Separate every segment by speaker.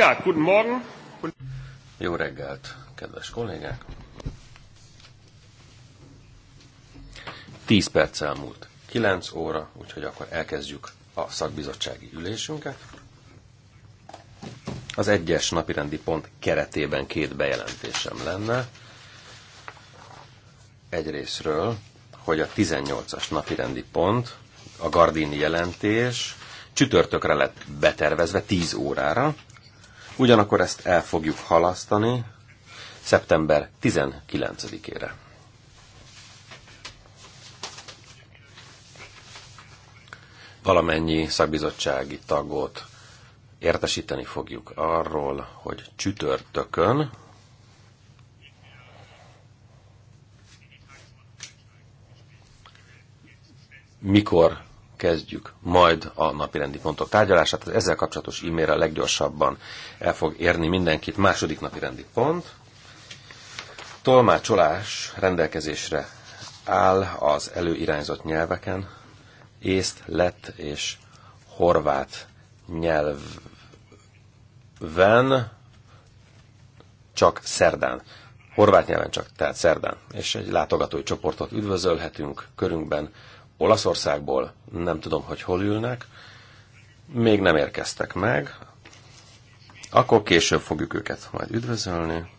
Speaker 1: Ja, guten Morgen. Jó reggelt, kedves kollégák.
Speaker 2: 10 perc elmúlt. 9 óra, úgyhogy akkor elkezdjük a szakbizottsági ülésünket. Az egyes napirendi pont keretében két bejelentésem lenne. Egyrésztről, hogy a 18-as napirendi pont, a Gardini jelentés, csütörtökre lett betervezve 10 órára, Ugyanakkor ezt el fogjuk halasztani szeptember 19-ére. Valamennyi szakbizottsági tagot értesíteni fogjuk arról, hogy csütörtökön, mikor kezdjük majd a napirendi pontok tárgyalását. Az ezzel kapcsolatos e-mail a leggyorsabban el fog érni mindenkit. Második napirendi pont. Tolmácsolás rendelkezésre áll az előirányzott nyelveken. Észt, lett és horvát nyelven csak szerdán. Horvát nyelven csak, tehát szerdán. És egy látogatói csoportot üdvözölhetünk körünkben Olaszországból nem tudom, hogy hol ülnek, még nem érkeztek meg, akkor később fogjuk őket majd üdvözölni,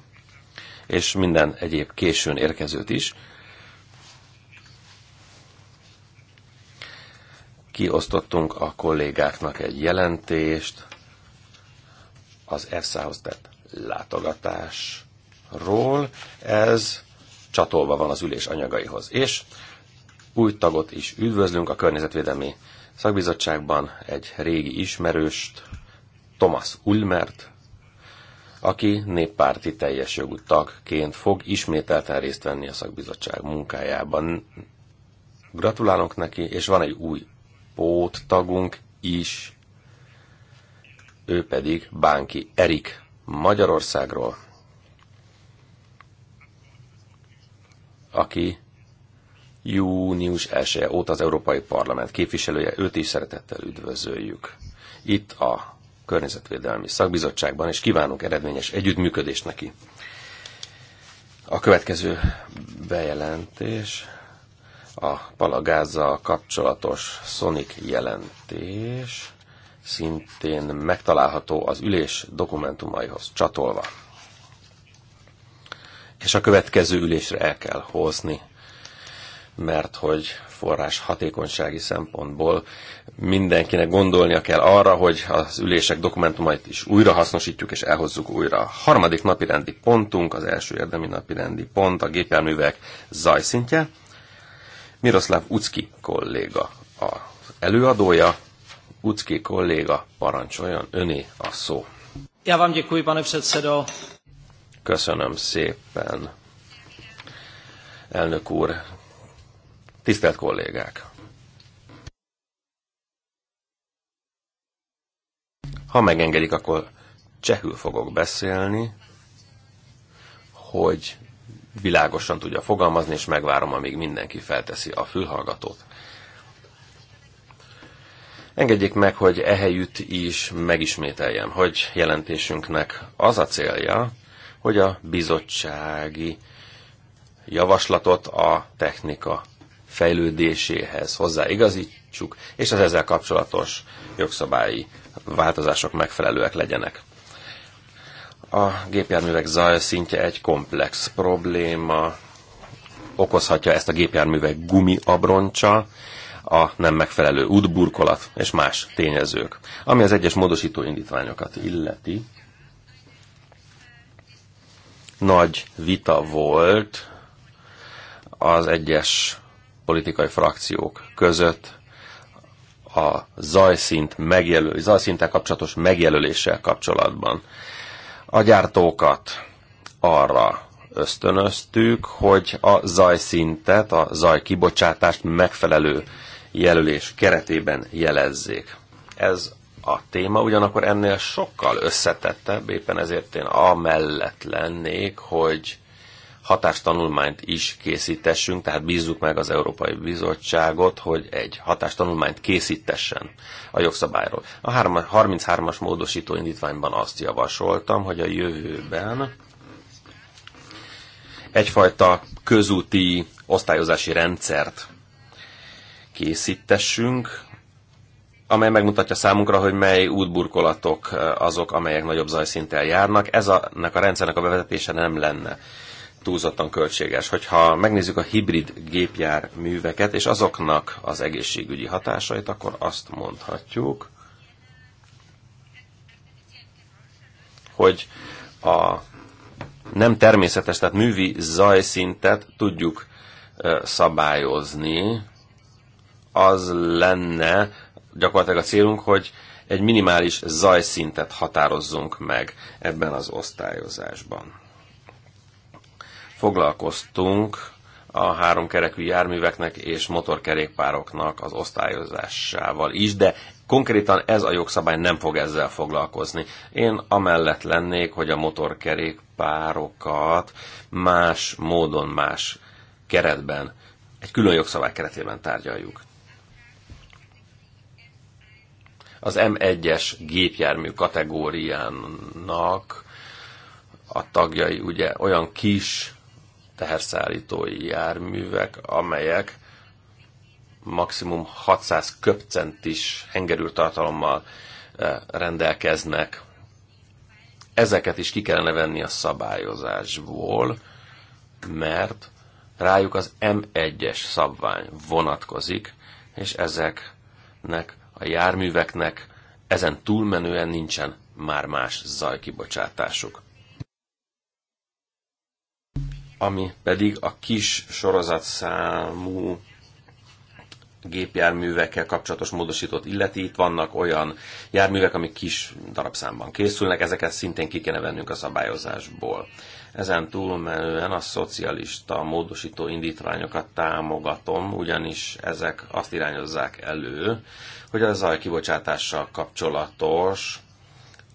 Speaker 2: és minden egyéb későn érkezőt is. Kiosztottunk a kollégáknak egy jelentést az EFSA-hoz tett látogatásról. Ez csatolva van az ülés anyagaihoz. És új tagot is üdvözlünk a Környezetvédelmi Szakbizottságban, egy régi ismerőst, Thomas Ulmert, aki néppárti teljes jogú tagként fog ismételten részt venni a szakbizottság munkájában. Gratulálunk neki, és van egy új póttagunk is, ő pedig Bánki Erik Magyarországról, aki június 1 -e óta az Európai Parlament képviselője, őt is szeretettel üdvözöljük. Itt a Környezetvédelmi Szakbizottságban, és kívánunk eredményes együttműködést neki. A következő bejelentés a palagázzal kapcsolatos Sonic jelentés szintén megtalálható az ülés dokumentumaihoz csatolva. És a következő ülésre el kell hozni mert hogy forrás hatékonysági szempontból mindenkinek gondolnia kell arra, hogy az ülések dokumentumait is újra hasznosítjuk és elhozzuk újra. A harmadik napirendi pontunk, az első érdemi napirendi pont, a gépjárművek zajszintje. Miroslav Ucki kolléga a előadója. Ucki kolléga parancsoljon, öné a szó.
Speaker 3: Ja vám děkuji, pane předsedo.
Speaker 2: Köszönöm szépen. Elnök úr, Tisztelt kollégák! Ha megengedik, akkor csehül fogok beszélni, hogy világosan tudja fogalmazni, és megvárom, amíg mindenki felteszi a fülhallgatót. Engedjék meg, hogy ehelyütt is megismételjem, hogy jelentésünknek az a célja, hogy a bizottsági javaslatot a technika fejlődéséhez hozzáigazítsuk, és az ezzel kapcsolatos jogszabályi változások megfelelőek legyenek. A gépjárművek zaj szintje egy komplex probléma, okozhatja ezt a gépjárművek gumi abroncsa, a nem megfelelő útburkolat és más tényezők. Ami az egyes módosító indítványokat illeti, nagy vita volt az egyes politikai frakciók között a zajszint megjelöl, zajszinttel kapcsolatos megjelöléssel kapcsolatban. A gyártókat arra ösztönöztük, hogy a zajszintet, a zajkibocsátást megfelelő jelölés keretében jelezzék. Ez a téma ugyanakkor ennél sokkal összetettebb, éppen ezért én amellett lennék, hogy hatástanulmányt is készítessünk, tehát bízzuk meg az Európai Bizottságot, hogy egy hatástanulmányt készítessen a jogszabályról. A 33-as módosító indítványban azt javasoltam, hogy a jövőben egyfajta közúti osztályozási rendszert készítessünk, amely megmutatja számunkra, hogy mely útburkolatok eh, azok, amelyek nagyobb zajszinttel járnak. Ez a, a rendszernek a bevezetése nem lenne túlzottan költséges. Hogyha megnézzük a hibrid gépjár műveket és azoknak az egészségügyi hatásait, akkor azt mondhatjuk, hogy a nem természetes, tehát művi zajszintet tudjuk szabályozni, az lenne gyakorlatilag a célunk, hogy egy minimális zajszintet határozzunk meg ebben az osztályozásban foglalkoztunk a háromkerekű járműveknek és motorkerékpároknak az osztályozásával is, de konkrétan ez a jogszabály nem fog ezzel foglalkozni. Én amellett lennék, hogy a motorkerékpárokat más módon, más keretben, egy külön jogszabály keretében tárgyaljuk. Az M1-es gépjármű kategóriának a tagjai ugye olyan kis teherszállítói járművek, amelyek maximum 600 köpcentis hengerültartalommal eh, rendelkeznek. Ezeket is ki kellene venni a szabályozásból, mert rájuk az M1-es szabvány vonatkozik, és ezeknek a járműveknek ezen túlmenően nincsen már más zajkibocsátásuk ami pedig a kis sorozatszámú gépjárművekkel kapcsolatos módosítót illeti. Itt vannak olyan járművek, amik kis darabszámban készülnek, ezeket szintén ki kéne vennünk a szabályozásból. Ezen túlmenően a szocialista módosító indítványokat támogatom, ugyanis ezek azt irányozzák elő, hogy a zajkibocsátással kapcsolatos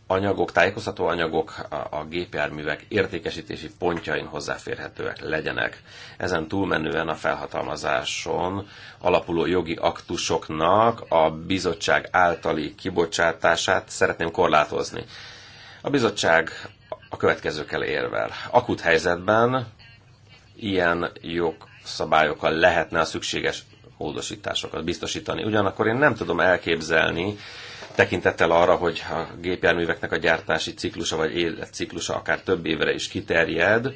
Speaker 2: anyagok, tájékoztató anyagok a, a gépjárművek értékesítési pontjain hozzáférhetőek legyenek. Ezen túlmenően a felhatalmazáson alapuló jogi aktusoknak a bizottság általi kibocsátását szeretném korlátozni. A bizottság a következőkkel érvel. Akut helyzetben ilyen jogszabályokkal lehetne a szükséges módosításokat biztosítani. Ugyanakkor én nem tudom elképzelni, tekintettel arra, hogy a gépjárműveknek a gyártási ciklusa vagy életciklusa akár több évre is kiterjed,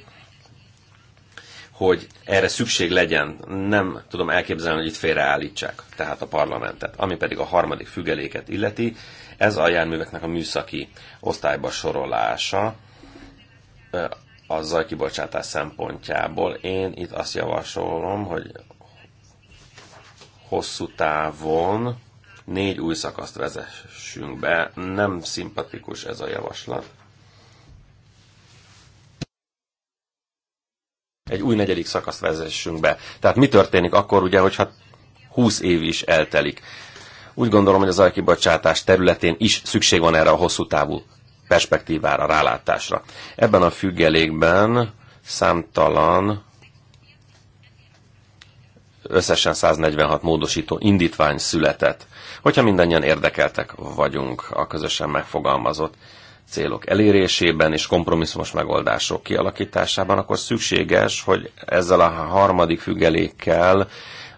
Speaker 2: hogy erre szükség legyen, nem tudom elképzelni, hogy itt félreállítsák, tehát a parlamentet. Ami pedig a harmadik fügeléket illeti, ez a járműveknek a műszaki osztályba sorolása a zajkibocsátás szempontjából. Én itt azt javasolom, hogy hosszú távon négy új szakaszt vezessünk be. Nem szimpatikus ez a javaslat. Egy új negyedik szakaszt vezessünk be. Tehát mi történik akkor, ugye, hogyha 20 év is eltelik? Úgy gondolom, hogy az ajkibocsátás területén is szükség van erre a hosszú távú perspektívára, rálátásra. Ebben a függelékben számtalan Összesen 146 módosító indítvány született. Hogyha mindannyian érdekeltek vagyunk a közösen megfogalmazott célok elérésében és kompromisszumos megoldások kialakításában, akkor szükséges, hogy ezzel a harmadik függelékkel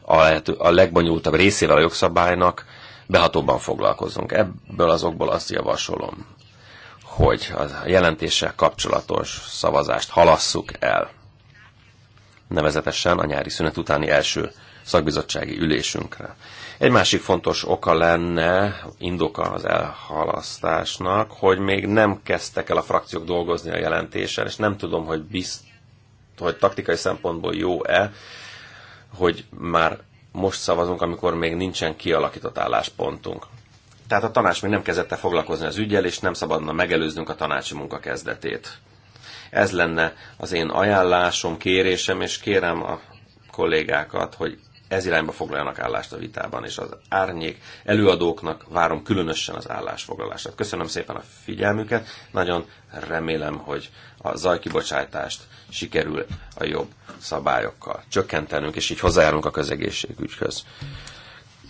Speaker 2: a, lehető, a legbonyolultabb részével a jogszabálynak behatóban foglalkozzunk. Ebből azokból azt javasolom, hogy a jelentéssel kapcsolatos szavazást halasszuk el nevezetesen a nyári szünet utáni első szakbizottsági ülésünkre. Egy másik fontos oka lenne, indoka az elhalasztásnak, hogy még nem kezdtek el a frakciók dolgozni a jelentésen, és nem tudom, hogy, bizt, hogy taktikai szempontból jó-e, hogy már most szavazunk, amikor még nincsen kialakított álláspontunk. Tehát a tanács még nem kezdett el foglalkozni az ügyel, és nem szabadna megelőznünk a tanácsi munka kezdetét. Ez lenne az én ajánlásom, kérésem, és kérem a kollégákat, hogy ez irányba foglaljanak állást a vitában, és az árnyék előadóknak várom különösen az állásfoglalását. Köszönöm szépen a figyelmüket, nagyon remélem, hogy a zajkibocsátást sikerül a jobb szabályokkal csökkentenünk, és így hozzájárunk a közegészségügyhöz.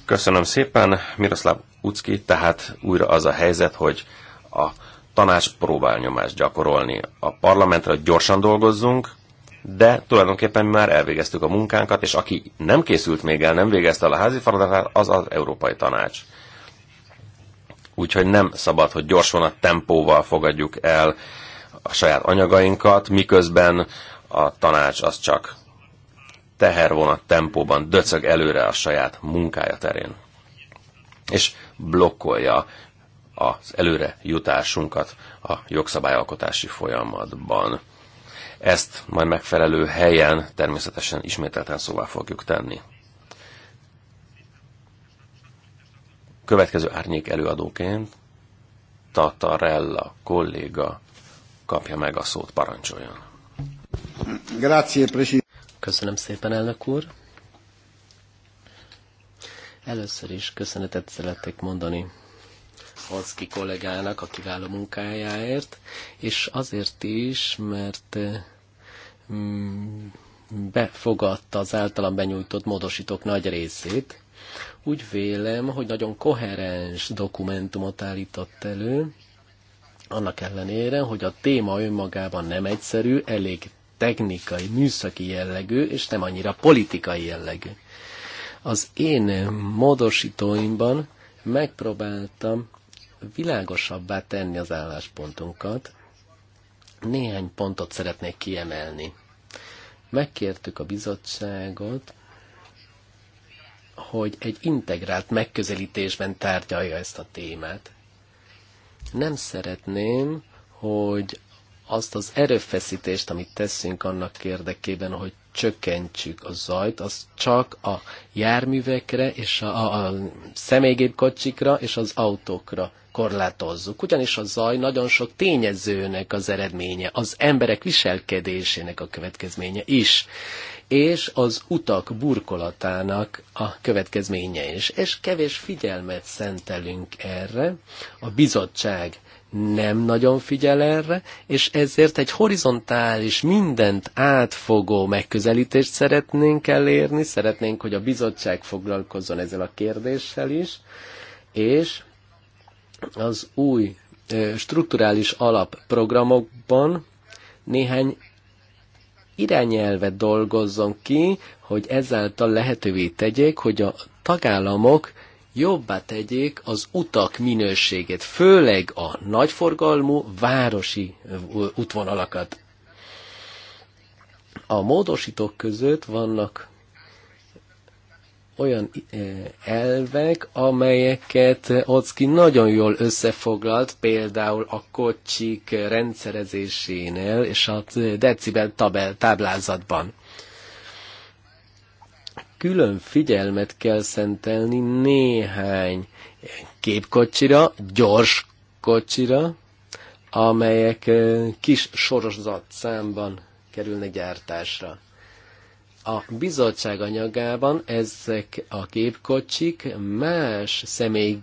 Speaker 2: Köszönöm szépen, Miroslav Ucki, tehát újra az a helyzet, hogy a tanács próbál nyomást gyakorolni. A parlamentre gyorsan dolgozzunk, de tulajdonképpen már elvégeztük a munkánkat, és aki nem készült még el, nem végezte el a házi feladatát, az az Európai Tanács. Úgyhogy nem szabad, hogy gyorsan a tempóval fogadjuk el a saját anyagainkat, miközben a tanács az csak tehervonat tempóban döcög előre a saját munkája terén. És blokkolja az előre jutásunkat a jogszabályalkotási folyamatban. Ezt majd megfelelő helyen természetesen ismételten szóvá fogjuk tenni. Következő árnyék előadóként Tatarella kolléga kapja meg a szót, parancsoljon.
Speaker 3: Grazie, Köszönöm szépen, elnök úr. Először is köszönetet szeretnék mondani Hanszki kollégának a kiváló munkájáért, és azért is, mert mm, befogadta az általam benyújtott módosítók nagy részét. Úgy vélem, hogy nagyon koherens dokumentumot állított elő, annak ellenére, hogy a téma önmagában nem egyszerű, elég technikai, műszaki jellegű, és nem annyira politikai jellegű. Az én módosítóimban megpróbáltam világosabbá tenni az álláspontunkat. Néhány pontot szeretnék kiemelni. Megkértük a bizottságot, hogy egy integrált megközelítésben tárgyalja ezt a témát. Nem szeretném, hogy azt az erőfeszítést, amit teszünk annak érdekében, hogy csökkentsük a zajt, az csak a járművekre és a, a, a személygépkocsikra és az autókra korlátozzuk, ugyanis a zaj nagyon sok tényezőnek az eredménye, az emberek viselkedésének a következménye is, és az utak burkolatának a következménye is. És kevés figyelmet szentelünk erre, a bizottság nem nagyon figyel erre, és ezért egy horizontális, mindent átfogó megközelítést szeretnénk elérni, szeretnénk, hogy a bizottság foglalkozzon ezzel a kérdéssel is, és az új strukturális alapprogramokban néhány irányelvet dolgozzon ki, hogy ezáltal lehetővé tegyék, hogy a tagállamok jobbá tegyék az utak minőségét, főleg a nagyforgalmú városi útvonalakat. A módosítók között vannak olyan eh, elvek, amelyeket Ocki nagyon jól összefoglalt, például a kocsik rendszerezésénél és a decibel tabel táblázatban. Külön figyelmet kell szentelni néhány képkocsira, gyors kocsira, amelyek eh, kis sorozatszámban kerülnek gyártásra a bizottság anyagában ezek a gépkocsik más személy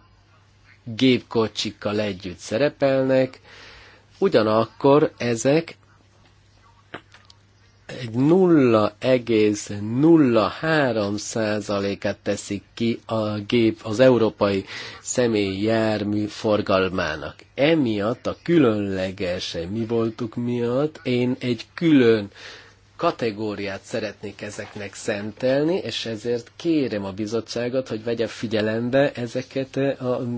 Speaker 3: gépkocsikkal együtt szerepelnek, ugyanakkor ezek egy 0,03%-át teszik ki a gép az európai személy jármű forgalmának. Emiatt a különleges mi voltuk miatt én egy külön kategóriát szeretnék ezeknek szentelni, és ezért kérem a bizottságot, hogy vegye figyelembe ezeket eh, a mm,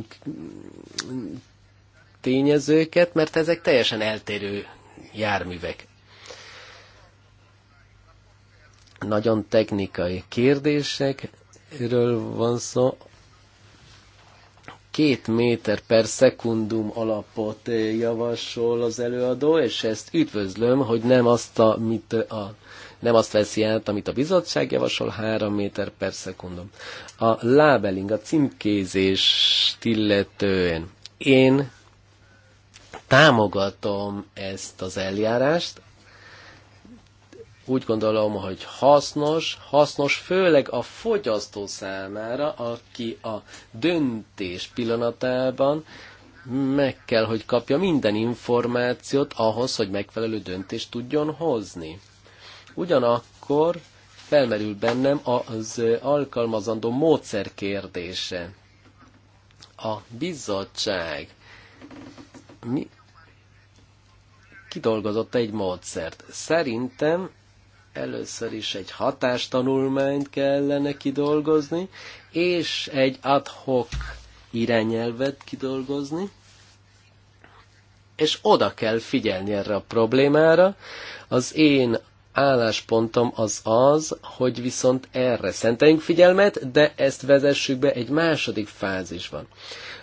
Speaker 3: tényezőket, mert ezek teljesen eltérő járművek. Nagyon technikai kérdésekről van szó, két méter per szekundum alapot javasol az előadó, és ezt üdvözlöm, hogy nem azt, mit a nem azt veszi át, amit a bizottság javasol, 3 méter per szekundum. A labeling, a címkézés illetően én támogatom ezt az eljárást, úgy gondolom, hogy hasznos, hasznos főleg a fogyasztó számára, aki a döntés pillanatában meg kell, hogy kapja minden információt ahhoz, hogy megfelelő döntést tudjon hozni. Ugyanakkor felmerül bennem az alkalmazandó módszer kérdése. A bizottság mi kidolgozott egy módszert. Szerintem először is egy hatástanulmányt kellene kidolgozni, és egy adhok irányelvet kidolgozni, és oda kell figyelni erre a problémára. Az én álláspontom az az, hogy viszont erre szenteljünk figyelmet, de ezt vezessük be egy második fázisban.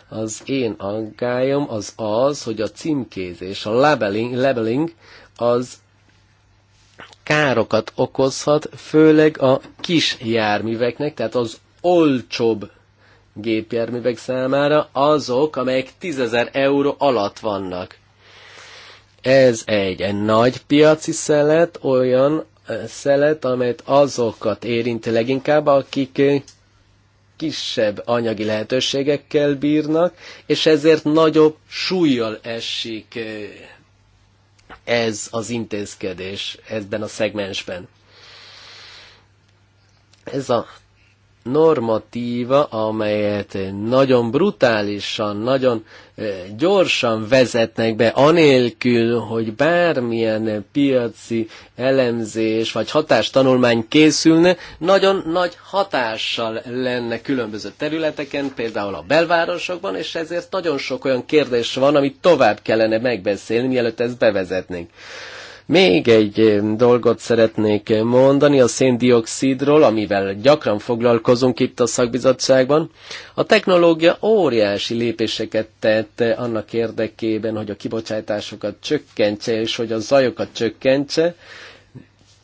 Speaker 3: Az én aggályom az az, hogy a címkézés, a labeling, labeling az károkat okozhat, főleg a kis járműveknek, tehát az olcsóbb gépjárművek számára azok, amelyek 10.000 euró alatt vannak. Ez egy nagy piaci szelet, olyan eh, szelet, amelyet azokat érinti leginkább, akik eh, kisebb anyagi lehetőségekkel bírnak, és ezért nagyobb súlyjal esik eh, ez az intézkedés ebben a szegmensben. Ez a normatíva, amelyet nagyon brutálisan, nagyon eh, gyorsan vezetnek be, anélkül, hogy bármilyen piaci elemzés vagy hatástanulmány készülne, nagyon nagy hatással lenne különböző területeken, például a belvárosokban, és ezért nagyon sok olyan kérdés van, amit tovább kellene megbeszélni, mielőtt ezt bevezetnénk. Még egy dolgot szeretnék mondani a széndiokszidról, amivel gyakran foglalkozunk itt a szakbizottságban. A technológia óriási lépéseket tett annak érdekében, hogy a kibocsátásokat csökkentse, és hogy a zajokat csökkentse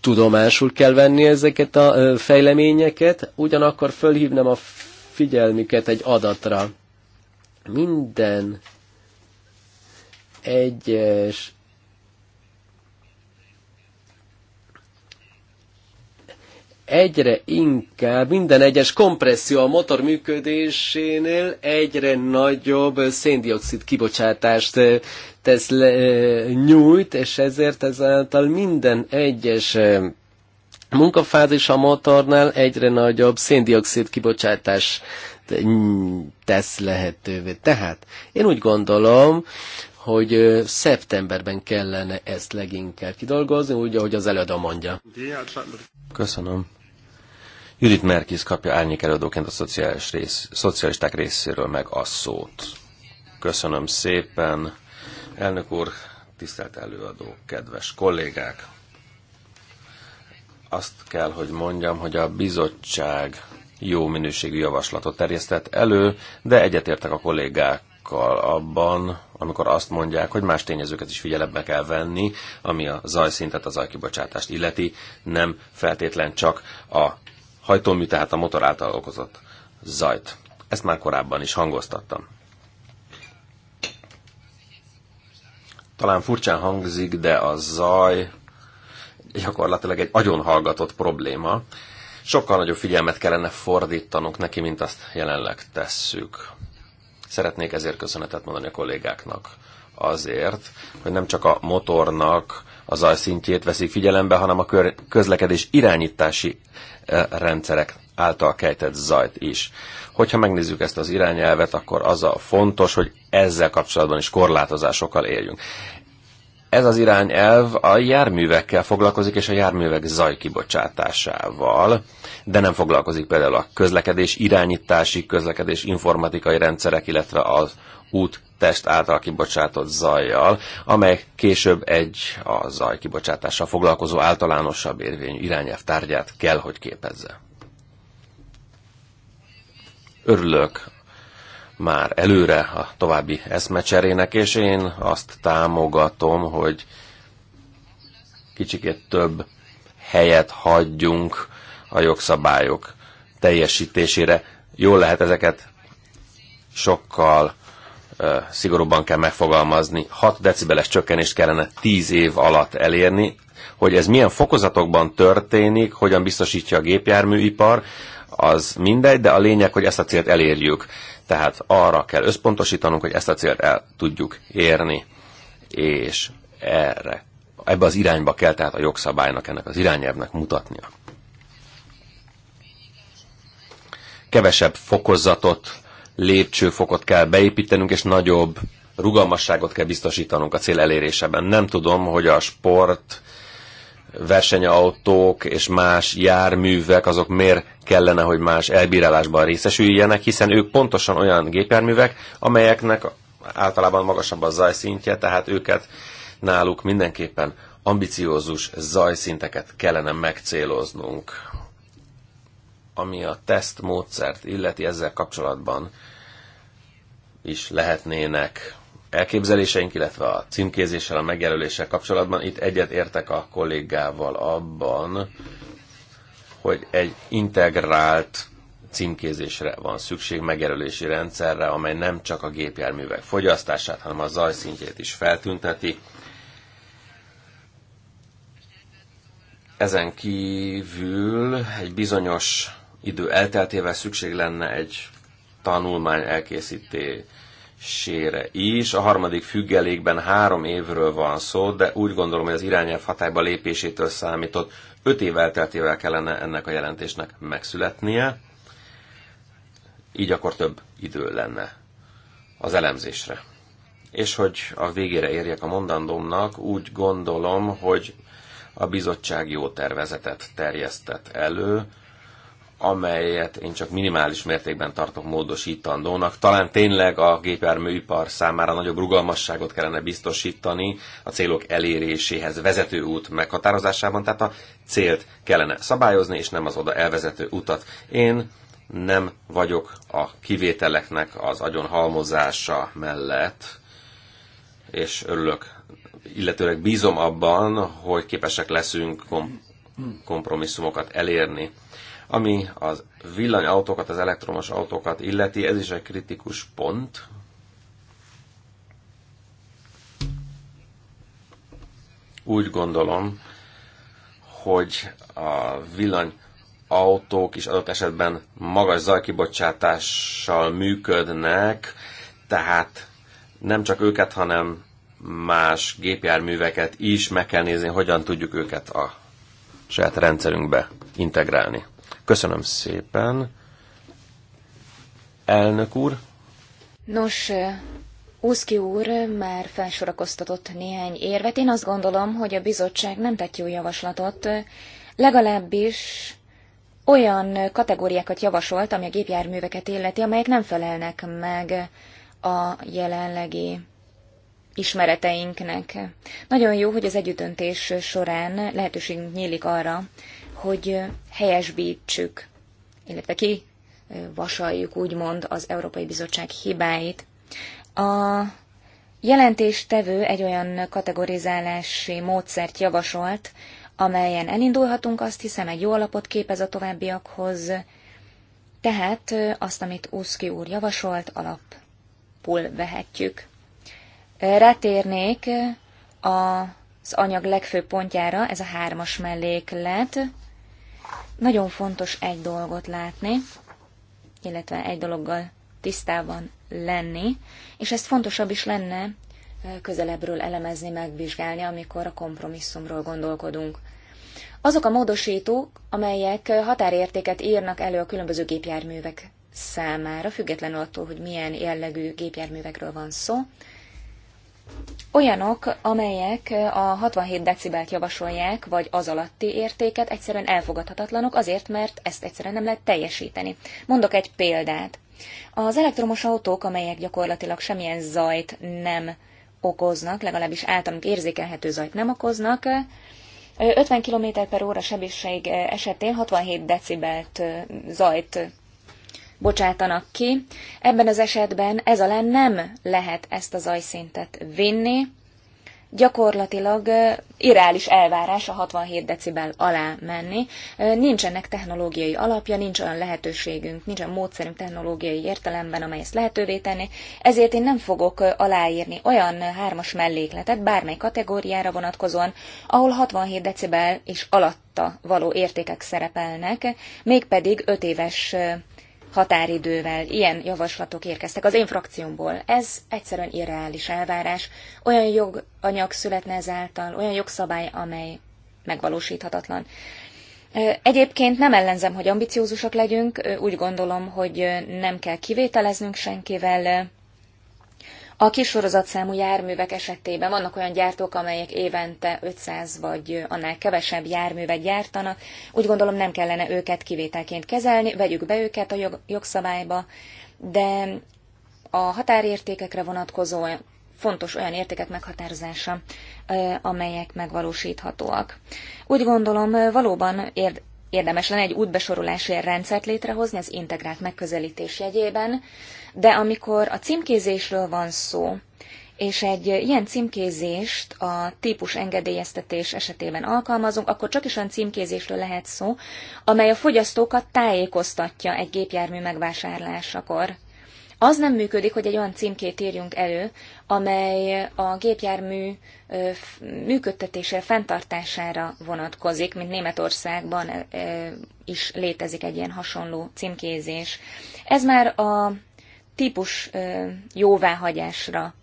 Speaker 3: tudomásul kell venni ezeket a fejleményeket, ugyanakkor fölhívnám a figyelmüket egy adatra. Minden egyes egyre inkább minden egyes kompresszió a motor működésénél egyre nagyobb széndiokszid kibocsátást eh, tesz le, eh, nyújt, és ezért ezáltal minden egyes eh, munkafázis a motornál egyre nagyobb széndiokszid kibocsátás tesz lehetővé. Tehát én úgy gondolom, hogy szeptemberben kellene ezt leginkább kidolgozni, úgy, ahogy az előadó mondja.
Speaker 2: Köszönöm. Judit Merkis kapja árnyék előadóként a szociális rész, szocialisták részéről meg a szót. Köszönöm szépen. Elnök úr, tisztelt előadó, kedves kollégák! Azt kell, hogy mondjam, hogy a bizottság jó minőségű javaslatot terjesztett elő, de egyetértek a kollégákkal abban, amikor azt mondják, hogy más tényezőket is figyelembe kell venni, ami a zajszintet, a zajkibocsátást illeti, nem feltétlen csak a hajtómű, tehát a motor által okozott zajt. Ezt már korábban is hangoztattam. Talán furcsán hangzik, de a zaj gyakorlatilag egy agyon hallgatott probléma. Sokkal nagyobb figyelmet kellene fordítanunk neki, mint azt jelenleg tesszük. Szeretnék ezért köszönetet mondani a kollégáknak azért, hogy nem csak a motornak a zajszintjét veszik figyelembe, hanem a közlekedés irányítási eh, rendszerek által kejtett zajt is. Hogyha megnézzük ezt az irányelvet, akkor az a fontos, hogy ezzel kapcsolatban is korlátozásokkal éljünk. Ez az irányelv a járművekkel foglalkozik, és a járművek zajkibocsátásával, de nem foglalkozik például a közlekedés irányítási, közlekedés informatikai rendszerek, illetve az út test által kibocsátott zajjal, amely később egy a zajkibocsátással foglalkozó általánosabb érvényű irányelv tárgyát kell, hogy képezze. Örülök már előre a további eszmecserének, és én azt támogatom, hogy kicsikét több helyet hagyjunk a jogszabályok teljesítésére. Jól lehet ezeket sokkal ö, szigorúbban kell megfogalmazni. 6 decibeles csökkenést kellene 10 év alatt elérni, hogy ez milyen fokozatokban történik, hogyan biztosítja a gépjárműipar, az mindegy, de a lényeg, hogy ezt a célt elérjük. Tehát arra kell összpontosítanunk, hogy ezt a célt el tudjuk érni. És erre, ebbe az irányba kell tehát a jogszabálynak, ennek az irányelvnek mutatnia. Kevesebb fokozatot, lépcsőfokot kell beépítenünk, és nagyobb rugalmasságot kell biztosítanunk a cél elérésében. Nem tudom, hogy a sport versenyautók és más járművek, azok miért kellene, hogy más elbírálásban részesüljenek, hiszen ők pontosan olyan gépjárművek, amelyeknek általában magasabb a zajszintje, tehát őket náluk mindenképpen ambiciózus zajszinteket kellene megcéloznunk. Ami a tesztmódszert illeti ezzel kapcsolatban is lehetnének elképzeléseink, illetve a címkézéssel, a megjelöléssel kapcsolatban. Itt egyet értek a kollégával abban, hogy egy integrált címkézésre van szükség, megjelölési rendszerre, amely nem csak a gépjárművek fogyasztását, hanem a zajszintjét is feltünteti. Ezen kívül egy bizonyos idő elteltével szükség lenne egy tanulmány elkészítésére, sére is. A harmadik függelékben három évről van szó, de úgy gondolom, hogy az irányelv hatályba lépésétől számított öt év elteltével kellene ennek a jelentésnek megszületnie. Így akkor több idő lenne az elemzésre. És hogy a végére érjek a mondandómnak, úgy gondolom, hogy a bizottság jó tervezetet terjesztett elő, amelyet én csak minimális mértékben tartok módosítandónak. Talán tényleg a gépjárműipar számára nagyobb rugalmasságot kellene biztosítani a célok eléréséhez vezető út meghatározásában, tehát a célt kellene szabályozni, és nem az oda elvezető utat. Én nem vagyok a kivételeknek az agyon halmozása mellett, és örülök, illetőleg bízom abban, hogy képesek leszünk kom- kompromisszumokat elérni ami az villanyautókat, az elektromos autókat illeti, ez is egy kritikus pont. Úgy gondolom, hogy a villanyautók is adott esetben magas zajkibocsátással működnek, tehát nem csak őket, hanem más gépjárműveket is meg kell nézni, hogyan tudjuk őket a saját rendszerünkbe integrálni. Köszönöm szépen. Elnök úr.
Speaker 4: Nos, Úszki úr már felsorakoztatott néhány érvet. Én azt gondolom, hogy a bizottság nem tett jó javaslatot, legalábbis olyan kategóriákat javasolt, ami a gépjárműveket illeti, amelyek nem felelnek meg a jelenlegi ismereteinknek. Nagyon jó, hogy az együttöntés során lehetőségünk nyílik arra, hogy helyesbítsük, illetve ki vasaljuk úgymond az Európai Bizottság hibáit. A jelentéstevő egy olyan kategorizálási módszert javasolt, amelyen elindulhatunk, azt hiszem egy jó alapot képez a továbbiakhoz, tehát azt, amit Uszki úr javasolt, alapul vehetjük. Rátérnék az anyag legfőbb pontjára, ez a hármas melléklet, nagyon fontos egy dolgot látni, illetve egy dologgal tisztában lenni, és ezt fontosabb is lenne közelebbről elemezni, megvizsgálni, amikor a kompromisszumról gondolkodunk. Azok a módosítók, amelyek határértéket írnak elő a különböző gépjárművek számára, függetlenül attól, hogy milyen jellegű gépjárművekről van szó, olyanok, amelyek a 67 decibelt javasolják, vagy az alatti értéket egyszerűen elfogadhatatlanok, azért, mert ezt egyszerűen nem lehet teljesíteni. Mondok egy példát. Az elektromos autók, amelyek gyakorlatilag semmilyen zajt nem okoznak, legalábbis általunk érzékelhető zajt nem okoznak, 50 km per óra sebesség esetén 67 decibelt zajt bocsátanak ki. Ebben az esetben ez len nem lehet ezt a zajszintet vinni, gyakorlatilag irreális elvárás a 67 decibel alá menni. Nincsenek technológiai alapja, nincs olyan lehetőségünk, nincsen módszerünk technológiai értelemben, amely ezt lehetővé tenni, ezért én nem fogok aláírni olyan hármas mellékletet bármely kategóriára vonatkozóan, ahol 67 decibel és alatta való értékek szerepelnek, mégpedig 5 éves határidővel. Ilyen javaslatok érkeztek az én frakciómból. Ez egyszerűen irreális elvárás. Olyan joganyag születne ezáltal, olyan jogszabály, amely megvalósíthatatlan. Egyébként nem ellenzem, hogy ambiciózusak legyünk, úgy gondolom, hogy nem kell kivételeznünk senkivel, a kis sorozatszámú járművek esetében vannak olyan gyártók, amelyek évente 500 vagy annál kevesebb járművet gyártanak. Úgy gondolom nem kellene őket kivételként kezelni, vegyük be őket a jog, jogszabályba, de a határértékekre vonatkozó fontos olyan értékek meghatározása, amelyek megvalósíthatóak. Úgy gondolom, valóban érd érdemes lenne egy útbesorolási rendszert létrehozni az integrált megközelítés jegyében, de amikor a címkézésről van szó, és egy ilyen címkézést a típus engedélyeztetés esetében alkalmazunk, akkor csak is olyan címkézésről lehet szó, amely a fogyasztókat tájékoztatja egy gépjármű megvásárlásakor. Az nem működik, hogy egy olyan címkét írjunk elő, amely a gépjármű működtetésére, fenntartására vonatkozik, mint Németországban is létezik egy ilyen hasonló címkézés. Ez már a típus jóváhagyásra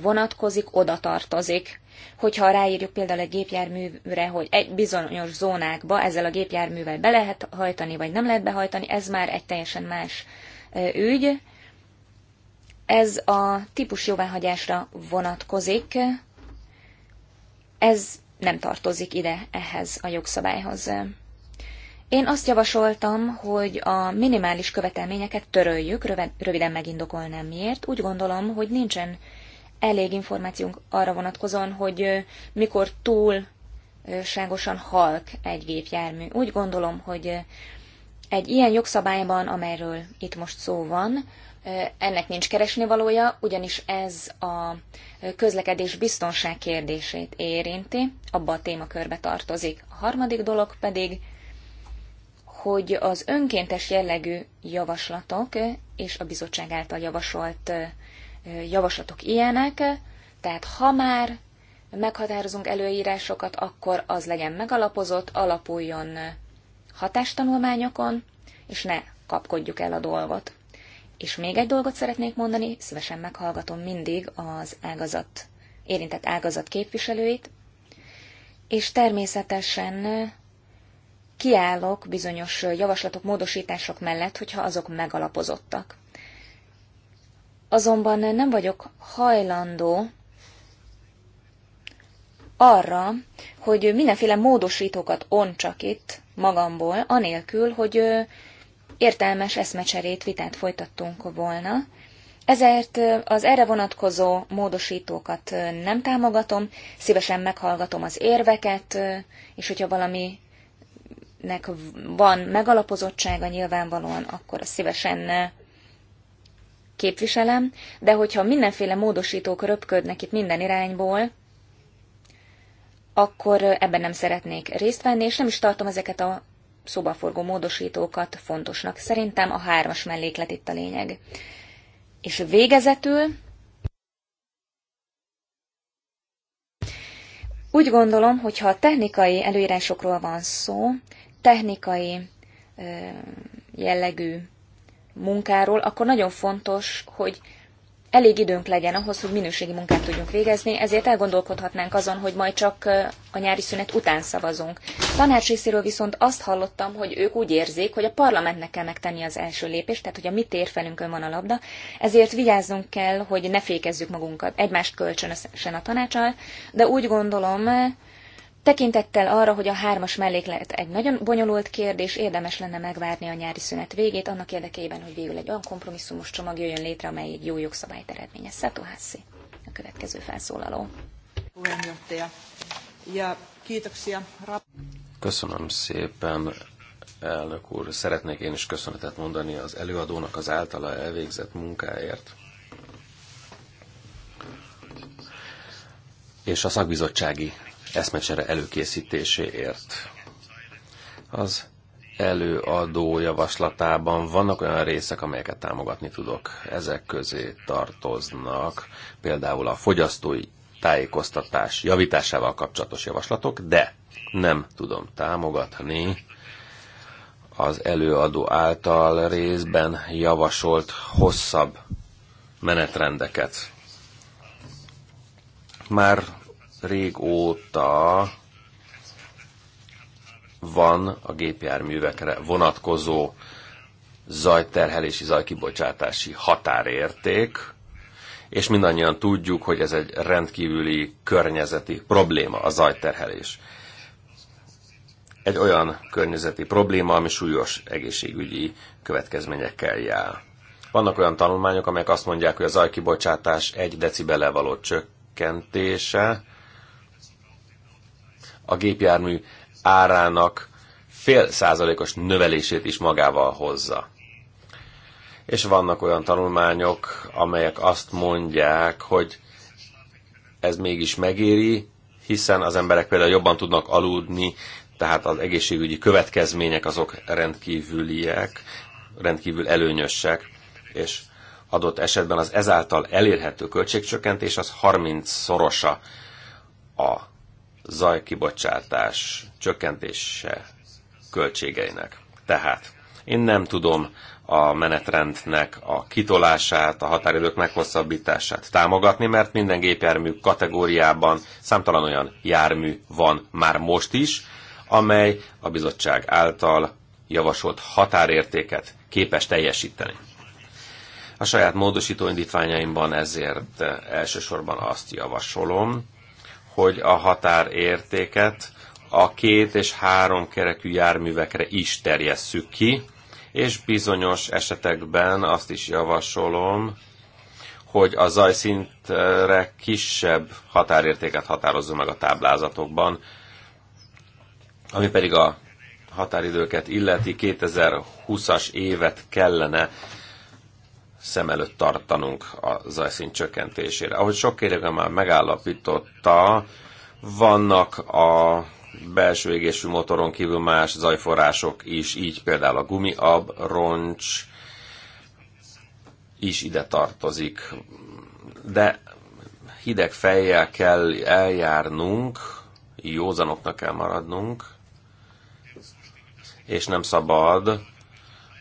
Speaker 4: vonatkozik, oda tartozik. Hogyha ráírjuk például egy gépjárműre, hogy egy bizonyos zónákba ezzel a gépjárművel be lehet hajtani, vagy nem lehet behajtani, ez már egy teljesen más ügy. Ez a típus jóváhagyásra vonatkozik, ez nem tartozik ide ehhez a jogszabályhoz. Én azt javasoltam, hogy a minimális követelményeket töröljük, röviden megindokolnám miért. Úgy gondolom, hogy nincsen elég információnk arra vonatkozóan, hogy mikor túlságosan halk egy gépjármű. Úgy gondolom, hogy egy ilyen jogszabályban, amelyről itt most szó van, ennek nincs keresnivalója, ugyanis ez a közlekedés biztonság kérdését érinti, abba a témakörbe tartozik. A harmadik dolog pedig hogy az önkéntes jellegű javaslatok és a bizottság által javasolt javaslatok ilyenek, tehát ha már meghatározunk előírásokat, akkor az legyen megalapozott, alapuljon hatástanulmányokon, és ne kapkodjuk el a dolgot. És még egy dolgot szeretnék mondani, szívesen meghallgatom mindig az ágazat, érintett ágazat képviselőit, és természetesen kiállok bizonyos javaslatok, módosítások mellett, hogyha azok megalapozottak. Azonban nem vagyok hajlandó arra, hogy mindenféle módosítókat oncsak itt magamból, anélkül, hogy értelmes eszmecserét, vitát folytattunk volna. Ezért az erre vonatkozó módosítókat nem támogatom, szívesen meghallgatom az érveket, és hogyha valami nek van megalapozottsága nyilvánvalóan, akkor szívesen képviselem, de hogyha mindenféle módosítók röpködnek itt minden irányból, akkor ebben nem szeretnék részt venni, és nem is tartom ezeket a szobaforgó módosítókat fontosnak. Szerintem a hármas melléklet itt a lényeg. És végezetül úgy gondolom, hogy ha a technikai előírásokról van szó, technikai jellegű munkáról, akkor nagyon fontos, hogy elég időnk legyen ahhoz, hogy minőségi munkát tudjunk végezni, ezért elgondolkodhatnánk azon, hogy majd csak a nyári szünet után szavazunk. Tanács részéről viszont azt hallottam, hogy ők úgy érzik, hogy a parlamentnek kell megtenni az első lépést, tehát hogy a mi térfelünkön van a labda, ezért vigyázzunk kell, hogy ne fékezzük magunkat egymást kölcsönösen a tanácsal, de úgy gondolom, Tekintettel arra, hogy a hármas melléklet egy nagyon bonyolult kérdés, érdemes lenne megvárni a nyári szünet végét, annak érdekében, hogy végül egy olyan kompromisszumos csomag jöjjön létre, amely egy jó jogszabályt eredményez. Szetó a következő felszólaló.
Speaker 2: Köszönöm szépen, elnök úr. Szeretnék én is köszönetet mondani az előadónak az általa elvégzett munkáért. És a szakbizottsági eszmecsere előkészítéséért. Az előadó javaslatában vannak olyan részek, amelyeket támogatni tudok. Ezek közé tartoznak például a fogyasztói tájékoztatás javításával kapcsolatos javaslatok, de nem tudom támogatni az előadó által részben javasolt hosszabb menetrendeket. Már régóta van a gépjárművekre vonatkozó zajterhelési, zajkibocsátási határérték, és mindannyian tudjuk, hogy ez egy rendkívüli környezeti probléma, a zajterhelés. Egy olyan környezeti probléma, ami súlyos egészségügyi következményekkel jár. Vannak olyan tanulmányok, amelyek azt mondják, hogy a zajkibocsátás egy decibele való csökkentése a gépjármű árának fél százalékos növelését is magával hozza. És vannak olyan tanulmányok, amelyek azt mondják, hogy ez mégis megéri, hiszen az emberek például jobban tudnak aludni, tehát az egészségügyi következmények azok rendkívüliek, rendkívül előnyösek, és adott esetben az ezáltal elérhető költségcsökkentés az 30 szorosa a zajkibocsátás csökkentése költségeinek. Tehát én nem tudom a menetrendnek a kitolását, a határidők meghosszabbítását támogatni, mert minden gépjármű kategóriában számtalan olyan jármű van már most is, amely a bizottság által javasolt határértéket képes teljesíteni. A saját módosító indítványaimban ezért eh, elsősorban azt javasolom, hogy a határértéket a két és három kerekű járművekre is terjesszük ki, és bizonyos esetekben azt is javasolom, hogy a zajszintre kisebb határértéket határozza meg a táblázatokban, ami pedig a határidőket illeti 2020-as évet kellene szem előtt tartanunk a zajszint csökkentésére. Ahogy sok kérdőben már megállapította, vannak a belső égésű motoron kívül más zajforrások is, így például a gumiab, roncs is ide tartozik. De hideg fejjel kell eljárnunk, józanoknak kell maradnunk, és nem szabad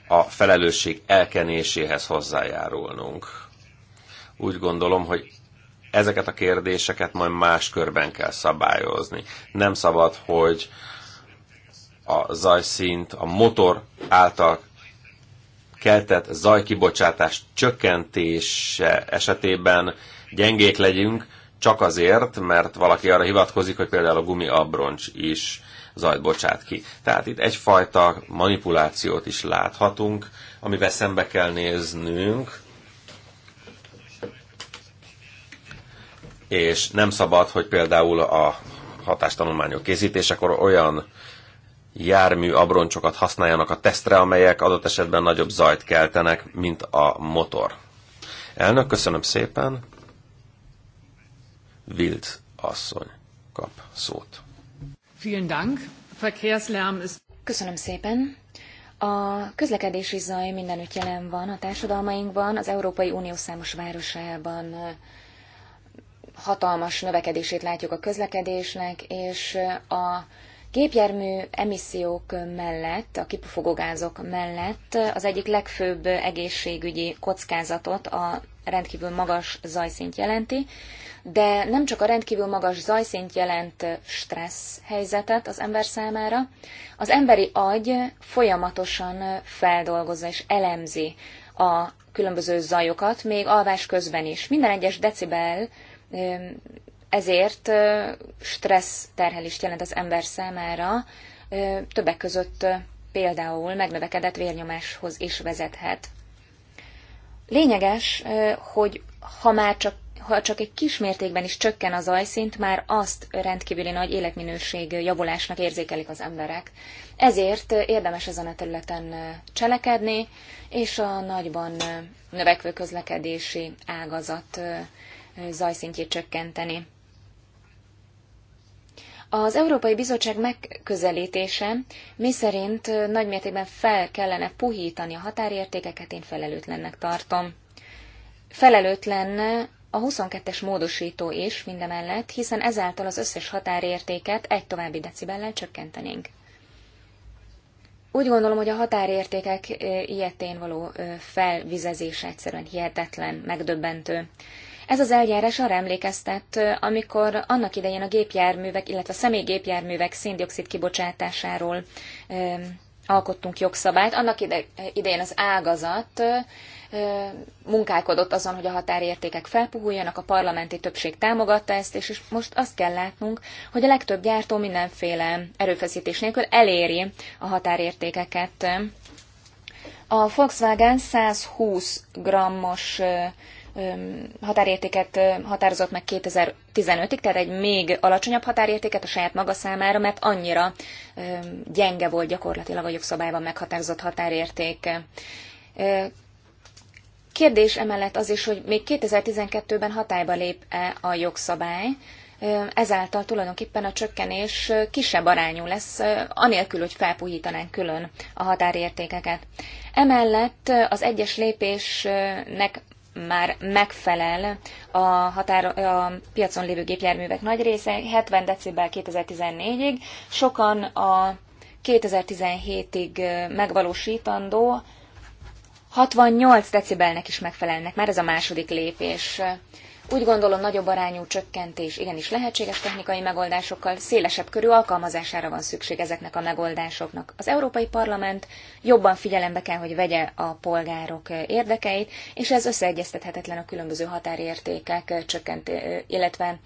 Speaker 2: a felelősség elkenéséhez hozzájárulnunk. Úgy gondolom, hogy ezeket a kérdéseket majd más körben kell szabályozni. Nem szabad, hogy a zajszint, a motor által keltett zajkibocsátás csökkentése esetében gyengék legyünk, csak azért, mert valaki arra hivatkozik, hogy például a gumiabroncs is zajt bocsát ki. Tehát itt egyfajta manipulációt is láthatunk, amivel szembe kell néznünk, és nem szabad, hogy például a hatástanulmányok készítésekor olyan jármű abroncsokat használjanak a tesztre, amelyek adott esetben nagyobb zajt keltenek, mint a motor. Elnök, köszönöm szépen. Wild asszony kap szót.
Speaker 4: Vielen Dank. Verkehrslärm ist... Köszönöm szépen. A közlekedési zaj mindenütt jelen van a társadalmainkban, az Európai Unió számos városában hatalmas növekedését látjuk a közlekedésnek, és a gépjármű emissziók mellett, a kipufogógázok mellett az egyik legfőbb egészségügyi kockázatot a rendkívül magas zajszint jelenti, de nem csak a rendkívül magas zajszint jelent stressz helyzetet az ember számára, az emberi agy folyamatosan feldolgozza és elemzi a különböző zajokat, még alvás közben is. Minden egyes decibel ezért stressz terhelést jelent az ember számára, többek között például megnövekedett vérnyomáshoz is vezethet. Lényeges, hogy ha már csak ha csak egy kis mértékben is csökken a zajszint, már azt rendkívüli nagy életminőség javulásnak érzékelik az emberek. Ezért érdemes ezen a területen cselekedni, és a nagyban növekvő közlekedési ágazat zajszintjét csökkenteni. Az Európai Bizottság megközelítése, miszerint nagymértékben fel kellene puhítani a határértékeket, én felelőtlennek tartom. Felelőtlen a 22-es módosító is mindemellett, hiszen ezáltal az összes határértéket egy további decibellel csökkentenénk. Úgy gondolom, hogy a határértékek ilyetén való felvizezése egyszerűen hihetetlen, megdöbbentő. Ez az eljárás arra emlékeztet, amikor annak idején a gépjárművek, illetve a személygépjárművek széndiokszid kibocsátásáról alkottunk jogszabályt. Annak idején az ágazat munkálkodott azon, hogy a határértékek felpuhuljanak, a parlamenti többség támogatta ezt, és most azt kell látnunk, hogy a legtöbb gyártó mindenféle erőfeszítés nélkül eléri a határértékeket. A Volkswagen 120 grammos határértéket határozott meg 2015-ig, tehát egy még alacsonyabb határértéket a saját maga számára, mert annyira gyenge volt gyakorlatilag a jogszabályban meghatározott határérték. Kérdés emellett az is, hogy még 2012-ben hatályba lép-e a jogszabály, ezáltal tulajdonképpen a csökkenés kisebb arányú lesz, anélkül, hogy felpuhítanánk külön a határértékeket. Emellett az egyes lépésnek már megfelel a, határo- a piacon lévő gépjárművek nagy része, 70 decibel 2014-ig, sokan a 2017-ig megvalósítandó 68 decibelnek is megfelelnek, már ez a második lépés. Úgy gondolom, nagyobb arányú csökkentés igenis lehetséges technikai megoldásokkal, szélesebb körű alkalmazására van szükség ezeknek a megoldásoknak. Az Európai Parlament jobban figyelembe kell, hogy vegye a polgárok eh, érdekeit, és ez összeegyeztethetetlen a különböző határértékek eh, csökkent, eh, illetve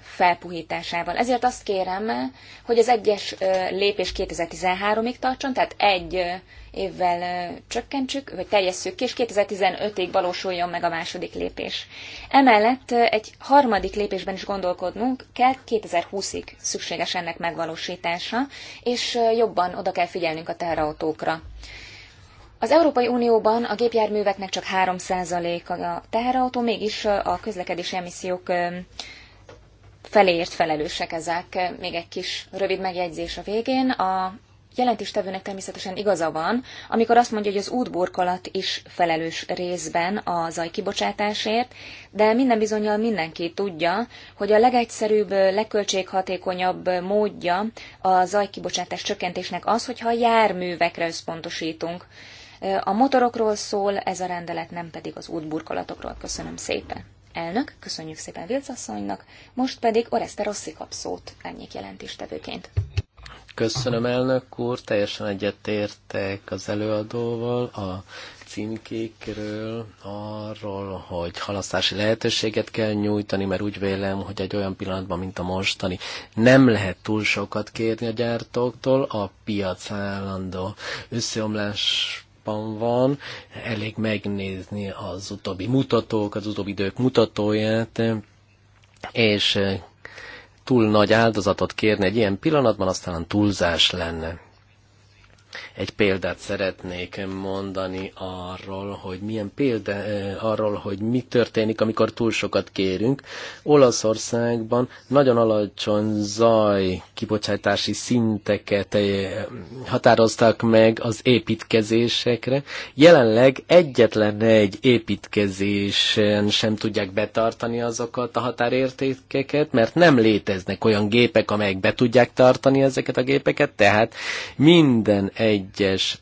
Speaker 4: felpuhításával. Ezért azt kérem, hogy az egyes lépés 2013-ig tartson, tehát egy évvel csökkentsük, vagy terjesszük ki, és 2015-ig valósuljon meg a második lépés. Emellett egy harmadik lépésben is gondolkodnunk kell, 2020-ig szükséges ennek megvalósítása, és jobban oda kell figyelnünk a teherautókra. Az Európai Unióban a gépjárműveknek csak 3% a teherautó, mégis a közlekedési emissziók feléért felelősek ezek. Még egy kis rövid megjegyzés a végén. A jelentéstevőnek természetesen igaza van, amikor azt mondja, hogy az útburkolat is felelős részben a zajkibocsátásért, de minden bizonyal mindenki tudja, hogy a legegyszerűbb, legköltséghatékonyabb módja a zajkibocsátás csökkentésnek az, hogyha a járművekre összpontosítunk. A motorokról szól ez a rendelet, nem pedig az útburkolatokról. Köszönöm szépen. Elnök, köszönjük szépen Vilcasszonynak, most pedig Oreste Rossi kap szót árnyék jelentéstevőként.
Speaker 3: Köszönöm, elnök úr, teljesen egyetértek az előadóval a címkékről, arról, hogy halasztási lehetőséget kell nyújtani, mert úgy vélem, hogy egy olyan pillanatban, mint a mostani, nem lehet túl sokat kérni a gyártóktól, a piac állandó összeomlás van, elég megnézni az utóbbi mutatók, az utóbbi idők mutatóját, és túl nagy áldozatot kérni egy ilyen pillanatban, aztán túlzás lenne. Egy példát szeretnék mondani arról, hogy milyen példa, eh, arról, hogy mi történik, amikor túl sokat kérünk. Olaszországban nagyon alacsony zaj kibocsátási szinteket eh, határoztak meg az építkezésekre. Jelenleg egyetlen egy építkezésen sem tudják betartani azokat a határértékeket, mert nem léteznek olyan gépek, amelyek be tudják tartani ezeket a gépeket, tehát minden egy egyes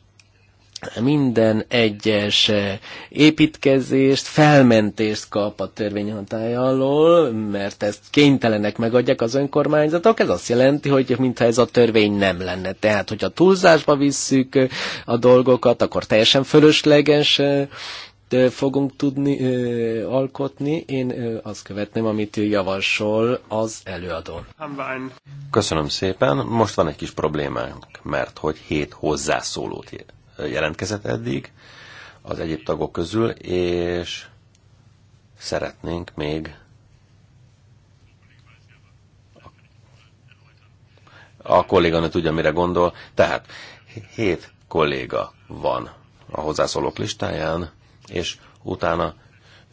Speaker 3: minden egyes eh, építkezést, felmentést kap a törvény alól, mert ezt kénytelenek megadják az önkormányzatok. Ez azt jelenti, hogy mintha ez a törvény nem lenne. Tehát, hogyha túlzásba visszük eh, a dolgokat, akkor teljesen fölösleges eh, fogunk tudni ö, alkotni. Én ö, azt követném, amit javasol az előadó.
Speaker 2: Köszönöm szépen. Most van egy kis problémánk, mert hogy hét hozzászólót jelentkezett eddig az egyéb tagok közül, és szeretnénk még a kolléganő tudja, mire gondol. Tehát hét kolléga van a hozzászólók listáján és utána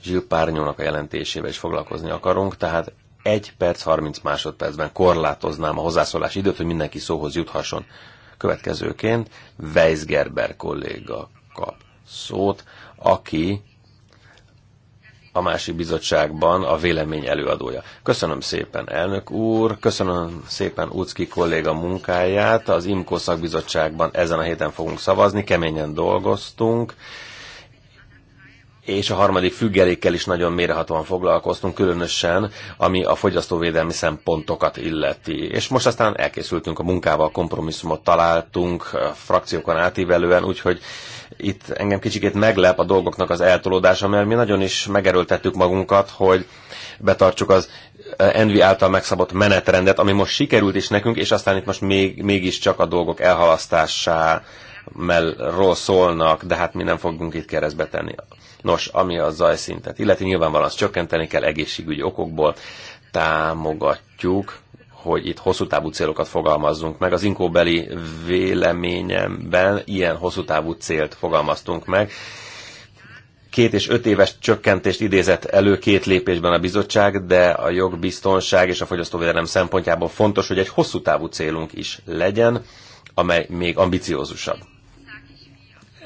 Speaker 2: Zsil Párnyónak a jelentésével is foglalkozni akarunk, tehát 1 perc 30 másodpercben korlátoznám a hozzászólás időt, hogy mindenki szóhoz juthasson. Következőként Gerber kolléga kap szót, aki a másik bizottságban a vélemény előadója. Köszönöm szépen, elnök úr, köszönöm szépen Ucki kolléga munkáját. Az IMKO szakbizottságban ezen a héten fogunk szavazni, keményen dolgoztunk, és a harmadik függelékkel is nagyon mérehatóan foglalkoztunk, különösen ami a fogyasztóvédelmi szempontokat illeti. És most aztán elkészültünk a munkával, kompromisszumot találtunk a frakciókon átívelően, úgyhogy itt engem kicsikét meglep a dolgoknak az eltolódása, mert mi nagyon is megerőltettük magunkat, hogy betartsuk az Envi által megszabott menetrendet, ami most sikerült is nekünk, és aztán itt most még, mégiscsak a dolgok elhalasztásá ról szólnak, de hát mi nem fogunk itt keresztbe tenni. Nos, ami a zajszintet, illetve nyilvánvalóan azt csökkenteni kell egészségügyi okokból, támogatjuk, hogy itt hosszú távú célokat fogalmazzunk meg. Az inkóbeli véleményemben ilyen hosszú távú célt fogalmaztunk meg. Két és öt éves csökkentést idézett elő két lépésben a bizottság, de a jogbiztonság és a fogyasztóvédelem szempontjából fontos, hogy egy hosszú távú célunk is legyen, amely még ambiciózusabb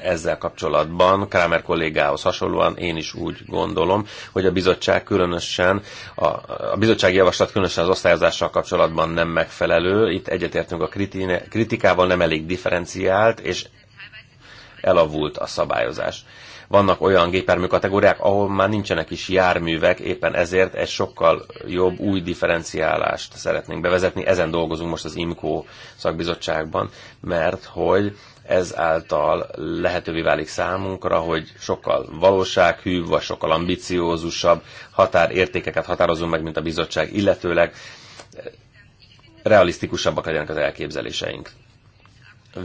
Speaker 2: ezzel kapcsolatban. Kramer kollégához hasonlóan én is úgy gondolom, hogy a bizottság különösen, a, a bizottsági javaslat különösen az osztályozással kapcsolatban nem megfelelő. Itt egyetértünk a kritikával, nem elég differenciált, és elavult a szabályozás. Vannak olyan gépermű kategóriák, ahol már nincsenek is járművek, éppen ezért egy sokkal jobb új differenciálást szeretnénk bevezetni. Ezen dolgozunk most az IMCO szakbizottságban, mert hogy ez által lehetővé válik számunkra, hogy sokkal valósághűbb, vagy sokkal ambiciózusabb határértékeket határozunk meg, mint a bizottság, illetőleg realisztikusabbak legyenek az elképzeléseink.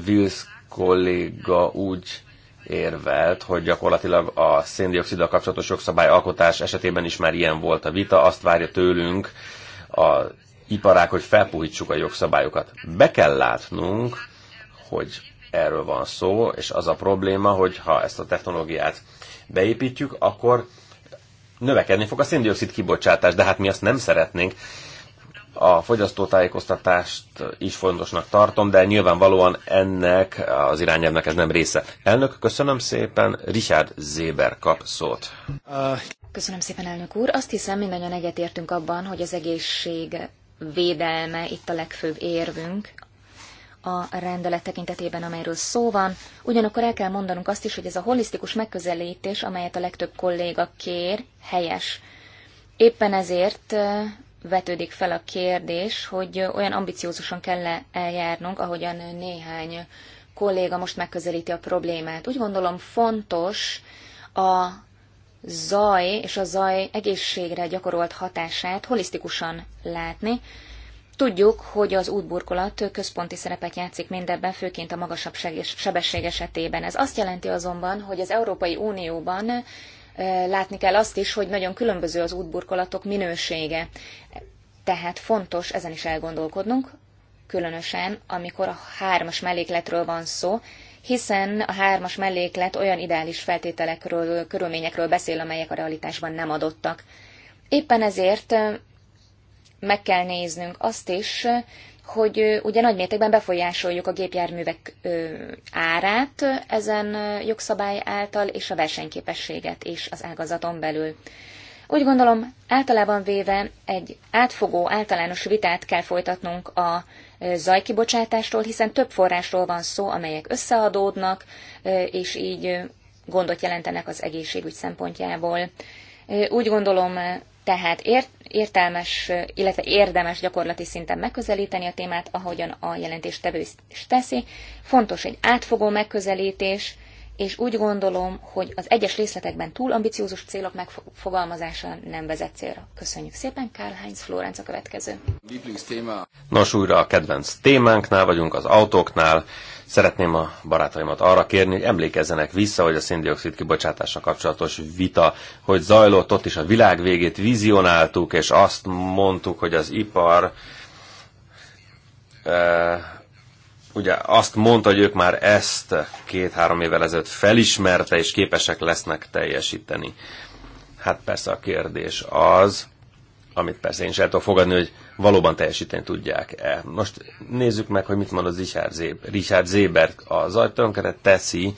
Speaker 2: Wills kolléga úgy érvelt, hogy gyakorlatilag a széndioksziddal kapcsolatos jogszabályalkotás esetében is már ilyen volt a vita, azt várja tőlünk a iparák, hogy felpuhítsuk a jogszabályokat. Be kell látnunk, hogy erről van szó, és az a probléma, hogy ha ezt a technológiát beépítjük, akkor növekedni fog a széndiokszid kibocsátás, de hát mi azt nem szeretnénk. A fogyasztótájékoztatást is fontosnak tartom, de nyilvánvalóan ennek az irányelvnek ez nem része. Elnök, köszönöm szépen, Richard Zéber kap szót.
Speaker 4: Köszönöm szépen, elnök úr. Azt hiszem, mindannyian egyetértünk abban, hogy az egészség védelme itt a legfőbb érvünk a rendelet tekintetében, amelyről szó van. Ugyanakkor el kell mondanunk azt is, hogy ez a holisztikus megközelítés, amelyet a legtöbb kolléga kér, helyes. Éppen ezért vetődik fel a kérdés, hogy olyan ambiciózusan kell -e eljárnunk, ahogyan néhány kolléga most megközelíti a problémát. Úgy gondolom fontos a zaj és a zaj egészségre gyakorolt hatását holisztikusan látni, Tudjuk, hogy az útburkolat központi szerepet játszik mindebben, főként a magasabb sebesség esetében. Ez azt jelenti azonban, hogy az Európai Unióban látni kell azt is, hogy nagyon különböző az útburkolatok minősége. Tehát fontos ezen is elgondolkodnunk, különösen amikor a hármas mellékletről van szó, hiszen a hármas melléklet olyan ideális feltételekről, körülményekről beszél, amelyek a realitásban nem adottak. Éppen ezért meg kell néznünk azt is, hogy ugye nagy mértékben befolyásoljuk a gépjárművek árát ezen jogszabály által, és a versenyképességet is az ágazaton belül. Úgy gondolom, általában véve egy átfogó, általános vitát kell folytatnunk a zajkibocsátástól, hiszen több forrásról van szó, amelyek összeadódnak, és így gondot jelentenek az egészségügy szempontjából. Úgy gondolom, tehát ért, értelmes, illetve érdemes gyakorlati szinten megközelíteni a témát, ahogyan a tevő is teszi. Fontos egy átfogó megközelítés, és úgy gondolom, hogy az egyes részletekben túl ambiciózus célok megfogalmazása nem vezet célra. Köszönjük szépen, Karl Heinz Florenc a következő.
Speaker 2: Nos, újra a kedvenc témánknál vagyunk, az autóknál. Szeretném a barátaimat arra kérni, hogy emlékezzenek vissza, hogy a széndiokszid kibocsátással kapcsolatos vita, hogy zajlott ott is a világ végét, vizionáltuk, és azt mondtuk, hogy az ipar e, ugye azt mondta, hogy ők már ezt két-három évvel ezelőtt felismerte, és képesek lesznek teljesíteni. Hát persze a kérdés az, amit persze én sem tudok fogadni, hogy valóban teljesíteni tudják-e. Most nézzük meg, hogy mit mond az Richard Zéber. Richard Zébert. az ajtónkeret teszi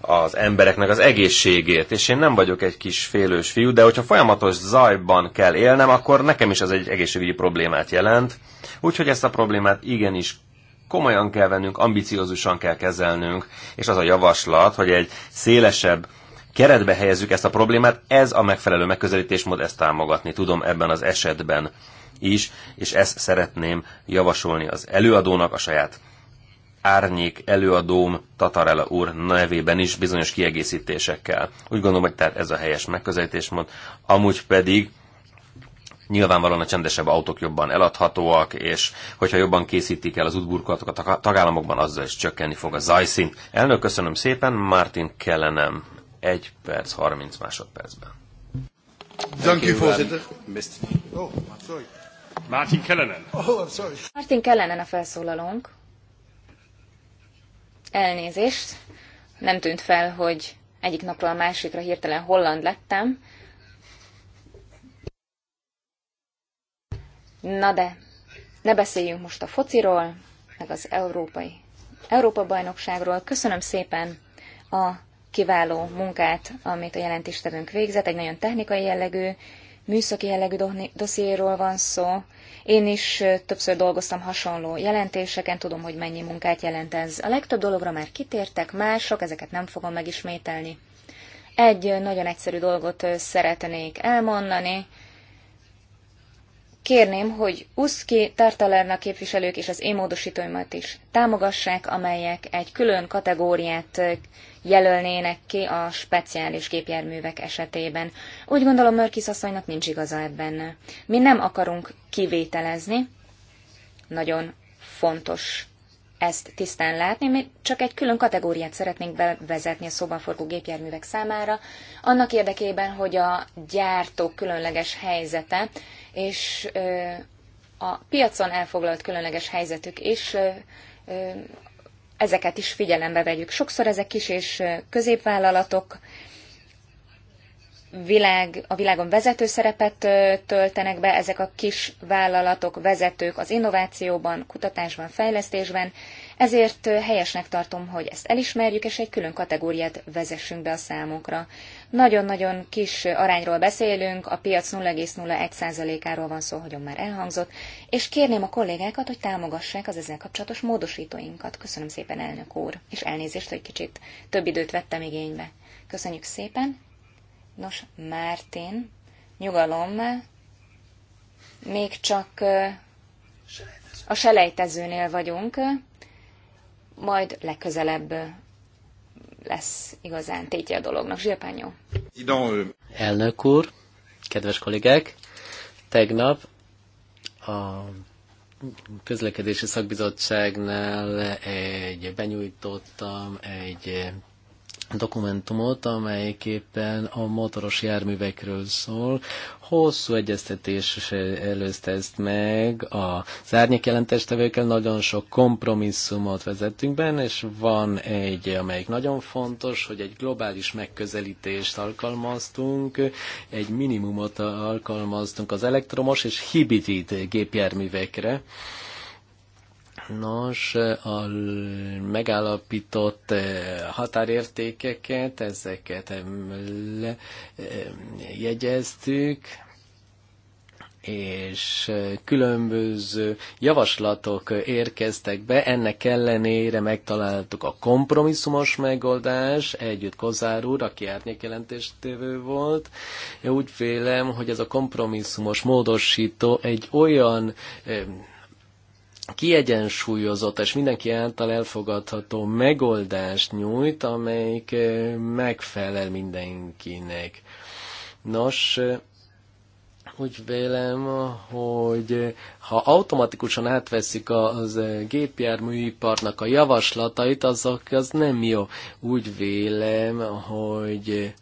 Speaker 2: az embereknek az egészségét. és én nem vagyok egy kis félős fiú, de hogyha folyamatos zajban kell élnem, akkor nekem is az egy egészségügyi problémát jelent. Úgyhogy ezt a problémát igenis komolyan kell vennünk, ambiciózusan kell kezelnünk, és az a javaslat, hogy egy szélesebb keretbe helyezzük ezt a problémát, ez a megfelelő megközelítésmód, ezt támogatni tudom ebben az esetben is, és ezt szeretném javasolni az előadónak, a saját árnyék előadóm Tatarella úr nevében is bizonyos kiegészítésekkel. Úgy gondolom, hogy tehát ez a helyes megközelítésmód. Amúgy pedig nyilvánvalóan a csendesebb autók jobban eladhatóak, és hogyha jobban készítik el az útburkolatokat a tagállamokban, azzal is csökkenni fog a zajszint. Elnök, köszönöm szépen, Martin Kellenem. 1 perc 30 másodpercben. Thank you, voorzitter. Oh, Martin Kellenen.
Speaker 4: Oh, Martin Kellenen a felszólalónk. Elnézést. Nem tűnt fel, hogy egyik napról a másikra hirtelen holland lettem. Na de, ne beszéljünk most a fociról, meg az európai Európa bajnokságról. Köszönöm szépen a kiváló munkát, amit a jelentéstevőnk végzett, egy nagyon technikai jellegű, műszaki jellegű dossziéről van szó. Én is többször dolgoztam hasonló jelentéseken, tudom, hogy mennyi munkát jelent ez. A legtöbb dologra már kitértek, mások, ezeket nem fogom megismételni. Egy nagyon egyszerű dolgot szeretnék elmondani. Kérném, hogy Uszki, Tartalerna képviselők és az én módosítóimat is támogassák, amelyek egy külön kategóriát jelölnének ki a speciális gépjárművek esetében. Úgy gondolom, Mörkisz asszonynak nincs igaza ebben. Mi nem akarunk kivételezni, nagyon fontos ezt tisztán látni, mi csak egy külön kategóriát szeretnénk bevezetni a szobaforgó gépjárművek számára, annak érdekében, hogy a gyártók különleges helyzete és a piacon elfoglalt különleges helyzetük is ezeket is figyelembe vegyük. Sokszor ezek kis és középvállalatok, világ, a világon vezető szerepet töltenek be ezek a kis vállalatok, vezetők az innovációban, kutatásban, fejlesztésben, ezért helyesnek tartom, hogy ezt elismerjük, és egy külön kategóriát vezessünk be a számunkra. Nagyon-nagyon kis arányról beszélünk, a piac 0,01%-áról van szó, hogy már elhangzott, és kérném a kollégákat, hogy támogassák az ezzel kapcsolatos módosítóinkat. Köszönöm szépen, elnök úr, és elnézést, hogy kicsit több időt vettem igénybe. Köszönjük szépen! Nos, Mártin, nyugalom, még csak a selejtezőnél vagyunk, majd legközelebb lesz igazán tétje a dolognak. Zsilpányó.
Speaker 3: Elnök úr, kedves kollégák, tegnap a közlekedési szakbizottságnál egy, benyújtottam egy dokumentumot, amelyik éppen a motoros járművekről szól. Hosszú egyeztetés előzte ezt meg, a árnyék jelentéstevőkkel nagyon sok kompromisszumot vezettünk benne, és van egy, amelyik nagyon fontos, hogy egy globális megközelítést alkalmaztunk, egy minimumot alkalmaztunk az elektromos és hibrid gépjárművekre Nos, a megállapított eh, határértékeket, ezeket eh, jegyeztük, és eh, különböző javaslatok érkeztek be, ennek ellenére megtaláltuk a kompromisszumos megoldás, együtt Kozár úr, aki árnyékjelentéstévő volt. Én úgy vélem, hogy ez a kompromisszumos módosító egy olyan kiegyensúlyozott és mindenki által elfogadható megoldást nyújt, amelyik megfelel mindenkinek. Nos, úgy vélem, hogy ha automatikusan átveszik az gépjárműiparnak a javaslatait, azok az nem jó. Úgy vélem, hogy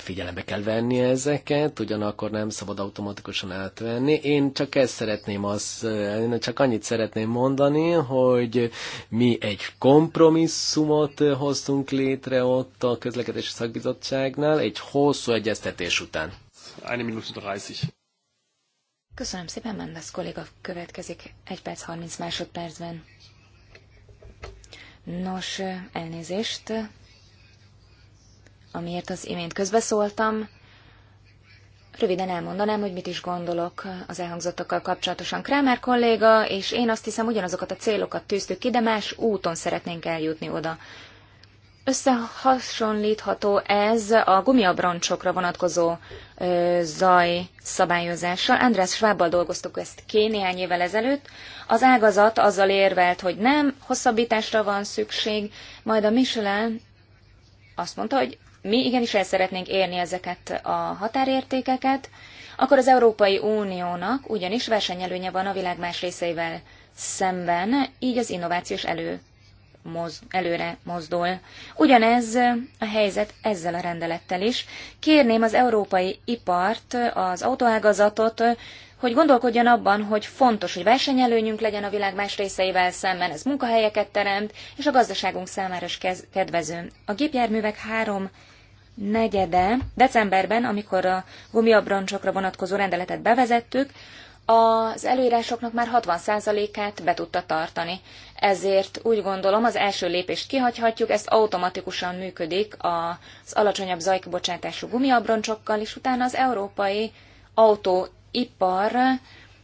Speaker 3: figyelembe kell venni ezeket, ugyanakkor nem szabad automatikusan átvenni. Én csak ezt szeretném az, én csak annyit szeretném mondani, hogy mi egy kompromisszumot hoztunk létre ott a közlekedési szakbizottságnál, egy hosszú egyeztetés után. Egy minút 30.
Speaker 4: Köszönöm szépen, Mendes kolléga következik egy perc 30 másodpercben. Nos, elnézést, amiért az imént közbeszóltam. Röviden elmondanám, hogy mit is gondolok az elhangzottakkal kapcsolatosan. Kramer kolléga és én azt hiszem ugyanazokat a célokat tűztük ki, de más úton szeretnénk eljutni oda. Összehasonlítható ez a gumiabroncsokra vonatkozó ö, zaj szabályozással. András Schwabbal dolgoztuk ezt ké néhány évvel ezelőtt. Az ágazat azzal érvelt, hogy nem, hosszabbításra van szükség, majd a Michelin azt mondta, hogy mi igenis el szeretnénk érni ezeket a határértékeket, akkor az Európai Uniónak ugyanis versenyelőnye van a világ más részeivel szemben, így az innovációs elő moz, előre mozdul. Ugyanez a helyzet ezzel a rendelettel is. Kérném az európai ipart, az autóágazatot, hogy gondolkodjon abban, hogy fontos, hogy versenyelőnyünk legyen a világ más részeivel szemben, ez munkahelyeket teremt, és a gazdaságunk számára is kedvező. A gépjárművek három negyede, decemberben, amikor a gumiabroncsokra vonatkozó rendeletet bevezettük, az előírásoknak már 60%-át be tudta tartani. Ezért úgy gondolom, az első lépést kihagyhatjuk, ezt automatikusan működik az alacsonyabb zajkibocsátású gumiabroncsokkal, és utána az európai autóipar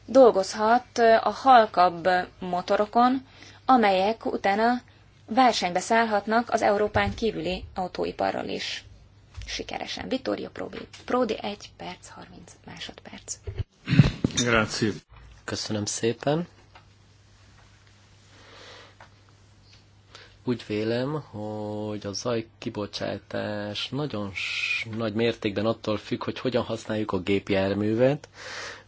Speaker 4: dolgozhat a halkabb motorokon, amelyek utána versenybe szállhatnak az Európán kívüli autóiparral is sikeresen. Vittorio Prodi, Prodi 1 perc, 30 másodperc.
Speaker 3: Grazie. Köszönöm szépen. Úgy vélem, hogy a zajkibocsátás nagyon nagy mértékben attól függ, hogy hogyan használjuk a gépjárművet,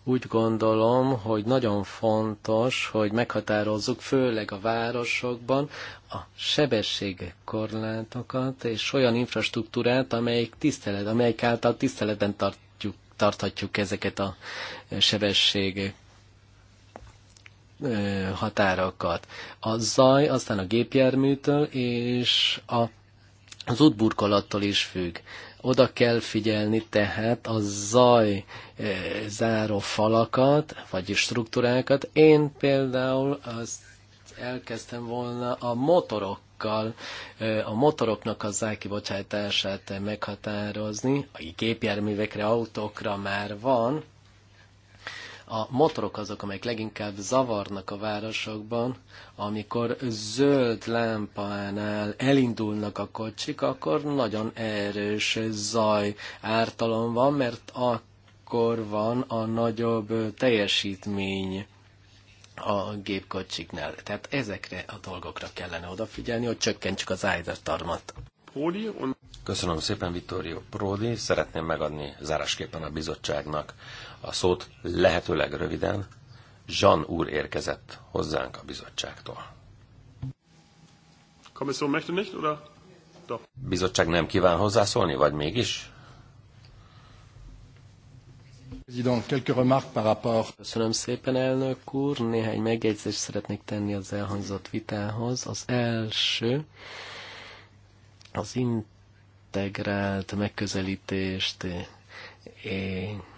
Speaker 3: úgy gondolom, hogy nagyon fontos, hogy meghatározzuk főleg a városokban a korlátokat és olyan infrastruktúrát, amelyik, tisztelet, amelyik által tiszteletben tartjuk, tarthatjuk ezeket a sebességek határokat. A zaj aztán a gépjárműtől és a, az útburkolattól is függ. Oda kell figyelni tehát a zaj eh, záró falakat, vagyis struktúrákat. Én például azt elkezdtem volna a motorokkal, eh, a motoroknak a zajkibocsátását meghatározni, a gépjárművekre, autókra már van, a motorok azok, amelyek leginkább zavarnak a városokban, amikor zöld lámpánál elindulnak a kocsik, akkor nagyon erős zaj ártalom van, mert akkor van a nagyobb teljesítmény a gépkocsiknál. Tehát ezekre a dolgokra kellene odafigyelni, hogy csökkentsük az ájzertarmat.
Speaker 2: Köszönöm szépen, Vittorio Prodi. Szeretném megadni zárásképpen a bizottságnak a szót lehetőleg röviden. Jean úr érkezett hozzánk a bizottságtól.
Speaker 1: Kommission möchte nicht, oder? Doch.
Speaker 2: Bizottság nem kíván hozzászólni, vagy mégis?
Speaker 3: Köszönöm szépen, elnök úr. Néhány megjegyzést szeretnék tenni az elhangzott vitához. Az első, az integrált megközelítést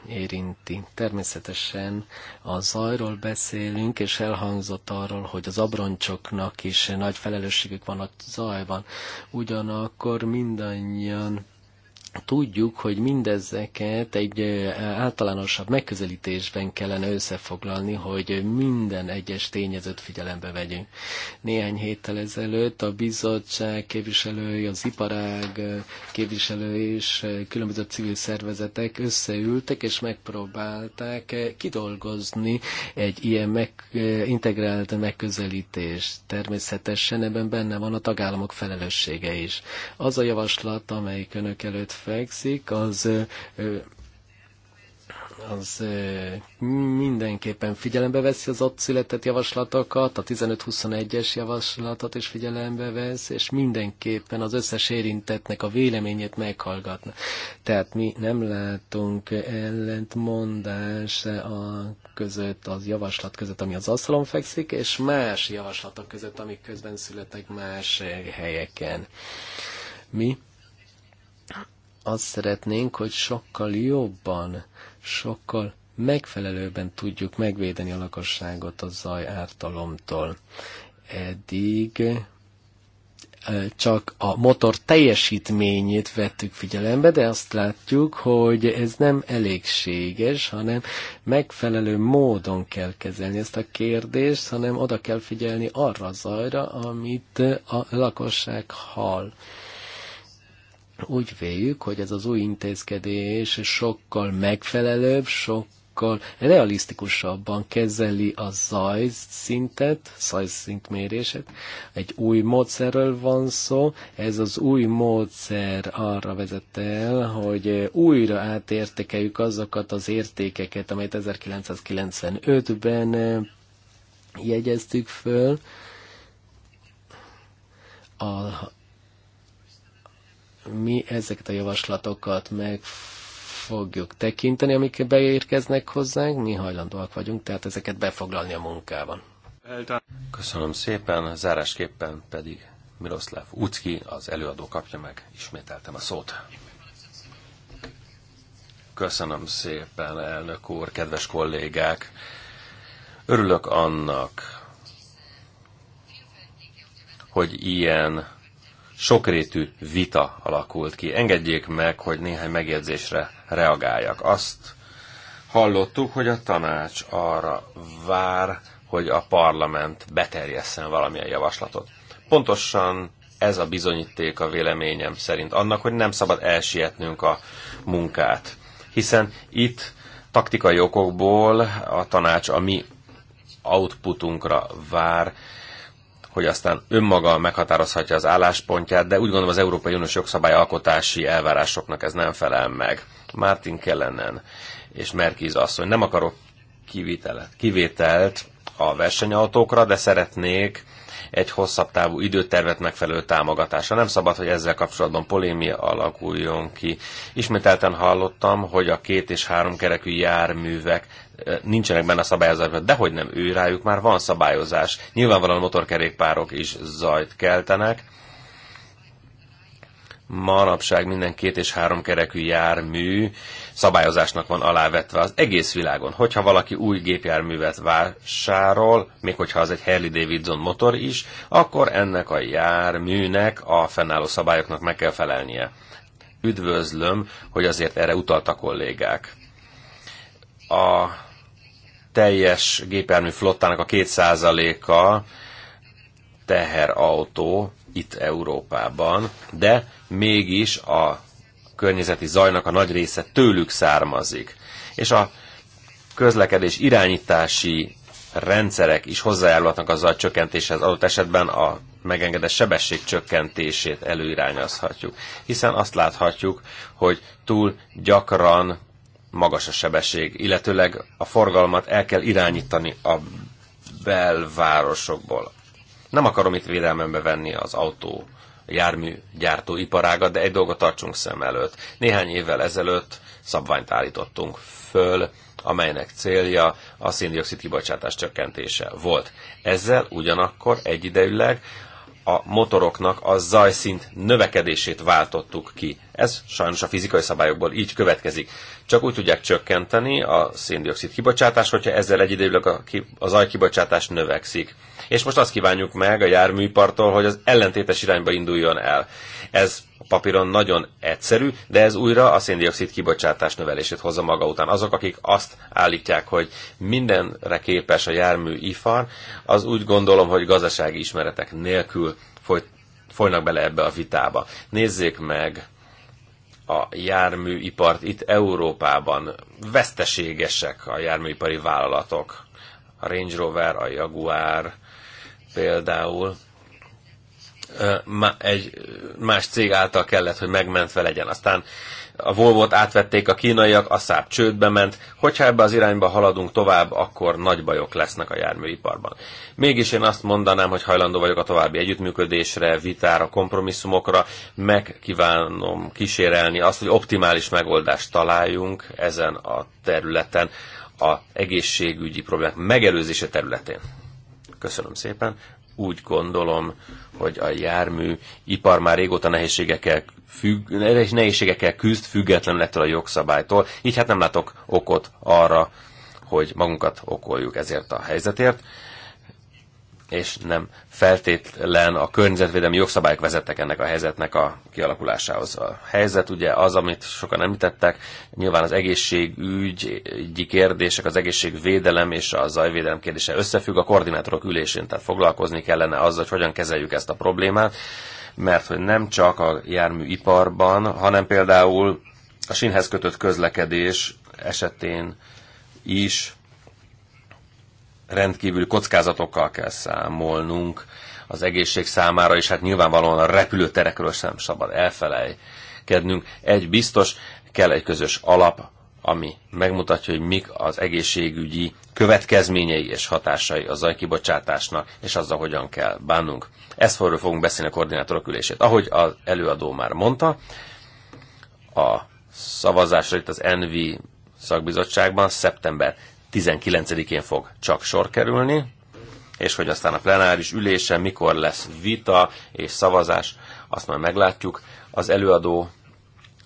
Speaker 3: érinti. Természetesen a zajról beszélünk, és elhangzott arról, hogy az abroncsoknak is nagy felelősségük van a zajban. Ugyanakkor mindannyian Tudjuk, hogy mindezeket egy általánosabb megközelítésben kellene összefoglalni, hogy minden egyes tényezőt figyelembe vegyünk. Néhány héttel ezelőtt a bizottság képviselői, az iparág képviselői és különböző civil szervezetek összeültek és megpróbálták kidolgozni egy ilyen meg, integrált megközelítést. Természetesen ebben benne van a tagállamok felelőssége is. Az a javaslat, amelyik önök előtt fekszik, az az mindenképpen figyelembe veszi az ott született javaslatokat, a 15-21-es javaslatot is figyelembe vesz, és mindenképpen az összes érintettnek a véleményét meghallgatna. Tehát mi nem látunk ellentmondás a között, az javaslat között, ami az asztalon fekszik, és más javaslatok között, amik közben születnek más helyeken. Mi azt szeretnénk, hogy sokkal jobban, sokkal megfelelőbben tudjuk megvédeni a lakosságot a zaj ártalomtól. Eddig csak a motor teljesítményét vettük figyelembe, de azt látjuk, hogy ez nem elégséges, hanem megfelelő módon kell kezelni ezt a kérdést, hanem oda kell figyelni arra a zajra, amit a lakosság hall. Úgy véljük, hogy ez az új intézkedés sokkal megfelelőbb, sokkal realisztikusabban kezeli a zajszintet, zajszintmérését. Egy új módszerről van szó. Ez az új módszer arra vezet el, hogy újra átértékeljük azokat az értékeket, amelyet 1995-ben jegyeztük föl, a mi ezeket a javaslatokat meg fogjuk tekinteni, amik beérkeznek hozzánk, mi hajlandóak vagyunk, tehát ezeket befoglalni a
Speaker 2: munkában. Köszönöm szépen, zárásképpen pedig Miroslav Ucki, az előadó kapja meg, ismételtem a szót. Köszönöm szépen, elnök úr, kedves kollégák! Örülök annak, hogy ilyen sokrétű vita alakult ki. Engedjék meg, hogy néhány megjegyzésre reagáljak. Azt hallottuk, hogy a tanács arra vár, hogy a parlament beterjesszen valamilyen javaslatot. Pontosan ez a bizonyíték a véleményem szerint annak, hogy nem szabad elsietnünk a munkát. Hiszen itt taktikai okokból a tanács a mi outputunkra vár, hogy aztán önmaga meghatározhatja az álláspontját, de úgy gondolom az Európai Uniós jogszabály alkotási elvárásoknak ez nem felel meg. Martin Kellenen és Merkiz asszony. Nem akarok kivételet, kivételt a versenyautókra, de szeretnék egy hosszabb távú időtervet megfelelő támogatása. Nem szabad, hogy ezzel kapcsolatban polémia alakuljon ki. Ismételten hallottam, hogy a két és három kerekű járművek nincsenek benne a szabályozásban, de hogy nem ő rájuk már van szabályozás. Nyilvánvalóan a motorkerékpárok is zajt keltenek, manapság minden két és három kerekű jármű szabályozásnak van alávetve az egész világon. Hogyha valaki új gépjárművet vásárol, még hogyha az egy Harley Davidson motor is, akkor ennek a járműnek a fennálló szabályoknak meg kell felelnie. Üdvözlöm, hogy azért erre utaltak kollégák. A teljes gépjármű flottának a két százaléka teherautó itt Európában, de mégis a környezeti zajnak a nagy része tőlük származik. És a közlekedés irányítási rendszerek is hozzájárulhatnak az a csökkentéshez, adott esetben a megengedett sebesség csökkentését előirányozhatjuk. Hiszen azt láthatjuk, hogy túl gyakran magas a sebesség, illetőleg a forgalmat el kell irányítani a belvárosokból. Nem akarom itt védelmembe venni az autó járműgyártó iparága, de egy dolgot tartsunk szem előtt. Néhány évvel ezelőtt szabványt állítottunk föl, amelynek célja a széndiokszid kibocsátás csökkentése volt. Ezzel ugyanakkor egyidejűleg a motoroknak a zajszint növekedését váltottuk ki. Ez sajnos a fizikai szabályokból így következik. Csak úgy tudják csökkenteni a széndiokszid kibocsátást, hogyha ezzel egyidejűleg a, ki, a zajkibocsátás növekszik és most azt kívánjuk meg a járműipartól, hogy az ellentétes irányba induljon el. Ez a papíron nagyon egyszerű, de ez újra a széndiokszid kibocsátás növelését hozza maga után. Azok, akik azt állítják, hogy mindenre képes a járműipar, az úgy gondolom, hogy gazdasági ismeretek nélkül foly- folynak bele ebbe a vitába. Nézzék meg a járműipart itt Európában. Veszteségesek a járműipari vállalatok. A Range Rover, a Jaguar, például egy más cég által kellett, hogy megmentve legyen. Aztán a volvo átvették a kínaiak, a száp csődbe ment. Hogyha ebbe az irányba haladunk tovább, akkor nagy bajok lesznek a járműiparban. Mégis én azt mondanám, hogy hajlandó vagyok a további együttműködésre, vitára, kompromisszumokra. Megkívánom kísérelni azt, hogy optimális megoldást találjunk ezen a területen, a egészségügyi problémák megelőzése területén. Köszönöm szépen. Úgy gondolom, hogy a jármű ipar már régóta nehézségekkel, függ, nehézségekkel küzd, ettől a jogszabálytól, így hát nem látok okot arra, hogy magunkat okoljuk ezért a helyzetért és nem feltétlen a környezetvédelmi jogszabályok vezettek ennek a helyzetnek a kialakulásához. A helyzet ugye az, amit sokan említettek, nyilván az egészségügyi kérdések, az egészségvédelem és a zajvédelem kérdése összefügg a koordinátorok ülésén, tehát foglalkozni kellene azzal, hogy hogyan kezeljük ezt a problémát, mert hogy nem csak a járműiparban, hanem például a sinhez kötött közlekedés esetén is rendkívüli kockázatokkal kell számolnunk az egészség számára, és hát nyilvánvalóan a repülőterekről sem szabad elfelejkednünk. Egy biztos, kell egy közös alap, ami megmutatja, hogy mik az egészségügyi következményei és hatásai a zajkibocsátásnak, és azzal hogyan kell bánnunk. Ezt forról fogunk beszélni a koordinátorok ülését. Ahogy az előadó már mondta, a szavazásra itt az NV szakbizottságban szeptember 19-én fog csak sor kerülni, és hogy aztán a plenáris ülésen mikor lesz vita és szavazás, azt majd meglátjuk. Az előadó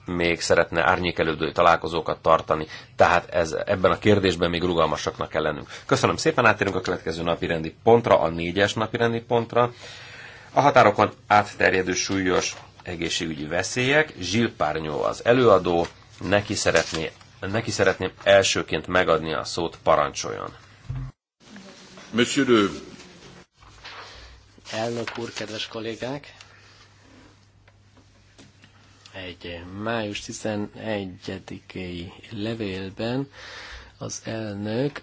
Speaker 2: még szeretne árnyékelődő találkozókat tartani, tehát ez, ebben a kérdésben még rugalmasaknak kell lennünk. Köszönöm szépen, átérünk a következő napi rendi pontra, a négyes napi rendi pontra. A határokon átterjedő súlyos egészségügyi veszélyek. Zsilpárnyó az előadó, neki szeretné neki szeretném elsőként megadni a szót, parancsoljon. Monsieur
Speaker 3: Elnök úr, kedves kollégák! Egy május 11-i levélben az elnök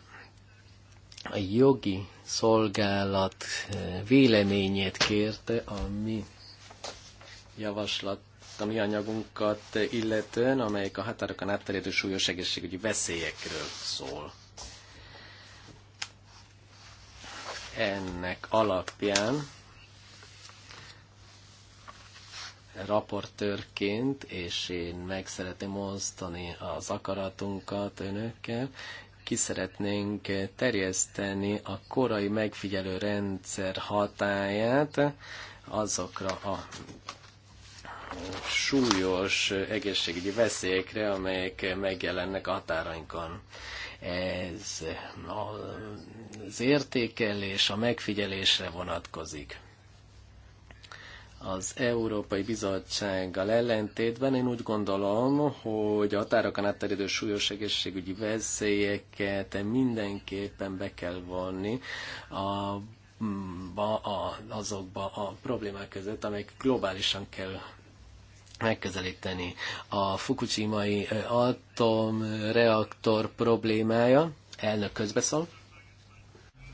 Speaker 3: a jogi szolgálat eh, véleményét kérte, ami javaslat a mi anyagunkat illetően, amelyik a határokon átterjedő súlyos egészségügyi veszélyekről szól. Ennek alapján raportőrként, és én meg szeretném osztani az akaratunkat önökkel, ki szeretnénk terjeszteni a korai megfigyelő rendszer hatáját azokra a súlyos egészségügyi veszélyekre, amelyek megjelennek a határainkon. Ez az értékelés a megfigyelésre vonatkozik az Európai Bizottsággal ellentétben én úgy gondolom, hogy a határokon átterjedő súlyos egészségügyi veszélyeket mindenképpen be kell vonni a, a, azokba a problémák között, amelyek globálisan kell megközelíteni. A Fukushima-i atomreaktor problémája, elnök közbeszól.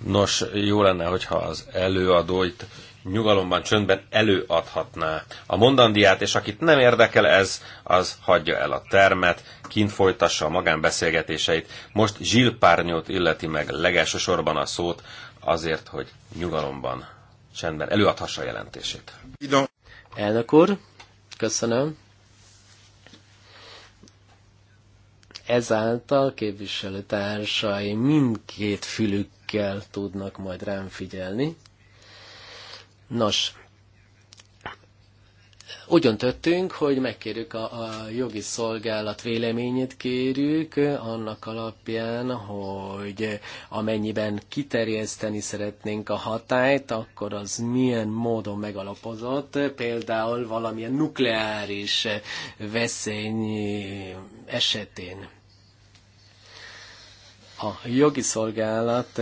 Speaker 2: Nos, jó lenne, hogyha az előadó itt nyugalomban, csöndben előadhatná a mondandiát, és akit nem érdekel ez, az hagyja el a termet, kint folytassa a magánbeszélgetéseit. Most zsilpárnyót illeti meg legelső sorban a szót, azért, hogy nyugalomban, csendben előadhassa a jelentését. Elnök úr, Köszönöm.
Speaker 3: Ezáltal képviselőtársai mindkét fülükkel tudnak majd rám figyelni. Nos, úgy döntöttünk, hogy megkérjük a, a jogi szolgálat véleményét, kérjük annak alapján, hogy amennyiben kiterjeszteni szeretnénk a hatályt, akkor az milyen módon megalapozott, például valamilyen nukleáris veszély esetén a jogi szolgálat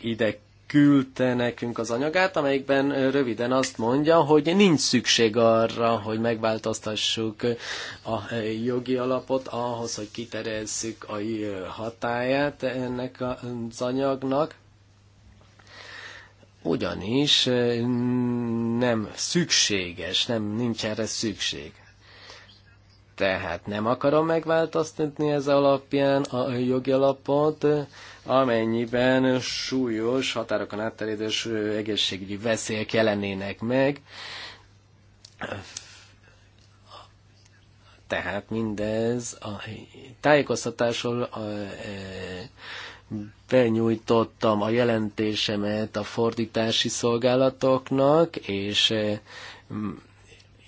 Speaker 3: ide küldte nekünk az anyagát, amelyikben röviden azt mondja, hogy nincs szükség arra, hogy megváltoztassuk a jogi alapot ahhoz, hogy kiterezzük a hatáját ennek az anyagnak, ugyanis nem szükséges, nem nincs erre szükség. Tehát nem akarom megváltoztatni ez alapján a jogi alapot, amennyiben súlyos határokon átterjedő egészségügyi veszélyek jelenének meg. Tehát mindez a tájékoztatásról a, benyújtottam a jelentésemet a fordítási szolgálatoknak, és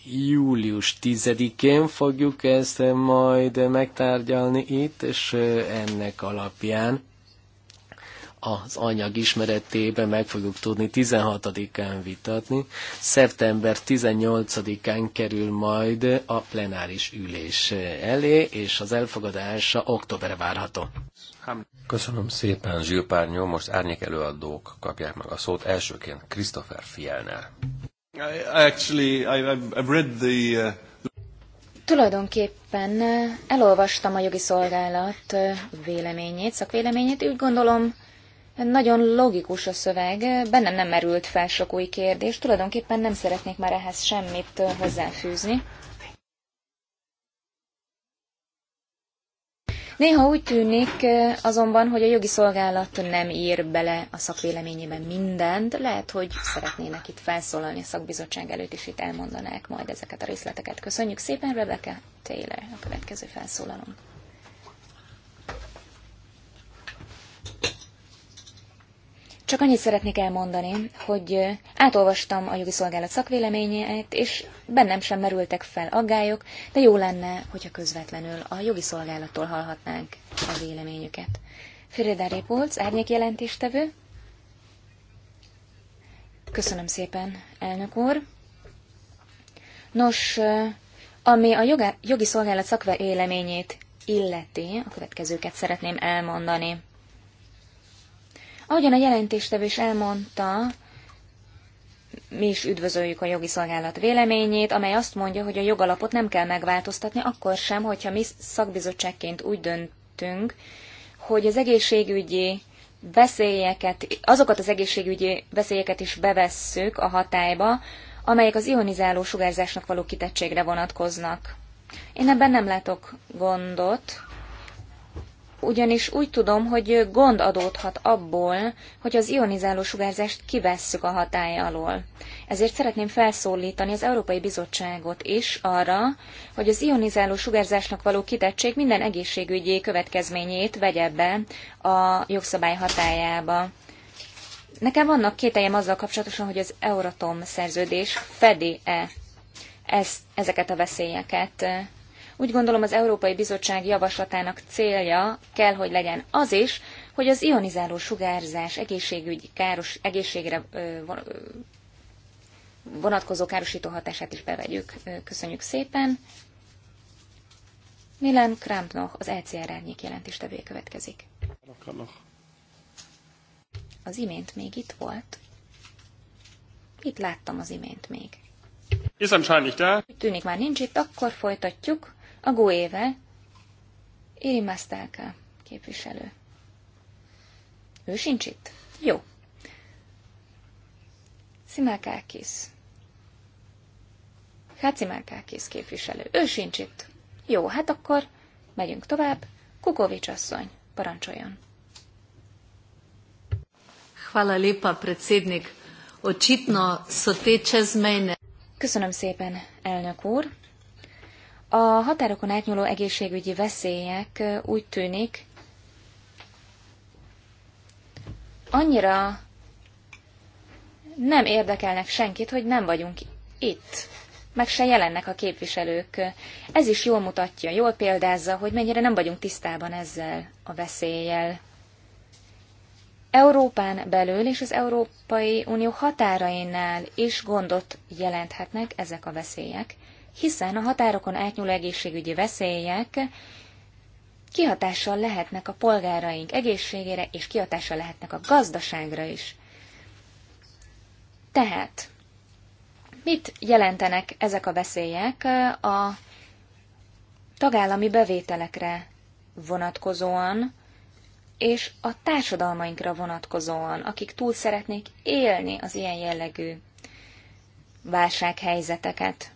Speaker 3: július 10-én fogjuk ezt majd megtárgyalni itt, és ennek alapján az anyag ismeretében meg fogjuk tudni 16-án vitatni. Szeptember 18-án kerül majd a plenáris ülés elé, és az elfogadása
Speaker 2: október várható. Köszönöm szépen, Zsilpárnyó. Most árnyék előadók kapják meg a szót. Elsőként Christopher Fielner.
Speaker 1: I, actually, I, I've read the, uh...
Speaker 4: Tulajdonképpen uh, elolvastam a jogi szolgálat uh, véleményét, szakvéleményét, úgy gondolom, nagyon logikus a szöveg, bennem nem merült fel sok új kérdés, tulajdonképpen nem szeretnék már ehhez semmit hozzáfűzni. Néha úgy tűnik azonban, hogy a jogi szolgálat nem ír bele a szakvéleményében mindent, lehet, hogy szeretnének itt felszólalni a szakbizottság előtt, és itt elmondanák majd ezeket a részleteket. Köszönjük szépen, Rebecca Taylor, a következő felszólalom. Csak annyit szeretnék elmondani, hogy átolvastam a jogi szolgálat szakvéleményét, és bennem sem merültek fel aggályok, de jó lenne, hogyha közvetlenül a jogi szolgálattól hallhatnánk a véleményüket. Frida Répolc, árnyék jelentéstevő. Köszönöm szépen, elnök úr. Nos, ami a jogi szolgálat szakvéleményét illeti, a következőket szeretném elmondani. Ahogyan a jelentéstevő is elmondta, mi is üdvözöljük a jogi szolgálat véleményét, amely azt mondja, hogy a jogalapot nem kell megváltoztatni, akkor sem, hogyha mi szakbizottságként úgy döntünk, hogy az egészségügyi veszélyeket, azokat az egészségügyi veszélyeket is bevesszük a hatályba, amelyek az ionizáló sugárzásnak való kitettségre vonatkoznak. Én ebben nem látok gondot, ugyanis úgy tudom, hogy gond adódhat abból, hogy az ionizáló sugárzást kivesszük a hatály alól. Ezért szeretném felszólítani az Európai Bizottságot is arra, hogy az ionizáló sugárzásnak való kitettség minden egészségügyi következményét vegye be a jogszabály hatájába. Nekem vannak kételjem azzal kapcsolatosan, hogy az Euratom szerződés fedi-e ezeket a veszélyeket. Úgy gondolom az Európai Bizottság javaslatának célja kell, hogy legyen az is, hogy az ionizáló sugárzás egészségügyi káros, egészségre vonatkozó károsító hatását is bevegyük. Köszönjük szépen! Milan Krampnoch, az ECR árnyék jelentéstevője következik. Az imént még itt volt. Itt láttam az imént még.
Speaker 1: Ist anscheinend
Speaker 4: Tűnik már nincs itt, akkor folytatjuk a GOE-vel, Iri Masztálka képviselő. Ő sincs itt? Jó. Szimákákis. Hát Szimákákis képviselő. Ő sincs itt. Jó, hát akkor megyünk tovább. Kukovics asszony, parancsoljon. Hvala lépa, predsednik. ocsitna so Köszönöm szépen, elnök úr. A határokon átnyúló egészségügyi veszélyek úgy tűnik, annyira nem érdekelnek senkit, hogy nem vagyunk itt. Meg se jelennek a képviselők. Ez is jól mutatja, jól példázza, hogy mennyire nem vagyunk tisztában ezzel a veszéllyel. Európán belül és az Európai Unió határainál is gondot jelenthetnek ezek a veszélyek, hiszen a határokon átnyúló egészségügyi veszélyek kihatással lehetnek a polgáraink egészségére, és kihatással lehetnek a gazdaságra is. Tehát, mit jelentenek ezek a veszélyek a tagállami bevételekre vonatkozóan, és a társadalmainkra vonatkozóan, akik túl szeretnék élni az ilyen jellegű válsághelyzeteket.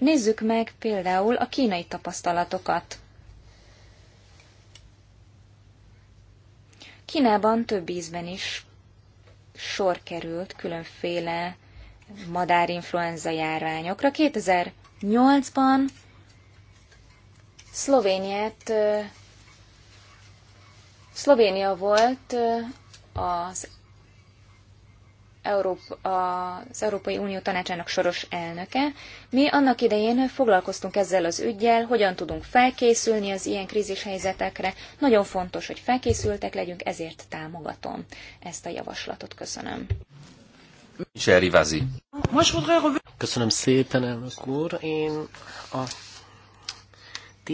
Speaker 4: Nézzük meg például a kínai tapasztalatokat. Kínában több ízben is sor került különféle madárinfluenza járványokra. 2008-ban Szlovéniát, Szlovénia volt az Európa, az Európai Unió tanácsának soros elnöke. Mi annak idején foglalkoztunk ezzel az ügyjel, hogyan tudunk felkészülni az ilyen helyzetekre, Nagyon fontos, hogy felkészültek legyünk, ezért támogatom ezt a javaslatot. Köszönöm.
Speaker 2: Köszönöm
Speaker 3: szépen, elnök
Speaker 4: úr. Én a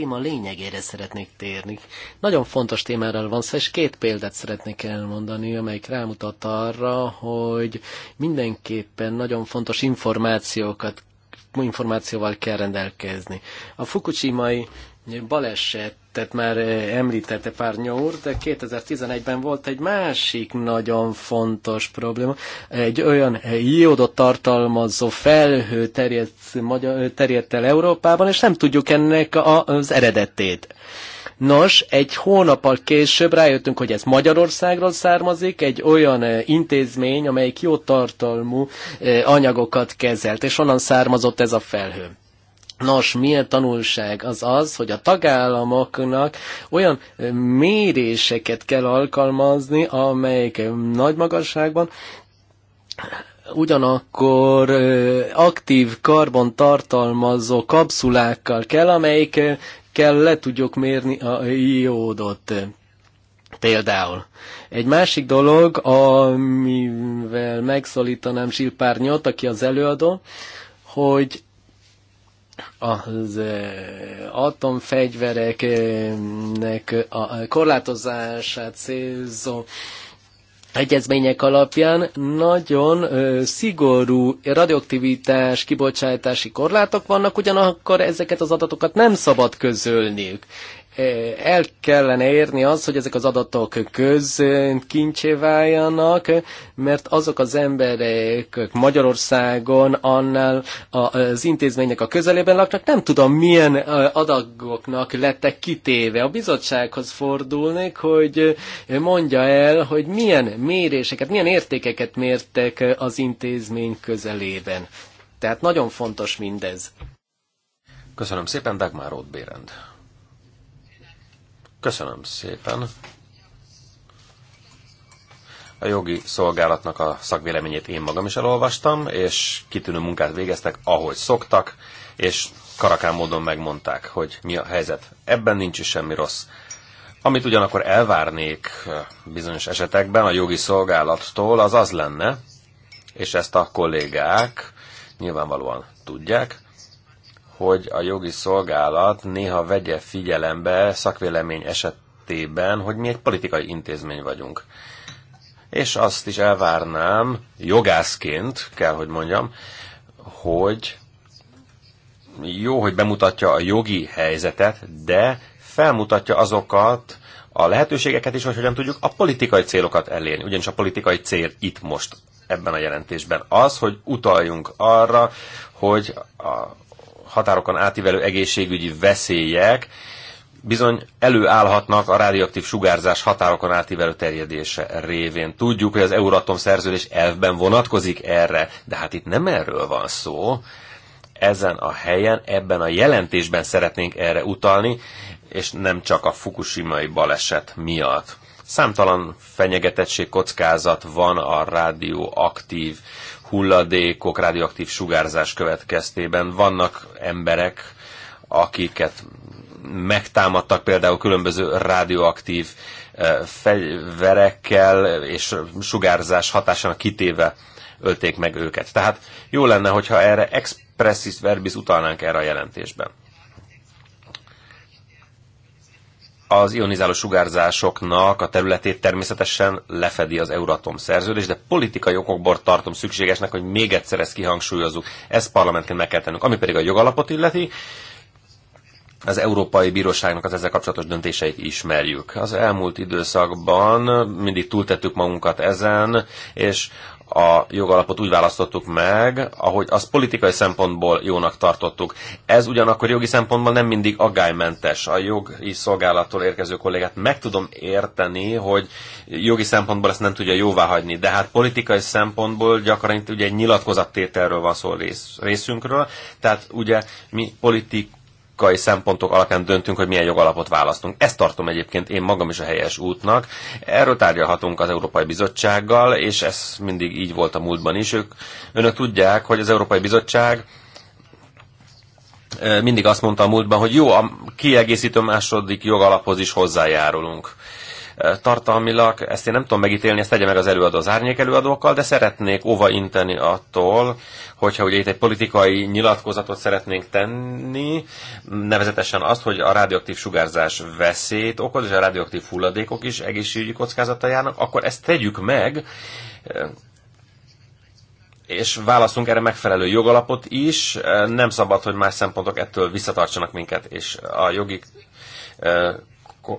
Speaker 4: téma lényegére
Speaker 3: szeretnék térni. Nagyon fontos témáról van szó, és két példát szeretnék elmondani, amelyik rámutat arra, hogy mindenképpen nagyon fontos információkat információval kell rendelkezni. A Fukushima-i baleset projektet már eh, említette pár nyúr, de 2011-ben volt egy másik nagyon fontos probléma. Egy olyan iodot eh, tartalmazó felhő terjedt, magyar, eh, terjedt el Európában, és nem tudjuk ennek az eredetét. Nos, egy hónappal később rájöttünk, hogy ez Magyarországról származik, egy olyan intézmény, amelyik jó tartalmú anyagokat kezelt, és onnan származott ez a felhő. Nos, milyen tanulság az az, hogy a tagállamoknak olyan méréseket kell alkalmazni, amelyek nagy magasságban ugyanakkor aktív karbon tartalmazó kapszulákkal kell, amelyikkel le tudjuk mérni a iódot. Például. Egy másik dolog, amivel megszólítanám Silpárnyot, aki az előadó, hogy az eh, atomfegyvereknek a korlátozását célzó egyezmények alapján nagyon eh, szigorú radioaktivitás kibocsátási korlátok vannak, ugyanakkor ezeket az adatokat nem szabad közölniük. Eh, el kellene érni az, hogy ezek az adatok közkincsé eh, váljanak, mert azok az emberek Magyarországon annál az intézménynek a közelében laknak, nem tudom milyen eh, adagoknak lettek kitéve. A bizottsághoz fordulnék, hogy mondja el, hogy milyen méréseket, milyen értékeket mértek az intézmény közelében. Tehát nagyon
Speaker 2: fontos mindez. Köszönöm szépen, Dagmar Ott Bérend. Köszönöm szépen. A jogi szolgálatnak a szakvéleményét én magam is elolvastam, és kitűnő munkát végeztek, ahogy szoktak, és karakán módon megmondták, hogy mi a helyzet. Ebben nincs is semmi rossz. Amit ugyanakkor elvárnék bizonyos esetekben a jogi szolgálattól, az az lenne, és ezt a kollégák nyilvánvalóan tudják, hogy a jogi szolgálat néha vegye figyelembe szakvélemény esetében, hogy mi egy politikai intézmény vagyunk. És azt is elvárnám, jogászként kell, hogy mondjam, hogy jó, hogy bemutatja a jogi helyzetet, de felmutatja azokat a lehetőségeket is, hogy hogyan tudjuk a politikai célokat elérni. Ugyanis a politikai cél itt most ebben a jelentésben az, hogy utaljunk arra, hogy a határokon átívelő egészségügyi veszélyek bizony előállhatnak a radioaktív sugárzás határokon átívelő terjedése révén. Tudjuk, hogy az Euratom szerződés elvben vonatkozik erre, de hát itt nem erről van szó. Ezen a helyen, ebben a jelentésben szeretnénk erre utalni, és nem csak a fukushimai baleset miatt számtalan fenyegetettség, kockázat van a rádióaktív hulladékok, radioaktív sugárzás következtében. Vannak emberek, akiket megtámadtak például különböző radioaktív eh, fegyverekkel és sugárzás hatásának kitéve ölték meg őket. Tehát jó lenne, hogyha erre expressis verbis utalnánk erre a jelentésben. az ionizáló sugárzásoknak a területét természetesen lefedi az Euratom szerződés, de politikai okokból tartom szükségesnek, hogy még egyszer ezt kihangsúlyozzuk. Ezt parlamentként meg kell tennünk. Ami pedig a jogalapot illeti, az Európai Bíróságnak az ezzel kapcsolatos döntéseit ismerjük. Az elmúlt időszakban mindig túltettük magunkat ezen, és a jogalapot úgy választottuk meg, ahogy azt politikai szempontból jónak tartottuk. Ez ugyanakkor jogi szempontból nem mindig aggálymentes. A jogi szolgálattól érkező kollégát meg tudom érteni, hogy jogi szempontból ezt nem tudja jóvá hagyni, de hát politikai szempontból gyakran itt ugye egy nyilatkozattételről van szó rész, részünkről, tehát ugye mi politik logikai szempontok alapján döntünk, hogy milyen jogalapot választunk. Ezt tartom egyébként én magam is a helyes útnak. Erről tárgyalhatunk az Európai Bizottsággal, és ez mindig így volt a múltban is. Ők, önök tudják, hogy az Európai Bizottság mindig azt mondta a múltban, hogy jó, a kiegészítő második jogalaphoz is hozzájárulunk tartalmilag, ezt én nem tudom megítélni, ezt tegye meg az előadó az árnyék előadókkal, de szeretnék óva inteni attól, hogyha ugye itt egy politikai nyilatkozatot szeretnénk tenni, nevezetesen azt, hogy a radioaktív sugárzás veszélyt okoz, és a radioaktív hulladékok is egészségügyi kockázata járnak, akkor ezt tegyük meg, és válaszunk erre megfelelő jogalapot is, nem szabad, hogy más szempontok ettől visszatartsanak minket, és a jogi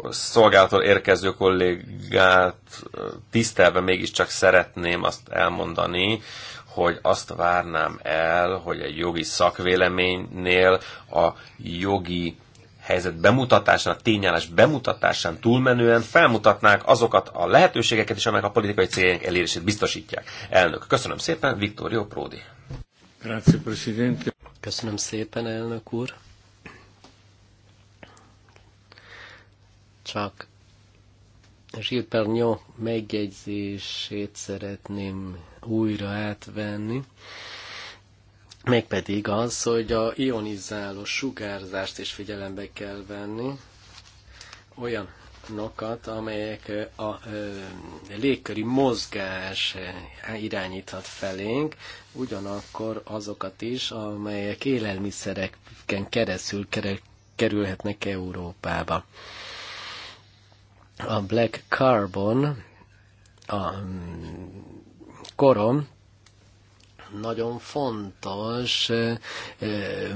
Speaker 2: szolgálatról érkező kollégát tisztelve mégiscsak szeretném azt elmondani, hogy azt várnám el, hogy egy jogi szakvéleménynél a jogi helyzet bemutatásán, a tényállás bemutatásán túlmenően felmutatnák azokat a lehetőségeket is, amelyek a politikai céljaink elérését biztosítják. Elnök, köszönöm szépen, Viktor Pródi.
Speaker 3: Köszönöm szépen, elnök úr. Csak Gilles Pernyó megjegyzését szeretném újra átvenni, mégpedig az, hogy a ionizáló sugárzást is figyelembe kell venni, olyan nokat, amelyek a légköri mozgás irányíthat felénk, ugyanakkor azokat is, amelyek élelmiszereken keresztül kerülhetnek Európába. A Black Carbon, a mm, korom, nagyon fontos,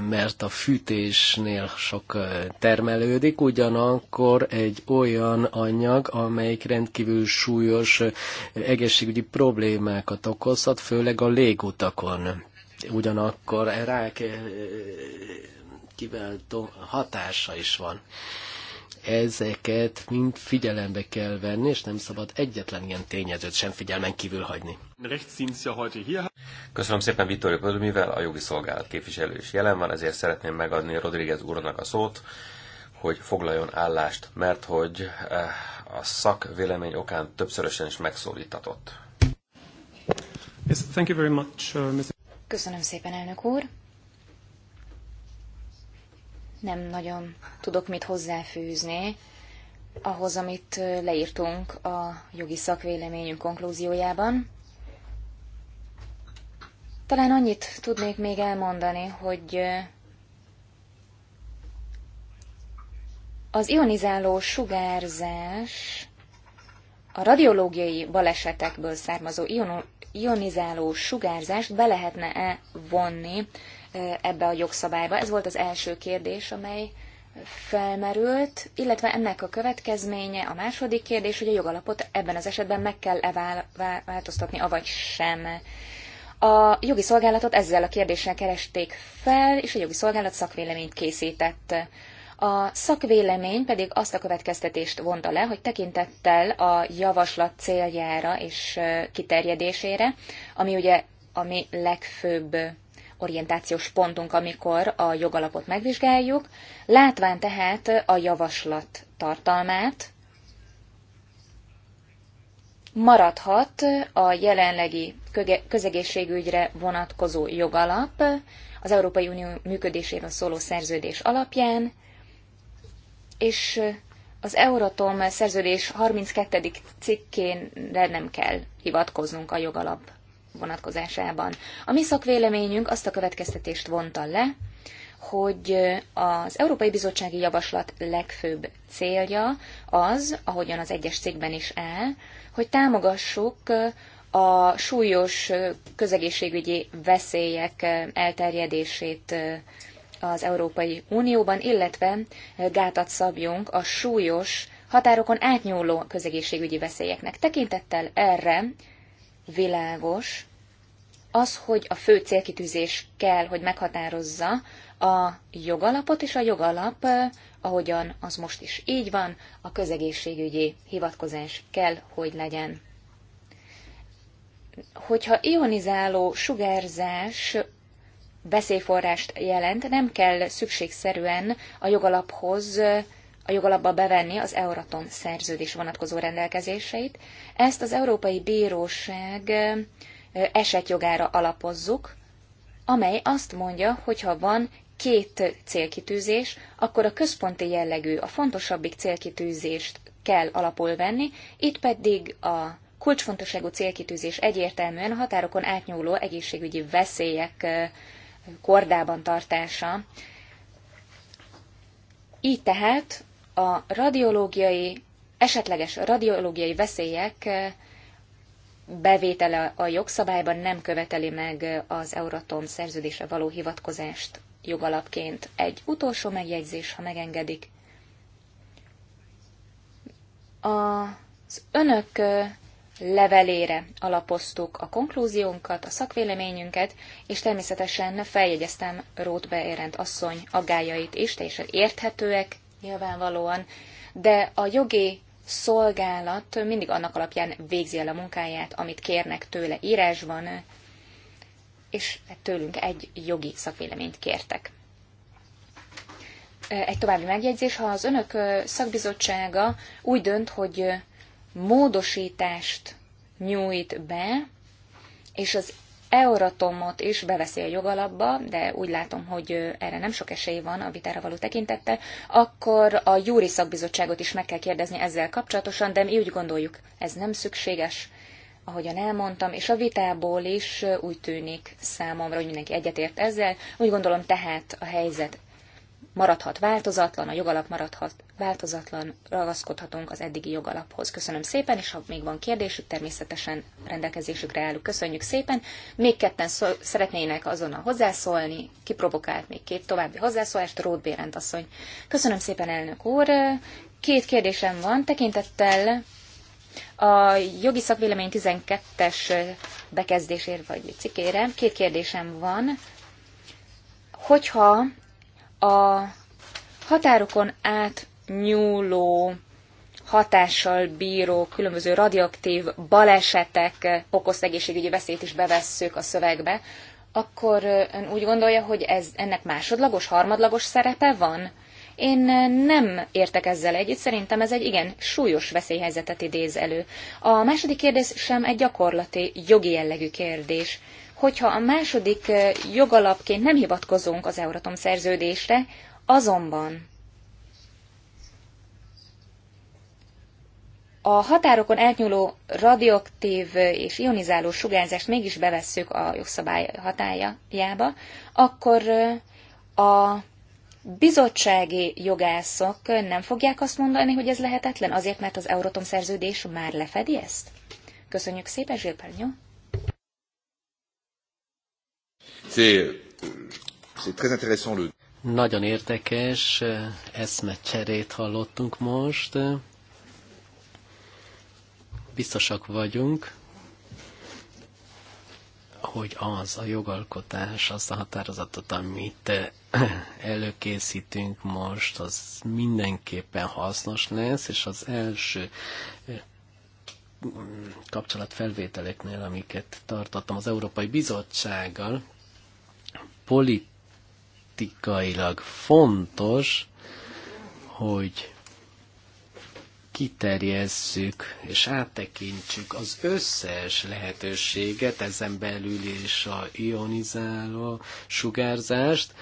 Speaker 3: mert a fűtésnél sok termelődik, ugyanakkor egy olyan anyag, amelyik rendkívül súlyos egészségügyi problémákat okozhat, főleg a légutakon. Ugyanakkor rák kiváltó hatása is van ezeket mind figyelembe kell venni, és nem szabad egyetlen ilyen tényezőt sem figyelmen
Speaker 2: kívül hagyni. Köszönöm szépen Vittorio Pödömivel, a jogi szolgálat képviselő is jelen van, ezért szeretném megadni Rodríguez úrnak a szót, hogy foglaljon állást, mert hogy eh, a szak vélemény okán többszörösen is megszólítatott. Uh,
Speaker 4: Köszönöm szépen, elnök úr nem nagyon tudok mit hozzáfűzni ahhoz, amit leírtunk a jogi szakvéleményünk konklúziójában. Talán annyit tudnék még elmondani, hogy az ionizáló sugárzás a radiológiai balesetekből származó ionizáló sugárzást be lehetne-e vonni Eh, ebbe a jogszabályba? Ez volt az első kérdés, amely felmerült, illetve ennek a következménye a második kérdés, hogy a jogalapot ebben az esetben meg kell-e változtatni, avagy sem. A jogi szolgálatot ezzel a kérdéssel keresték fel, és a jogi szolgálat szakvéleményt készített. A szakvélemény pedig azt a következtetést vonta le, hogy tekintettel a javaslat céljára és eh, kiterjedésére, ami ugye a mi legfőbb orientációs pontunk, amikor a jogalapot megvizsgáljuk, látván tehát a javaslat tartalmát, maradhat a jelenlegi közegészségügyre vonatkozó jogalap az Európai Unió működéséről szóló szerződés alapján, és az Euratom szerződés 32. cikkén nem kell hivatkoznunk a jogalap vonatkozásában. A mi szakvéleményünk azt a következtetést vonta le, hogy az Európai Bizottsági Javaslat legfőbb célja az, ahogyan az egyes cikkben is áll, hogy támogassuk a súlyos közegészségügyi veszélyek elterjedését az Európai Unióban, illetve gátat szabjunk a súlyos határokon átnyúló közegészségügyi veszélyeknek. Tekintettel erre világos, az, hogy a fő célkitűzés kell, hogy meghatározza a jogalapot, és a jogalap, eh, ahogyan az most is így van, a közegészségügyi hivatkozás kell, hogy legyen. Hogyha ionizáló sugárzás veszélyforrást jelent, nem kell szükségszerűen a jogalaphoz eh, a jogalapba bevenni az Euratom szerződés vonatkozó rendelkezéseit. Ezt az Európai Bíróság esetjogára alapozzuk, amely azt mondja, hogy ha van két célkitűzés, akkor a központi jellegű, a fontosabbik célkitűzést kell alapul venni, itt pedig a kulcsfontosságú célkitűzés egyértelműen a határokon átnyúló egészségügyi veszélyek kordában tartása. Így tehát a radiológiai, esetleges radiológiai veszélyek bevétele a jogszabályban nem követeli meg az Euratom szerződésre való hivatkozást jogalapként. Egy utolsó megjegyzés, ha megengedik. Az önök levelére alapoztuk a konklúziónkat, a szakvéleményünket, és természetesen feljegyeztem Rót asszony aggájait is, teljesen érthetőek nyilvánvalóan, de a jogi szolgálat mindig annak alapján végzi el a munkáját, amit kérnek tőle írásban, és tőlünk egy jogi szakvéleményt kértek. Egy további megjegyzés, ha az önök szakbizottsága úgy dönt, hogy módosítást nyújt be, és az Euratomot is beveszi a jogalapba, de úgy látom, hogy erre nem sok esély van a vitára való tekintettel, akkor a júri szakbizottságot is meg kell kérdezni ezzel kapcsolatosan, de mi úgy gondoljuk, ez nem szükséges, ahogyan elmondtam, és a vitából is úgy tűnik számomra, hogy mindenki egyetért ezzel. Úgy gondolom tehát a helyzet maradhat változatlan, a jogalap maradhat változatlan, ragaszkodhatunk az eddigi jogalaphoz. Köszönöm szépen, és ha még van kérdésük, természetesen rendelkezésükre állunk. Köszönjük szépen. Még ketten szó- szeretnének azonnal hozzászólni, kiprovokált még két további hozzászólást, Ród asszony. Köszönöm szépen, elnök úr. Két kérdésem van, tekintettel a jogi szakvélemény 12-es bekezdésére vagy cikkére. Két kérdésem van. Hogyha a határokon átnyúló hatással bíró különböző radioaktív balesetek okoz egészségügyi veszélyt is bevesszük a szövegbe, akkor ön úgy gondolja, hogy ez, ennek másodlagos, harmadlagos szerepe van? Én nem értek ezzel együtt, szerintem ez egy igen súlyos veszélyhelyzetet idéz elő. A második kérdés sem egy gyakorlati, jogi jellegű kérdés hogyha a második eh, jogalapként nem hivatkozunk az Euratom szerződésre, azonban a határokon elnyúló radioaktív és ionizáló sugárzást mégis bevesszük a jogszabály hatájába, akkor eh, a bizottsági jogászok nem fogják azt mondani, hogy ez lehetetlen, azért mert az Euratom szerződés már lefedi ezt? Köszönjük szépen, Zsilpernyó!
Speaker 3: Nagyon érdekes eszmecserét hallottunk most. Biztosak vagyunk, hogy az a jogalkotás, az a határozatot, amit előkészítünk most, az mindenképpen hasznos lesz, és az első eh, kapcsolatfelvételeknél, amiket tartottam az Európai Bizottsággal, politikailag fontos, hogy kiterjesszük és áttekintsük az összes lehetőséget, ezen belül is a ionizáló sugárzást,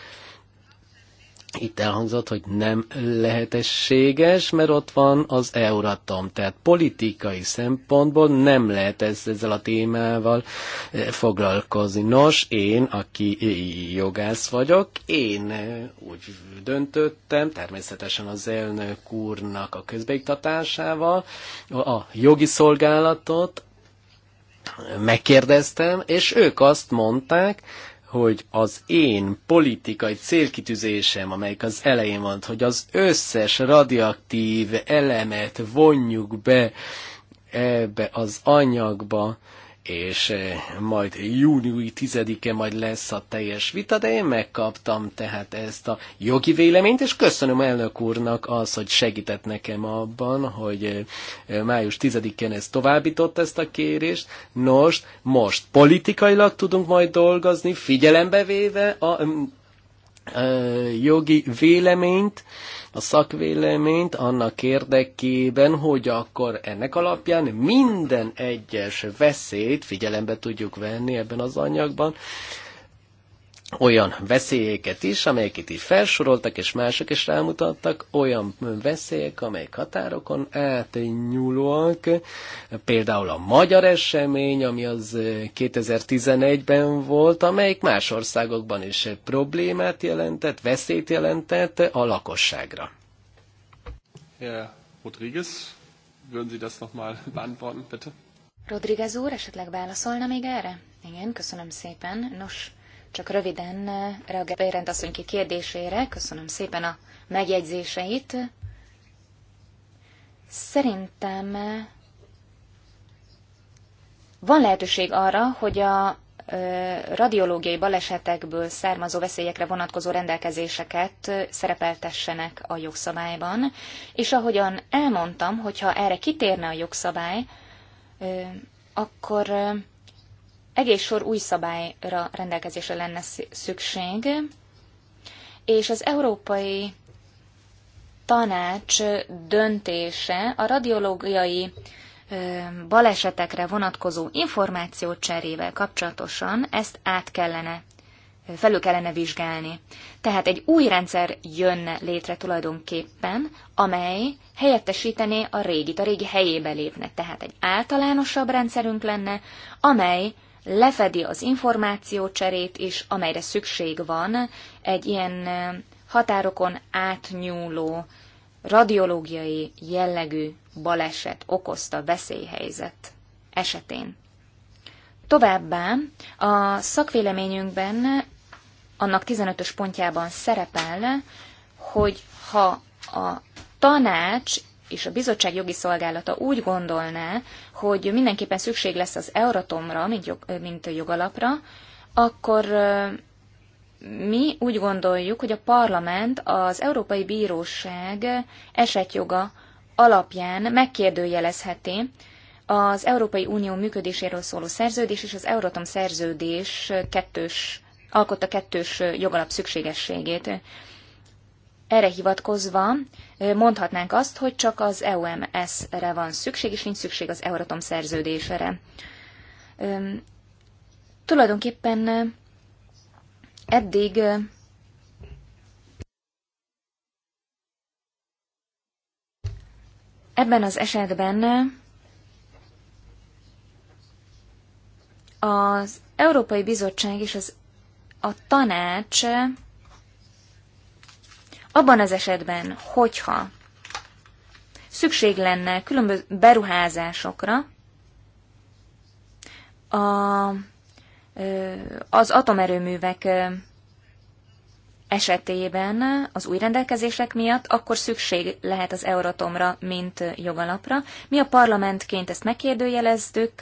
Speaker 3: itt elhangzott, hogy nem lehetességes, mert ott van az Euratom. Tehát politikai szempontból nem lehet ez, ezzel a témával eh, foglalkozni. Nos, én, aki eh, jogász vagyok, én eh, úgy döntöttem, természetesen az elnök úrnak a közbeiktatásával, a jogi szolgálatot megkérdeztem, és ők azt mondták, hogy az én politikai célkitűzésem, amelyik az elején van, hogy az összes radioaktív elemet vonjuk be ebbe az anyagba, és eh, majd júniusi 10-e majd lesz a teljes vita, de én megkaptam tehát ezt a jogi véleményt, és köszönöm elnök úrnak az, hogy segített nekem abban, hogy eh, eh, május 10-én továbbított ezt a kérést. Nos, most politikailag tudunk majd dolgozni, figyelembe véve a, a, mm, a jogi véleményt, a szakvéleményt annak érdekében, hogy akkor ennek alapján minden egyes veszélyt figyelembe tudjuk venni ebben az anyagban, olyan veszélyeket is, amelyeket így felsoroltak, és mások is rámutattak, olyan veszélyek, amelyek határokon átnyúlóak, például a magyar esemény, ami az 2011-ben volt, amelyik más országokban is problémát jelentett, veszélyt jelentett a lakosságra.
Speaker 1: Herr Rodriguez, würden Sie das nochmal beantworten, bitte?
Speaker 4: Rodriguez úr esetleg válaszolna még erre? Igen, köszönöm szépen. Nos, csak röviden eh, reagál Bérend asszony ki kérdésére. Köszönöm szépen a megjegyzéseit. Szerintem eh, van lehetőség arra, hogy a eh, radiológiai balesetekből származó veszélyekre vonatkozó rendelkezéseket szerepeltessenek a jogszabályban, és ahogyan elmondtam, hogyha erre kitérne a jogszabály, akkor egész sor új szabályra rendelkezésre lenne szükség, és az Európai Tanács döntése a radiológiai balesetekre vonatkozó információ cserével kapcsolatosan ezt át kellene, felül kellene vizsgálni. Tehát egy új rendszer jönne létre tulajdonképpen, amely helyettesítené a régit, a régi helyébe lépne. Tehát egy általánosabb rendszerünk lenne, amely lefedi az információcserét is, amelyre szükség van egy ilyen határokon átnyúló radiológiai jellegű baleset okozta veszélyhelyzet esetén. Továbbá a szakvéleményünkben annak 15-ös pontjában szerepel, hogy ha a tanács és a bizottság jogi szolgálata úgy gondolná, hogy mindenképpen szükség lesz az Euratomra, mint, jog, mint jogalapra, akkor mi úgy gondoljuk, hogy a parlament az Európai Bíróság esetjoga alapján megkérdőjelezheti az Európai Unió működéséről szóló szerződés és az Euratom szerződés kettős, alkotta kettős jogalap szükségességét. Erre hivatkozva mondhatnánk azt, hogy csak az EUMS-re van szükség, és nincs szükség az Euratom szerződésre. tulajdonképpen eddig ebben az esetben az Európai Bizottság és az, a tanács abban az esetben, hogyha szükség lenne különböző beruházásokra, a, az atomerőművek esetében az új rendelkezések miatt akkor szükség lehet az Euratomra, mint jogalapra. Mi a parlamentként ezt megkérdőjeleztük,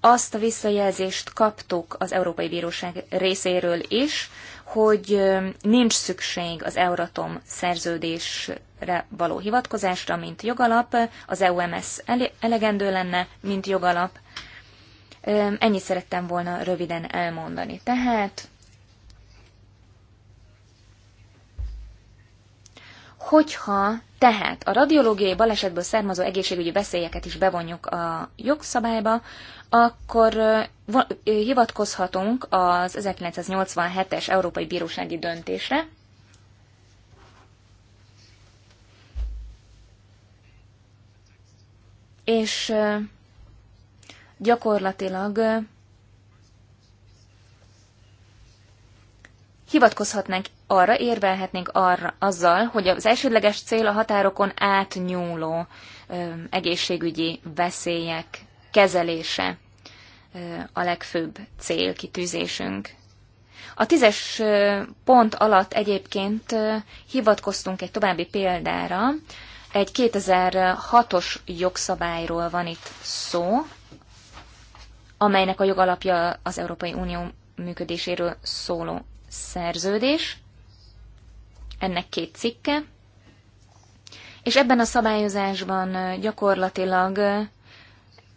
Speaker 4: azt a visszajelzést kaptuk az Európai Bíróság részéről is, hogy nincs szükség az Euratom szerződésre való hivatkozásra, mint jogalap, az EUMS elegendő lenne, mint jogalap. Ennyit szerettem volna röviden elmondani. Tehát Hogyha tehát a radiológiai balesetből származó egészségügyi veszélyeket is bevonjuk a jogszabályba, akkor hivatkozhatunk az 1987-es Európai Bírósági döntésre, és gyakorlatilag hivatkozhatnánk arra érvelhetnénk arra, azzal, hogy az elsődleges cél a határokon átnyúló ö, egészségügyi veszélyek kezelése ö, a legfőbb célkitűzésünk. A tízes pont alatt egyébként hivatkoztunk egy további példára, egy 2006-os jogszabályról van itt szó, amelynek a jogalapja az Európai Unió működéséről szóló szerződés ennek két cikke, és ebben a szabályozásban gyakorlatilag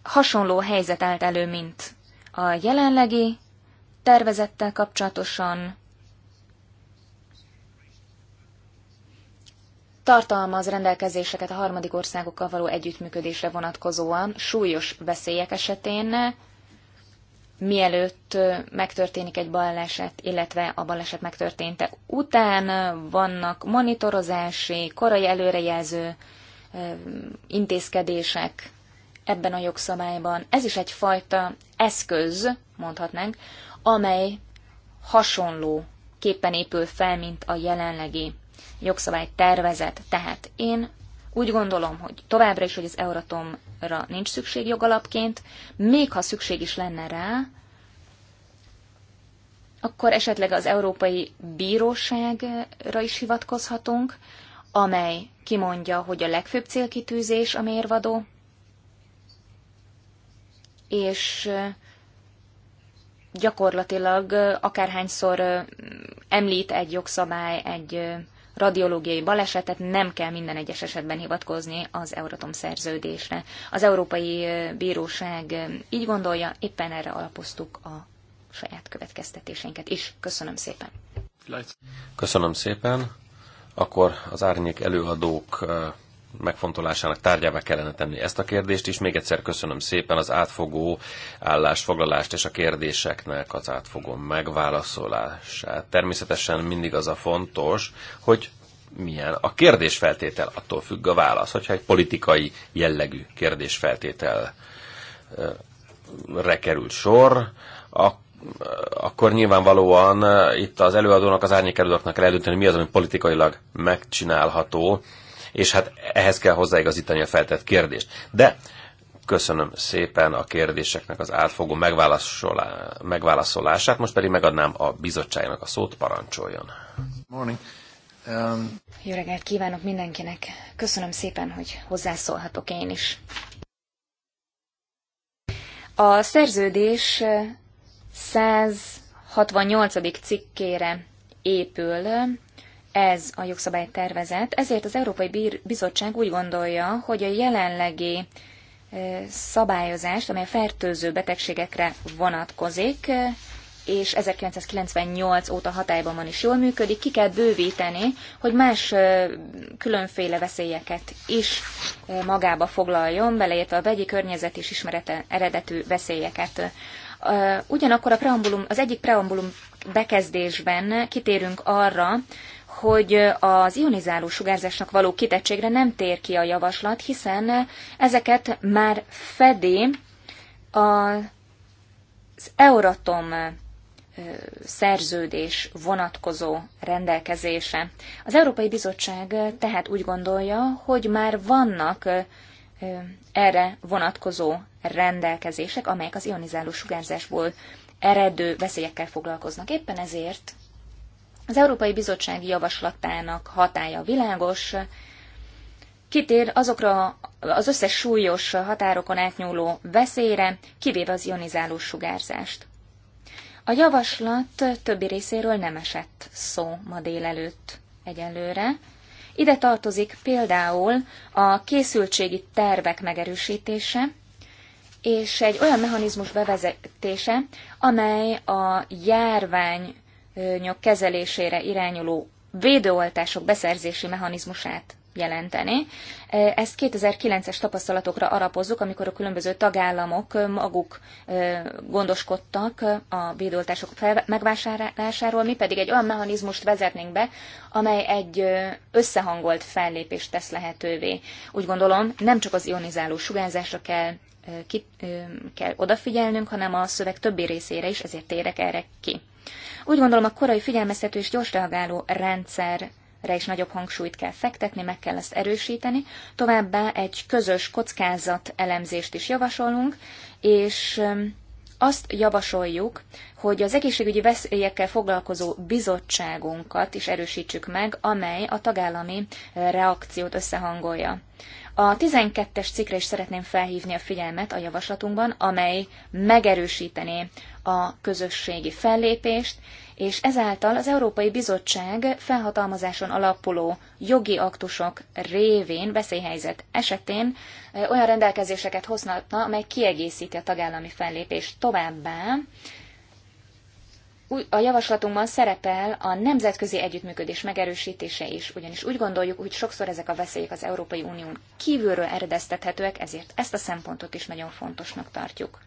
Speaker 4: hasonló helyzet állt elő, mint a jelenlegi tervezettel kapcsolatosan tartalmaz rendelkezéseket a harmadik országokkal való együttműködésre vonatkozóan súlyos veszélyek esetén, mielőtt megtörténik egy baleset, illetve a baleset megtörténte után vannak monitorozási, korai előrejelző intézkedések ebben a jogszabályban. Ez is egyfajta eszköz, mondhatnánk, amely hasonló képpen épül fel, mint a jelenlegi jogszabály tervezet. Tehát én úgy gondolom, hogy továbbra is, hogy az Euratom ra nincs szükség jogalapként, még ha szükség is lenne rá, akkor esetleg az Európai Bíróságra is hivatkozhatunk, amely kimondja, hogy a legfőbb célkitűzés a mérvadó, és gyakorlatilag akárhányszor említ egy jogszabály egy radiológiai balesetet, nem kell minden egyes esetben hivatkozni az Euratom szerződésre. Az Európai Bíróság így gondolja, éppen erre alapoztuk a saját következtetéseinket is. Köszönöm szépen!
Speaker 2: Köszönöm szépen! Akkor az árnyék előadók megfontolásának tárgyává kellene tenni ezt a kérdést is. Még egyszer köszönöm szépen az átfogó állásfoglalást és a kérdéseknek az átfogó megválaszolását. Természetesen mindig az a fontos, hogy milyen a kérdésfeltétel, attól függ a válasz. Hogyha egy politikai jellegű kérdésfeltételre került sor, akkor akkor nyilvánvalóan uh, itt az előadónak, az árnyékelőadóknak kell eldönteni, mi az, ami politikailag megcsinálható, és hát ehhez kell hozzáigazítani a feltett kérdést. De köszönöm szépen a kérdéseknek az átfogó megválaszolását, most pedig megadnám a bizottságnak a szót, parancsoljon.
Speaker 1: Morning. Um...
Speaker 4: Jó reggelt kívánok mindenkinek. Köszönöm szépen, hogy hozzászólhatok én is. A szerződés 168. cikkére épül, ez a jogszabálytervezet, ezért az Európai Bizottság úgy gondolja, hogy a jelenlegi szabályozást, amely a fertőző betegségekre vonatkozik, és 1998 óta hatályban van és jól működik, ki kell bővíteni, hogy más különféle veszélyeket is magába foglaljon, beleértve a vegyi környezet és ismerete eredetű veszélyeket. Ugyanakkor a preambulum, az egyik preambulum bekezdésben kitérünk arra, hogy az ionizáló sugárzásnak való kitettségre nem tér ki a javaslat, hiszen ezeket már fedi az Euratom szerződés vonatkozó rendelkezése. Az Európai Bizottság tehát úgy gondolja, hogy már vannak erre vonatkozó rendelkezések, amelyek az ionizáló sugárzásból eredő veszélyekkel foglalkoznak. Éppen ezért az Európai Bizottsági Javaslatának hatája világos, kitér azokra az összes súlyos határokon átnyúló veszélyre, kivéve az ionizáló sugárzást. A javaslat többi részéről nem esett szó ma délelőtt egyelőre. Ide tartozik például a készültségi tervek megerősítése, és egy olyan mechanizmus bevezetése, amely a járvány kezelésére irányuló védőoltások beszerzési mechanizmusát jelenteni. E, ezt 2009-es tapasztalatokra arapozzuk, amikor a különböző tagállamok maguk e, gondoskodtak a védőoltások megvásárlásáról, mi pedig egy olyan mechanizmust vezetnénk be, amely egy e, összehangolt fellépést tesz lehetővé. Úgy gondolom, nem csak az ionizáló sugárzásra kell, ki, kell odafigyelnünk, hanem a szöveg többi részére is, ezért térek erre ki. Úgy gondolom, a korai figyelmeztető és gyors reagáló rendszer erre is nagyobb hangsúlyt kell fektetni, meg kell ezt erősíteni. Továbbá egy közös kockázat elemzést is javasolunk, és azt javasoljuk, hogy az egészségügyi veszélyekkel foglalkozó bizottságunkat is erősítsük meg, amely a tagállami reakciót összehangolja. A 12-es cikkre is szeretném felhívni a figyelmet a javaslatunkban, amely megerősítené a közösségi fellépést, és ezáltal az Európai Bizottság felhatalmazáson alapuló jogi aktusok révén veszélyhelyzet esetén olyan rendelkezéseket hozhatna, amely kiegészíti a tagállami fellépést továbbá. A javaslatunkban szerepel a nemzetközi együttműködés megerősítése is, ugyanis úgy gondoljuk, hogy sokszor ezek a veszélyek az Európai Unión kívülről eredeztethetőek, ezért ezt a szempontot is nagyon fontosnak tartjuk.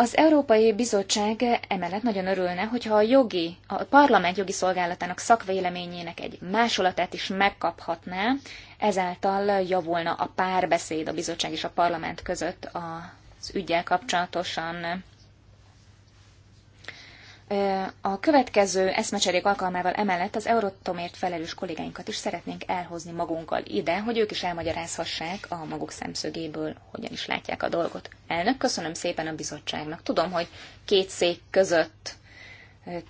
Speaker 4: Az Európai Bizottság emellett nagyon örülne, hogyha a jogi, a parlament jogi szolgálatának szakvéleményének egy másolatát is megkaphatná, ezáltal javulna a párbeszéd a bizottság és a parlament között az ügyel kapcsolatosan. A következő eszmecserék alkalmával emellett az Eurotomért felelős kollégáinkat is szeretnénk elhozni magunkkal ide, hogy ők is elmagyarázhassák a maguk szemszögéből, hogyan is látják a dolgot. Elnök, köszönöm szépen a bizottságnak. Tudom, hogy két szék között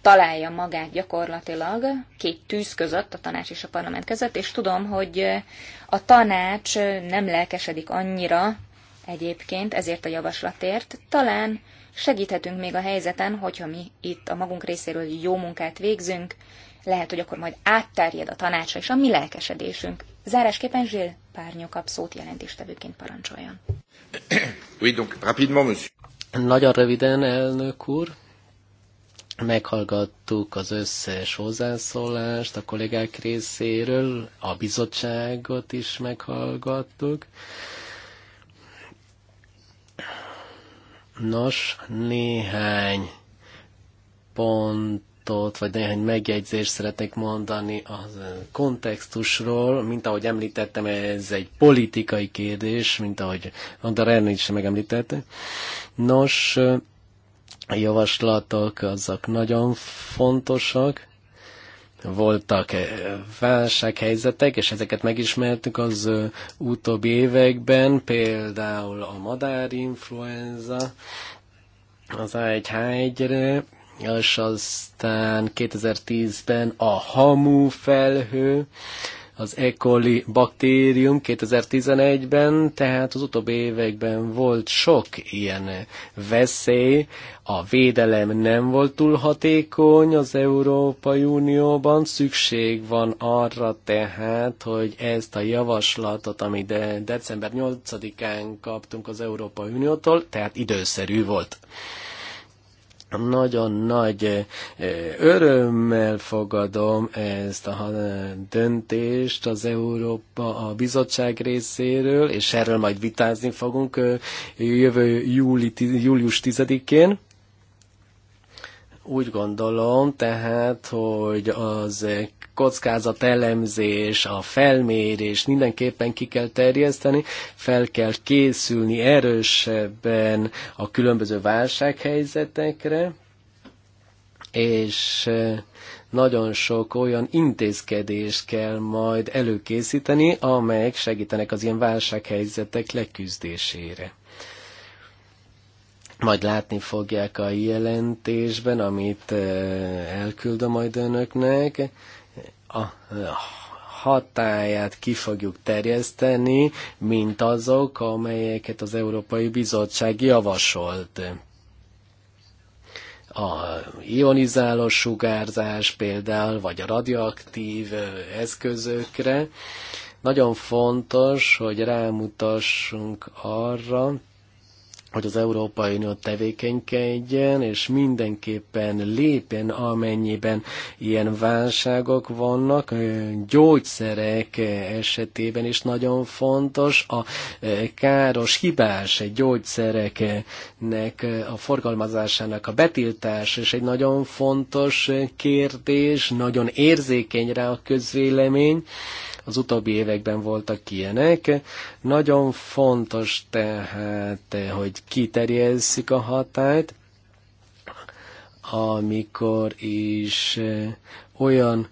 Speaker 4: találja magát gyakorlatilag, két tűz között, a tanács és a parlament között, és tudom, hogy a tanács nem lelkesedik annyira egyébként ezért a javaslatért. Talán segíthetünk még a helyzeten, hogyha mi itt a magunk részéről jó munkát végzünk, lehet, hogy akkor majd átterjed a tanácsa és a mi lelkesedésünk. Zárásképpen Zsill Párnyó kap szót jelentéstevőként parancsoljon.
Speaker 1: Oui, donc, rapidement, monsieur.
Speaker 3: Nagyon röviden, elnök úr. Meghallgattuk az összes hozzászólást a kollégák részéről, a bizottságot is meghallgattuk. Nos, néhány pontot, vagy néhány megjegyzést szeretnék mondani a kontextusról. Mint ahogy említettem, ez egy politikai kérdés, mint ahogy Andar Ernő is megemlítette. Nos, a javaslatok azok nagyon fontosak voltak eh, válsághelyzetek, és ezeket megismertük az utóbbi években, például a madárinfluenza, az a 1 h 1 és aztán 2010-ben a hamú felhő, az E. coli baktérium 2011-ben, tehát az utóbbi években volt sok ilyen veszély, a védelem nem volt túl hatékony az Európai Unióban, szükség van arra tehát, hogy ezt a javaslatot, amit de december 8-án kaptunk az Európai Uniótól, tehát időszerű volt. Nagyon nagy eh, eh, örömmel fogadom ezt a eh, döntést az Európa a bizottság részéről, és erről majd vitázni fogunk jövő júli, július 10-én úgy gondolom tehát, hogy az elemzés, a felmérés mindenképpen ki kell terjeszteni, fel kell készülni erősebben a különböző válsághelyzetekre, és nagyon sok olyan intézkedést kell majd előkészíteni, amelyek segítenek az ilyen válsághelyzetek leküzdésére. Majd látni fogják a jelentésben, amit elküldöm majd önöknek, a hatáját ki fogjuk terjeszteni, mint azok, amelyeket az Európai Bizottság javasolt a ionizáló sugárzás például, vagy a radioaktív eszközökre. Nagyon fontos, hogy rámutassunk arra, hogy az Európai Unió tevékenykedjen, és mindenképpen lépjen, amennyiben ilyen válságok vannak. Gyógyszerek esetében is nagyon fontos a káros, hibás gyógyszereknek a forgalmazásának a betiltás, és egy nagyon fontos kérdés, nagyon érzékeny rá a közvélemény, az utóbbi években voltak ilyenek. Nagyon fontos tehát, hogy kiterjesszük a hatályt, amikor is eh, olyan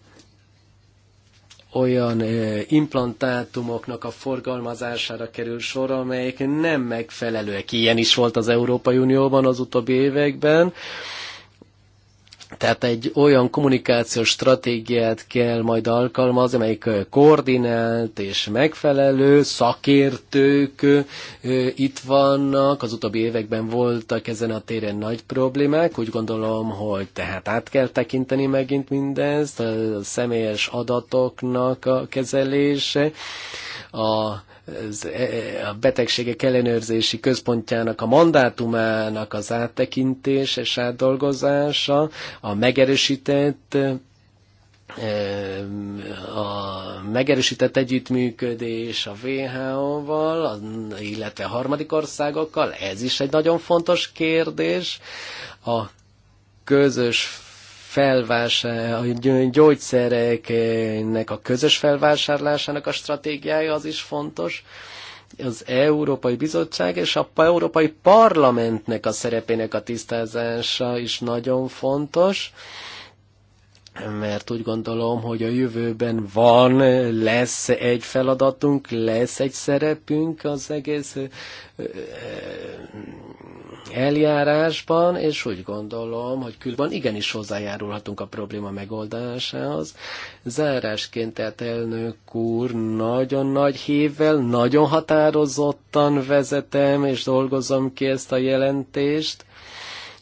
Speaker 3: olyan eh, implantátumoknak a forgalmazására kerül sor, amelyek nem megfelelőek. Ilyen is volt az Európai Unióban az utóbbi években. Tehát egy olyan kommunikációs stratégiát kell majd alkalmazni, amelyik koordinált és megfelelő, szakértők itt vannak. Az utóbbi években voltak ezen a téren nagy problémák, úgy gondolom, hogy tehát át kell tekinteni megint mindezt, a személyes adatoknak a kezelése, a E, e, a betegségek ellenőrzési központjának a mandátumának az áttekintés és átdolgozása, a megerősített e, a megerősített együttműködés a WHO-val, illetve a harmadik országokkal, ez is egy nagyon fontos kérdés. A közös felvásárlás, a gyógyszereknek a közös felvásárlásának a stratégiája az is fontos. Az Európai Bizottság és a Európai Parlamentnek a szerepének a tisztázása is nagyon fontos mert úgy gondolom, hogy a jövőben van, lesz egy feladatunk, lesz egy szerepünk az egész eljárásban, és úgy gondolom, hogy külön igenis hozzájárulhatunk a probléma megoldásához. Zárásként tehát elnök úr nagyon nagy hívvel, nagyon határozottan vezetem és dolgozom ki ezt a jelentést.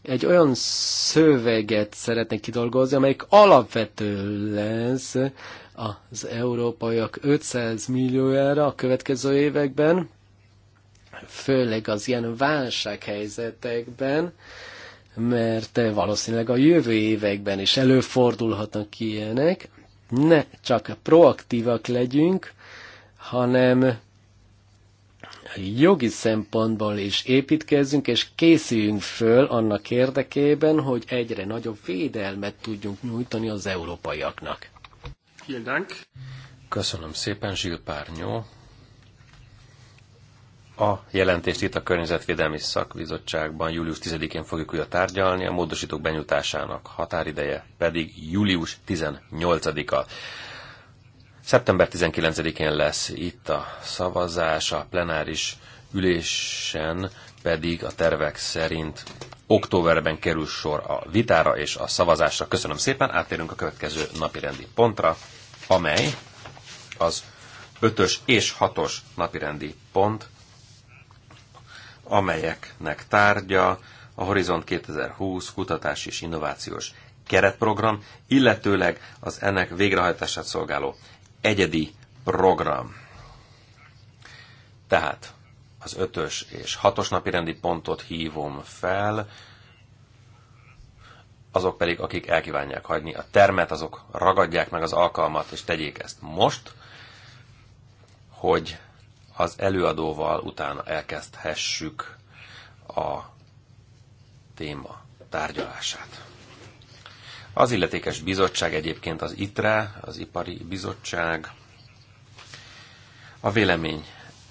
Speaker 3: Egy olyan szöveget szeretnék kidolgozni, amelyik alapvető lesz az európaiak 500 milliójára a következő években, főleg az ilyen válsághelyzetekben, mert valószínűleg a jövő években is előfordulhatnak ilyenek. Ne csak proaktívak legyünk, hanem jogi szempontból is építkezzünk, és készüljünk föl annak érdekében, hogy egyre nagyobb védelmet tudjunk nyújtani az európaiaknak.
Speaker 2: Köszönöm szépen, Zsilpárnyó a jelentést itt a Környezetvédelmi Szakbizottságban július 10-én fogjuk újra tárgyalni, a módosítók benyújtásának határideje pedig július 18-a. Szeptember 19-én lesz itt a szavazás, a plenáris ülésen pedig a tervek szerint októberben kerül sor a vitára és a szavazásra. Köszönöm szépen, átérünk a következő napirendi pontra, amely az 5-ös és 6-os napirendi pont, amelyeknek tárgya a Horizont 2020 kutatás és innovációs keretprogram, illetőleg az ennek végrehajtását szolgáló egyedi program. Tehát az ötös és hatos napi rendi pontot hívom fel, azok pedig, akik elkívánják hagyni a termet, azok ragadják meg az alkalmat, és tegyék ezt most, hogy az előadóval utána elkezdhessük a téma tárgyalását. Az illetékes bizottság egyébként az ITRE, az Ipari Bizottság, a vélemény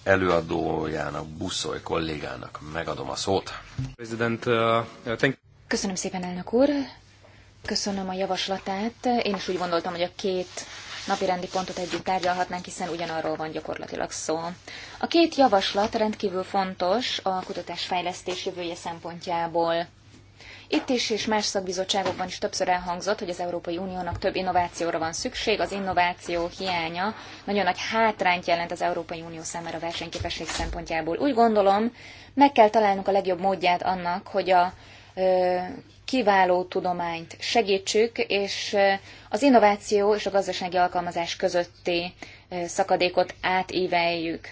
Speaker 2: előadójának, Buszoly kollégának megadom a szót. Uh,
Speaker 4: Köszönöm szépen, elnök úr! Köszönöm a javaslatát. Én is úgy gondoltam, hogy a két napirendi pontot együtt tárgyalhatnánk, hiszen ugyanarról van gyakorlatilag szó. A két javaslat rendkívül fontos a kutatásfejlesztés jövője szempontjából. Itt is és más szakbizottságokban is többször elhangzott, hogy az Európai Uniónak több innovációra van szükség. Az innováció hiánya nagyon nagy hátrányt jelent az Európai Unió számára a versenyképesség szempontjából. Úgy gondolom, meg kell találnunk a legjobb módját annak, hogy a kiváló tudományt segítsük, és eh, az innováció és a gazdasági alkalmazás közötti eh, szakadékot átíveljük.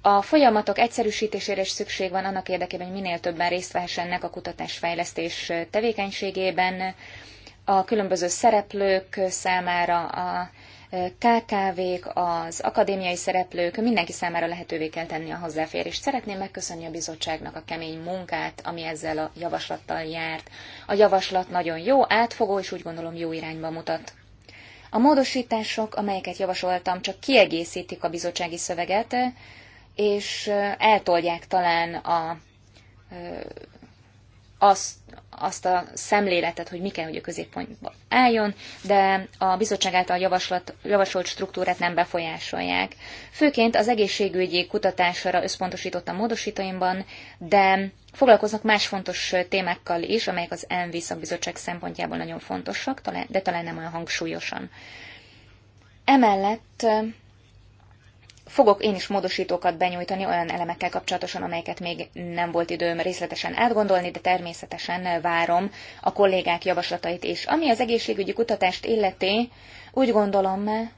Speaker 4: A folyamatok egyszerűsítésére is szükség van annak érdekében, hogy minél többen részt vehessenek a kutatásfejlesztés eh, tevékenységében, a különböző szereplők számára, a KKV-k, az akadémiai szereplők, mindenki számára lehetővé kell tenni a hozzáférést. Szeretném megköszönni a bizottságnak a kemény munkát, ami ezzel a javaslattal járt. A javaslat nagyon jó, átfogó, és úgy gondolom jó irányba mutat. A módosítások, amelyeket javasoltam, csak kiegészítik a bizottsági szöveget, és eltolják talán a azt, azt a szemléletet, hogy mi kell, hogy a középpontba álljon, de a bizottság által javaslat, javasolt struktúrát nem befolyásolják. Főként az egészségügyi kutatásra összpontosítottam módosítóimban, de foglalkoznak más fontos témákkal is, amelyek az ENVI szakbizottság szempontjából nagyon fontosak, de talán nem olyan hangsúlyosan. Emellett fogok én is módosítókat benyújtani olyan elemekkel kapcsolatosan, amelyeket még nem volt időm részletesen átgondolni, de természetesen várom a kollégák javaslatait is. Ami az egészségügyi kutatást illeti, úgy gondolom,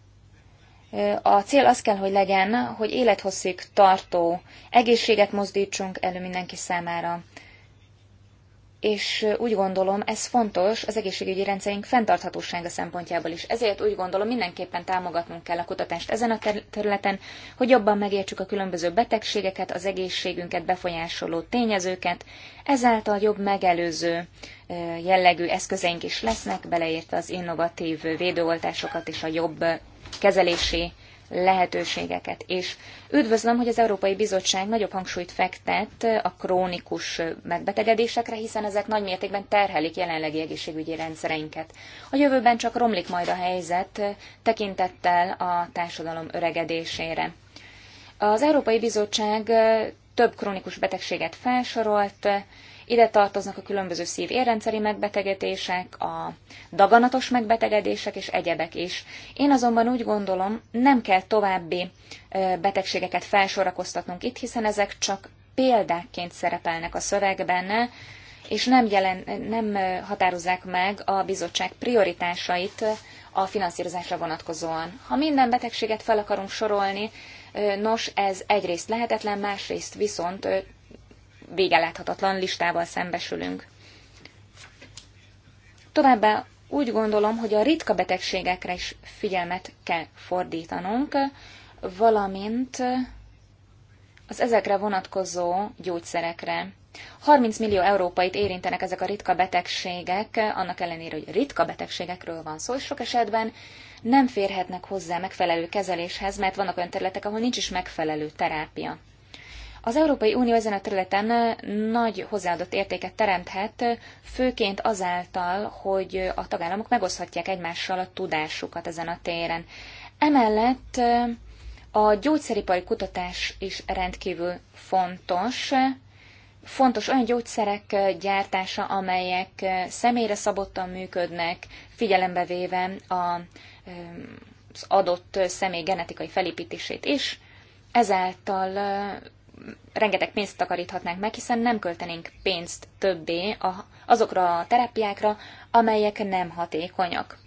Speaker 4: a cél az kell, hogy legyen, hogy élethosszig tartó egészséget mozdítsunk elő mindenki számára és úgy gondolom, ez fontos az egészségügyi rendszerünk fenntarthatósága szempontjából is. Ezért úgy gondolom, mindenképpen támogatnunk kell a kutatást ezen a területen, hogy jobban megértsük a különböző betegségeket, az egészségünket befolyásoló tényezőket, ezáltal jobb megelőző jellegű eszközeink is lesznek, beleértve az innovatív védőoltásokat és a jobb kezelési lehetőségeket és Üdvözlöm, hogy az Európai Bizottság nagyobb hangsúlyt fektet a krónikus megbetegedésekre, hiszen ezek nagy mértékben terhelik jelenlegi egészségügyi rendszereinket. A jövőben csak romlik majd a helyzet tekintettel a társadalom öregedésére. Az Európai Bizottság több krónikus betegséget felsorolt, ide tartoznak a különböző szív-érrendszeri megbetegedések, a daganatos megbetegedések és egyebek is. Én azonban úgy gondolom, nem kell további betegségeket felsorakoztatnunk itt, hiszen ezek csak példákként szerepelnek a szövegben, és nem, jelen, nem határozzák meg a bizottság prioritásait a finanszírozásra vonatkozóan. Ha minden betegséget fel akarunk sorolni, nos, ez egyrészt lehetetlen, másrészt viszont végeláthatatlan listával szembesülünk. Továbbá úgy gondolom, hogy a ritka betegségekre is figyelmet kell fordítanunk, valamint az ezekre vonatkozó gyógyszerekre. 30 millió európait érintenek ezek a ritka betegségek, annak ellenére, hogy ritka betegségekről van szó, és sok esetben nem férhetnek hozzá megfelelő kezeléshez, mert vannak olyan területek, ahol nincs is megfelelő terápia. Az Európai Unió ezen a területen nagy hozzáadott értéket teremthet, főként azáltal, hogy a tagállamok megoszthatják egymással a tudásukat ezen a téren. Emellett eh, a gyógyszeripari kutatás is rendkívül fontos. Fontos olyan gyógyszerek eh, gyártása, amelyek eh, személyre szabottan működnek, figyelembe véve az adott személy genetikai felépítését is, ezáltal rengeteg pénzt takaríthatnánk meg, hiszen nem költenénk pénzt többé azokra a terápiákra, amelyek nem hatékonyak.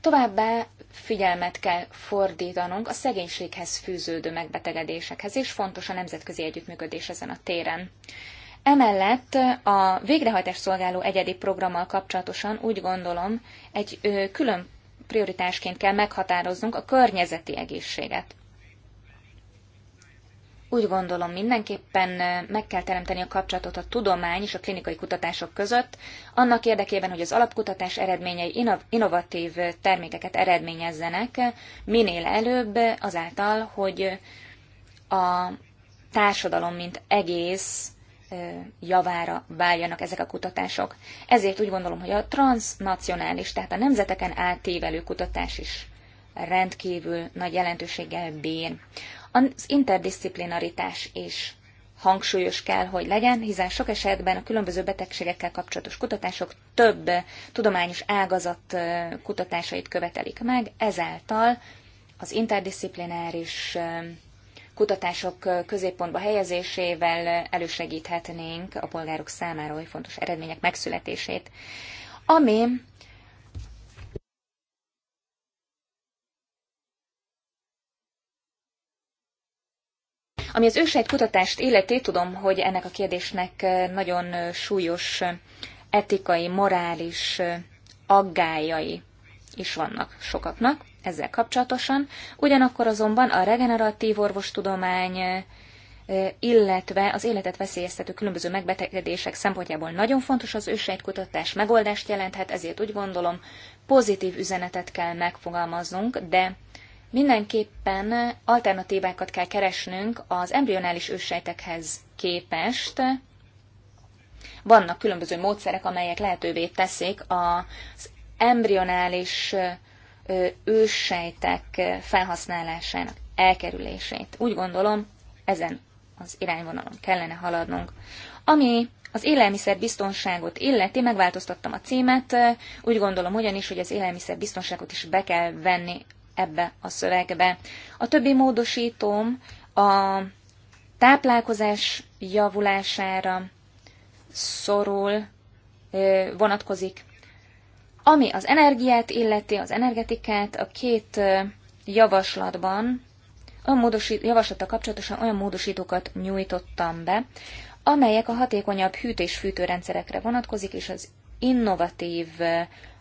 Speaker 4: Továbbá figyelmet kell fordítanunk a szegénységhez fűződő megbetegedésekhez, és fontos a nemzetközi együttműködés ezen a téren. Emellett a végrehajtás szolgáló egyedi programmal kapcsolatosan úgy gondolom, egy külön prioritásként kell meghatároznunk a környezeti egészséget. Úgy gondolom, mindenképpen meg kell teremteni a kapcsolatot a tudomány és a klinikai kutatások között, annak érdekében, hogy az alapkutatás eredményei innovatív termékeket eredményezzenek minél előbb, azáltal, hogy a társadalom, mint egész javára váljanak ezek a kutatások. Ezért úgy gondolom, hogy a transnacionális, tehát a nemzeteken átívelő kutatás is rendkívül nagy jelentőséggel bír. Az interdisziplinaritás is hangsúlyos kell, hogy legyen, hiszen sok esetben a különböző betegségekkel kapcsolatos kutatások több tudományos ágazat kutatásait követelik meg, ezáltal az interdisziplináris kutatások középpontba helyezésével elősegíthetnénk a polgárok számára oly fontos eredmények megszületését. Ami Ami az ősejt kutatást illeti, tudom, hogy ennek a kérdésnek nagyon súlyos etikai, morális aggályai is vannak sokaknak ezzel kapcsolatosan. Ugyanakkor azonban a regeneratív orvostudomány, illetve az életet veszélyeztető különböző megbetegedések szempontjából nagyon fontos az ősejtkutatás megoldást jelenthet, ezért úgy gondolom pozitív üzenetet kell megfogalmaznunk, de Mindenképpen alternatívákat kell keresnünk az embrionális őssejtekhez képest. Vannak különböző módszerek, amelyek lehetővé teszik az embrionális őssejtek felhasználásának elkerülését. Úgy gondolom, ezen az irányvonalon kellene haladnunk. Ami az élelmiszer biztonságot illeti, megváltoztattam a címet, úgy gondolom ugyanis, hogy az élelmiszer biztonságot is be kell venni ebbe a szövegbe. A többi módosítóm a táplálkozás javulására szorul, vonatkozik. Ami az energiát illeti, az energetikát, a két javaslatban, a módosít, javaslata kapcsolatosan olyan módosítókat nyújtottam be, amelyek a hatékonyabb hűtés-fűtőrendszerekre vonatkozik, és az innovatív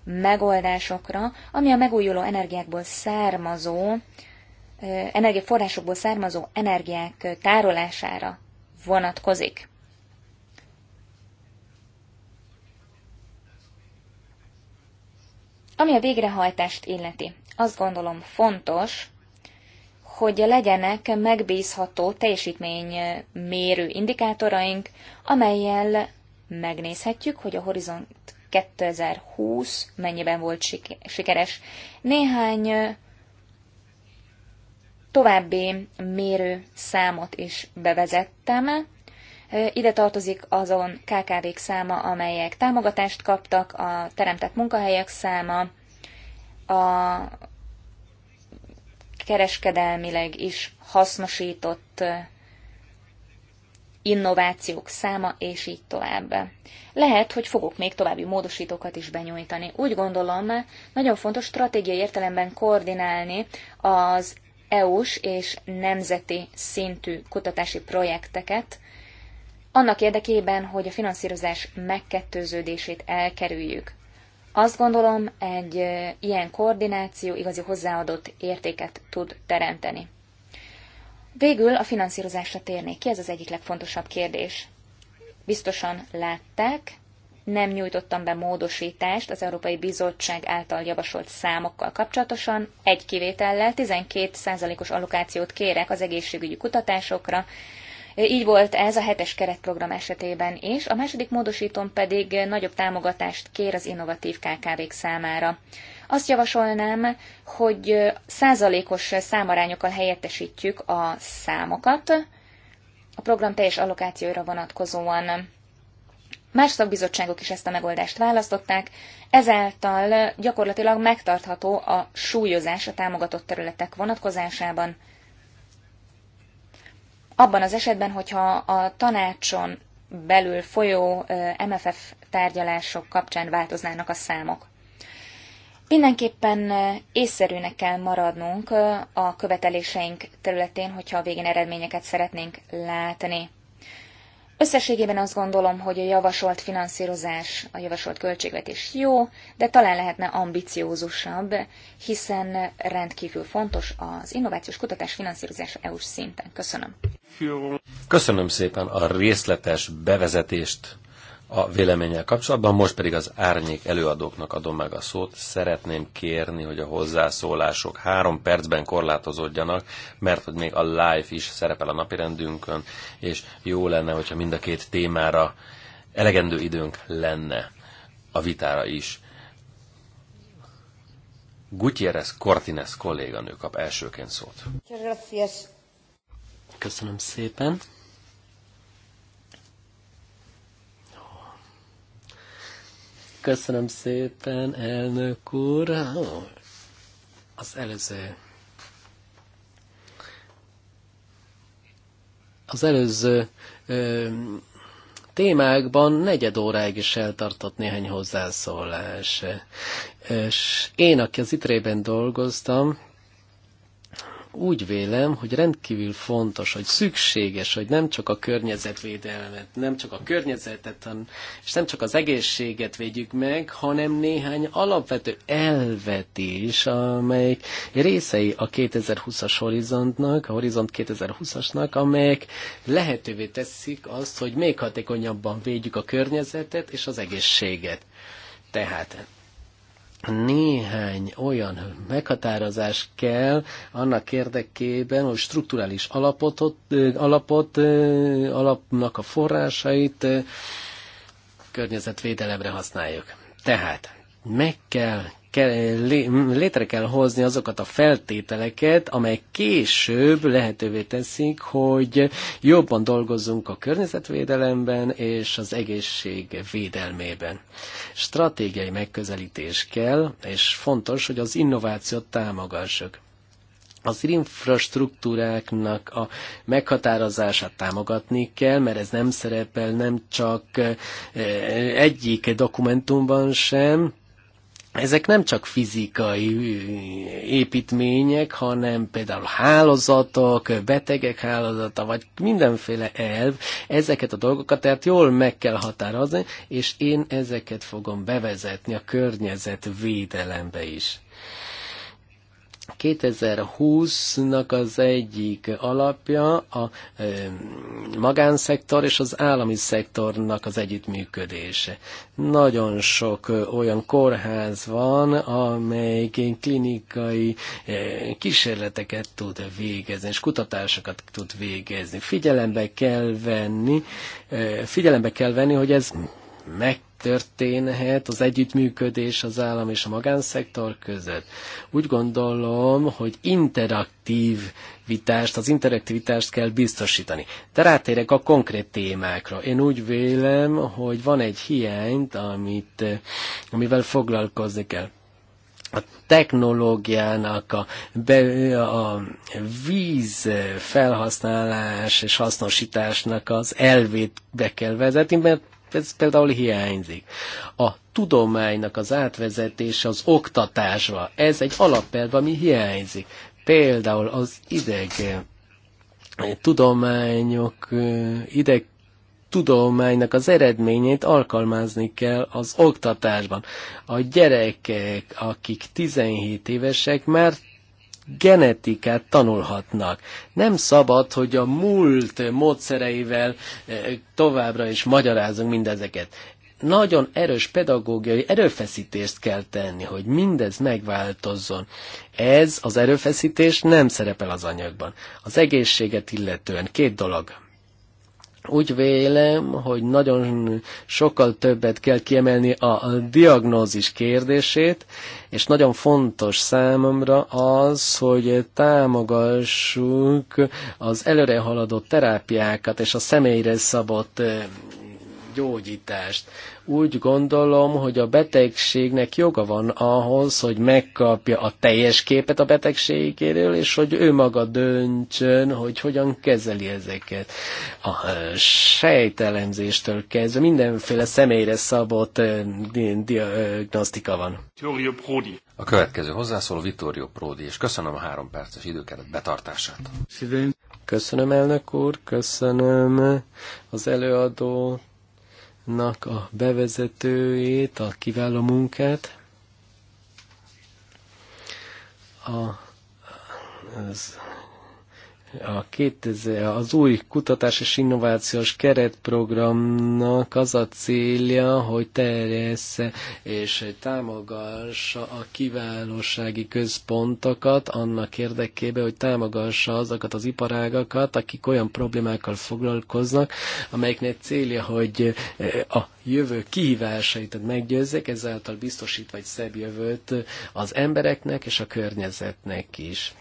Speaker 4: megoldásokra, ami a megújuló energiákból származó, energiaforrásokból származó energiák tárolására vonatkozik. Ami a végrehajtást illeti, azt gondolom fontos, hogy legyenek megbízható teljesítménymérő indikátoraink, amelyel megnézhetjük, hogy a Horizont 2020 mennyiben volt sikeres. Néhány további mérő számot is bevezettem. Ide tartozik azon KKV-k száma, amelyek támogatást kaptak, a teremtett munkahelyek száma, a kereskedelmileg is hasznosított innovációk száma, és így tovább. Lehet, hogy fogok még további módosítókat is benyújtani. Úgy gondolom, nagyon fontos stratégiai értelemben koordinálni az EU-s és nemzeti szintű kutatási projekteket, annak érdekében, hogy a finanszírozás megkettőződését elkerüljük. Azt gondolom, egy ilyen koordináció igazi hozzáadott értéket tud teremteni. Végül a finanszírozásra térnék ki, ez az egyik legfontosabb kérdés. Biztosan látták, nem nyújtottam be módosítást az Európai Bizottság által javasolt számokkal kapcsolatosan. Egy kivétellel 12%-os allokációt kérek az egészségügyi kutatásokra, így volt ez a hetes keretprogram esetében is, a második módosítón pedig nagyobb támogatást kér az innovatív KKV-k számára. Azt javasolnám, hogy százalékos számarányokkal helyettesítjük a számokat a program teljes allokációira vonatkozóan. Más szakbizottságok is ezt a megoldást választották, ezáltal gyakorlatilag megtartható a súlyozás a támogatott területek vonatkozásában, abban az esetben, hogyha a tanácson belül folyó MFF tárgyalások kapcsán változnának a számok. Mindenképpen észszerűnek kell maradnunk a követeléseink területén, hogyha a végén eredményeket szeretnénk látni. Összességében azt gondolom, hogy a javasolt finanszírozás, a javasolt költségvetés jó, de talán lehetne ambiciózusabb, hiszen rendkívül fontos az innovációs kutatás finanszírozása EU-s szinten. Köszönöm.
Speaker 2: Köszönöm szépen a részletes bevezetést a véleménnyel kapcsolatban. Most pedig az árnyék előadóknak adom meg a szót. Szeretném kérni, hogy a hozzászólások három percben korlátozódjanak, mert hogy még a live is szerepel a napirendünkön, és jó lenne, hogyha mind a két témára elegendő időnk lenne a vitára is. Gutierrez Cortines kolléganő kap elsőként szót. Köszönöm szépen.
Speaker 3: Köszönöm szépen, elnök úr. Az előző az előző ö, témákban negyed óráig is eltartott néhány hozzászólás. És én, aki az itrében dolgoztam, úgy vélem, hogy rendkívül fontos, hogy szükséges, hogy nem csak a környezetvédelmet, nem csak a környezetet, és nem csak az egészséget védjük meg, hanem néhány alapvető elvet is, amelyik részei a 2020-as horizontnak, a horizont 2020-asnak, amelyek lehetővé teszik azt, hogy még hatékonyabban védjük a környezetet és az egészséget. Tehát néhány olyan meghatározás kell annak érdekében, hogy strukturális alapot, alapot alapnak a forrásait környezetvédelemre használjuk. Tehát meg kell kell, létre kell hozni azokat a feltételeket, amelyek később lehetővé teszik, hogy jobban dolgozzunk a környezetvédelemben és az egészség védelmében. Stratégiai megközelítés kell, és fontos, hogy az innovációt támogassuk az infrastruktúráknak a meghatározását támogatni kell, mert ez nem szerepel nem csak eh, egyik dokumentumban sem, ezek nem csak fizikai építmények, hanem például hálózatok, betegek hálózata, vagy mindenféle elv, ezeket a dolgokat tehát jól meg kell határozni, és én ezeket fogom bevezetni a környezetvédelembe is. 2020-nak az egyik alapja a magánszektor és az állami szektornak az együttműködése. Nagyon sok olyan kórház van, amelyik klinikai kísérleteket tud végezni, és kutatásokat tud végezni. Figyelembe kell venni, figyelembe kell venni, hogy ez megtörténhet az együttműködés az állam és a magánszektor között. Úgy gondolom, hogy interaktív vitást, az interaktivitást kell biztosítani. De rátérek a konkrét témákra. Én úgy vélem, hogy van egy hiányt, amit, amivel foglalkozni kell a technológiának a, be, a víz felhasználás és hasznosításnak az elvét be kell vezetni, mert ez például hiányzik. A tudománynak az átvezetése az oktatásba, ez egy alapelv, ami hiányzik. Például az ideg eh, tudományok, eh, ideg tudománynak az eredményét alkalmazni kell az oktatásban. A gyerekek, akik 17 évesek, már genetikát tanulhatnak. Nem szabad, hogy a múlt módszereivel eh, továbbra is magyarázunk mindezeket. Nagyon erős pedagógiai erőfeszítést kell tenni, hogy mindez megváltozzon. Ez az erőfeszítés nem szerepel az anyagban. Az egészséget illetően két dolog. Úgy vélem, hogy nagyon sokkal többet kell kiemelni a diagnózis kérdését, és nagyon fontos számomra az, hogy támogassuk az haladott terápiákat és a személyre szabott gyógyítást. Úgy gondolom, hogy a betegségnek joga van ahhoz, hogy megkapja a teljes képet a betegségéről, és hogy ő maga döntsön, hogy hogyan kezeli ezeket. A sejtelemzéstől kezdve mindenféle személyre szabott diagnosztika van.
Speaker 1: Prodi.
Speaker 2: A következő hozzászól Vittorio Prodi, és köszönöm a három perces időkeret betartását.
Speaker 3: Köszönöm, elnök úr, köszönöm az előadót nak a bevezetőjét, a kiváló munkát. A, az a 2000, az új kutatás és innovációs keretprogramnak az a célja, hogy terjessze és támogassa a kiválósági központokat annak érdekében, hogy támogassa azokat az iparágakat, akik olyan problémákkal foglalkoznak, amelyeknek célja, hogy eh, a jövő kihívásait meggyőzzék, ezáltal biztosítva egy szebb jövőt az embereknek és a környezetnek is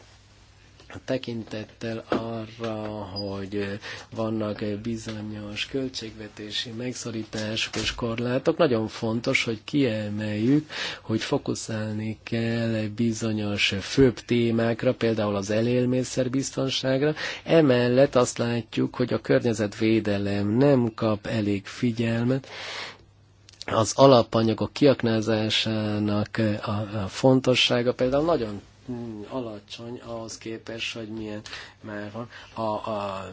Speaker 3: tekintettel arra, hogy vannak bizonyos költségvetési megszorítások és korlátok, nagyon fontos, hogy kiemeljük, hogy fokuszálni kell bizonyos főbb témákra, például az elélmészerbiztonságra. Emellett azt látjuk, hogy a környezetvédelem nem kap elég figyelmet, az alapanyagok kiaknázásának a fontossága például nagyon alacsony ahhoz képest, hogy milyen már van. A, a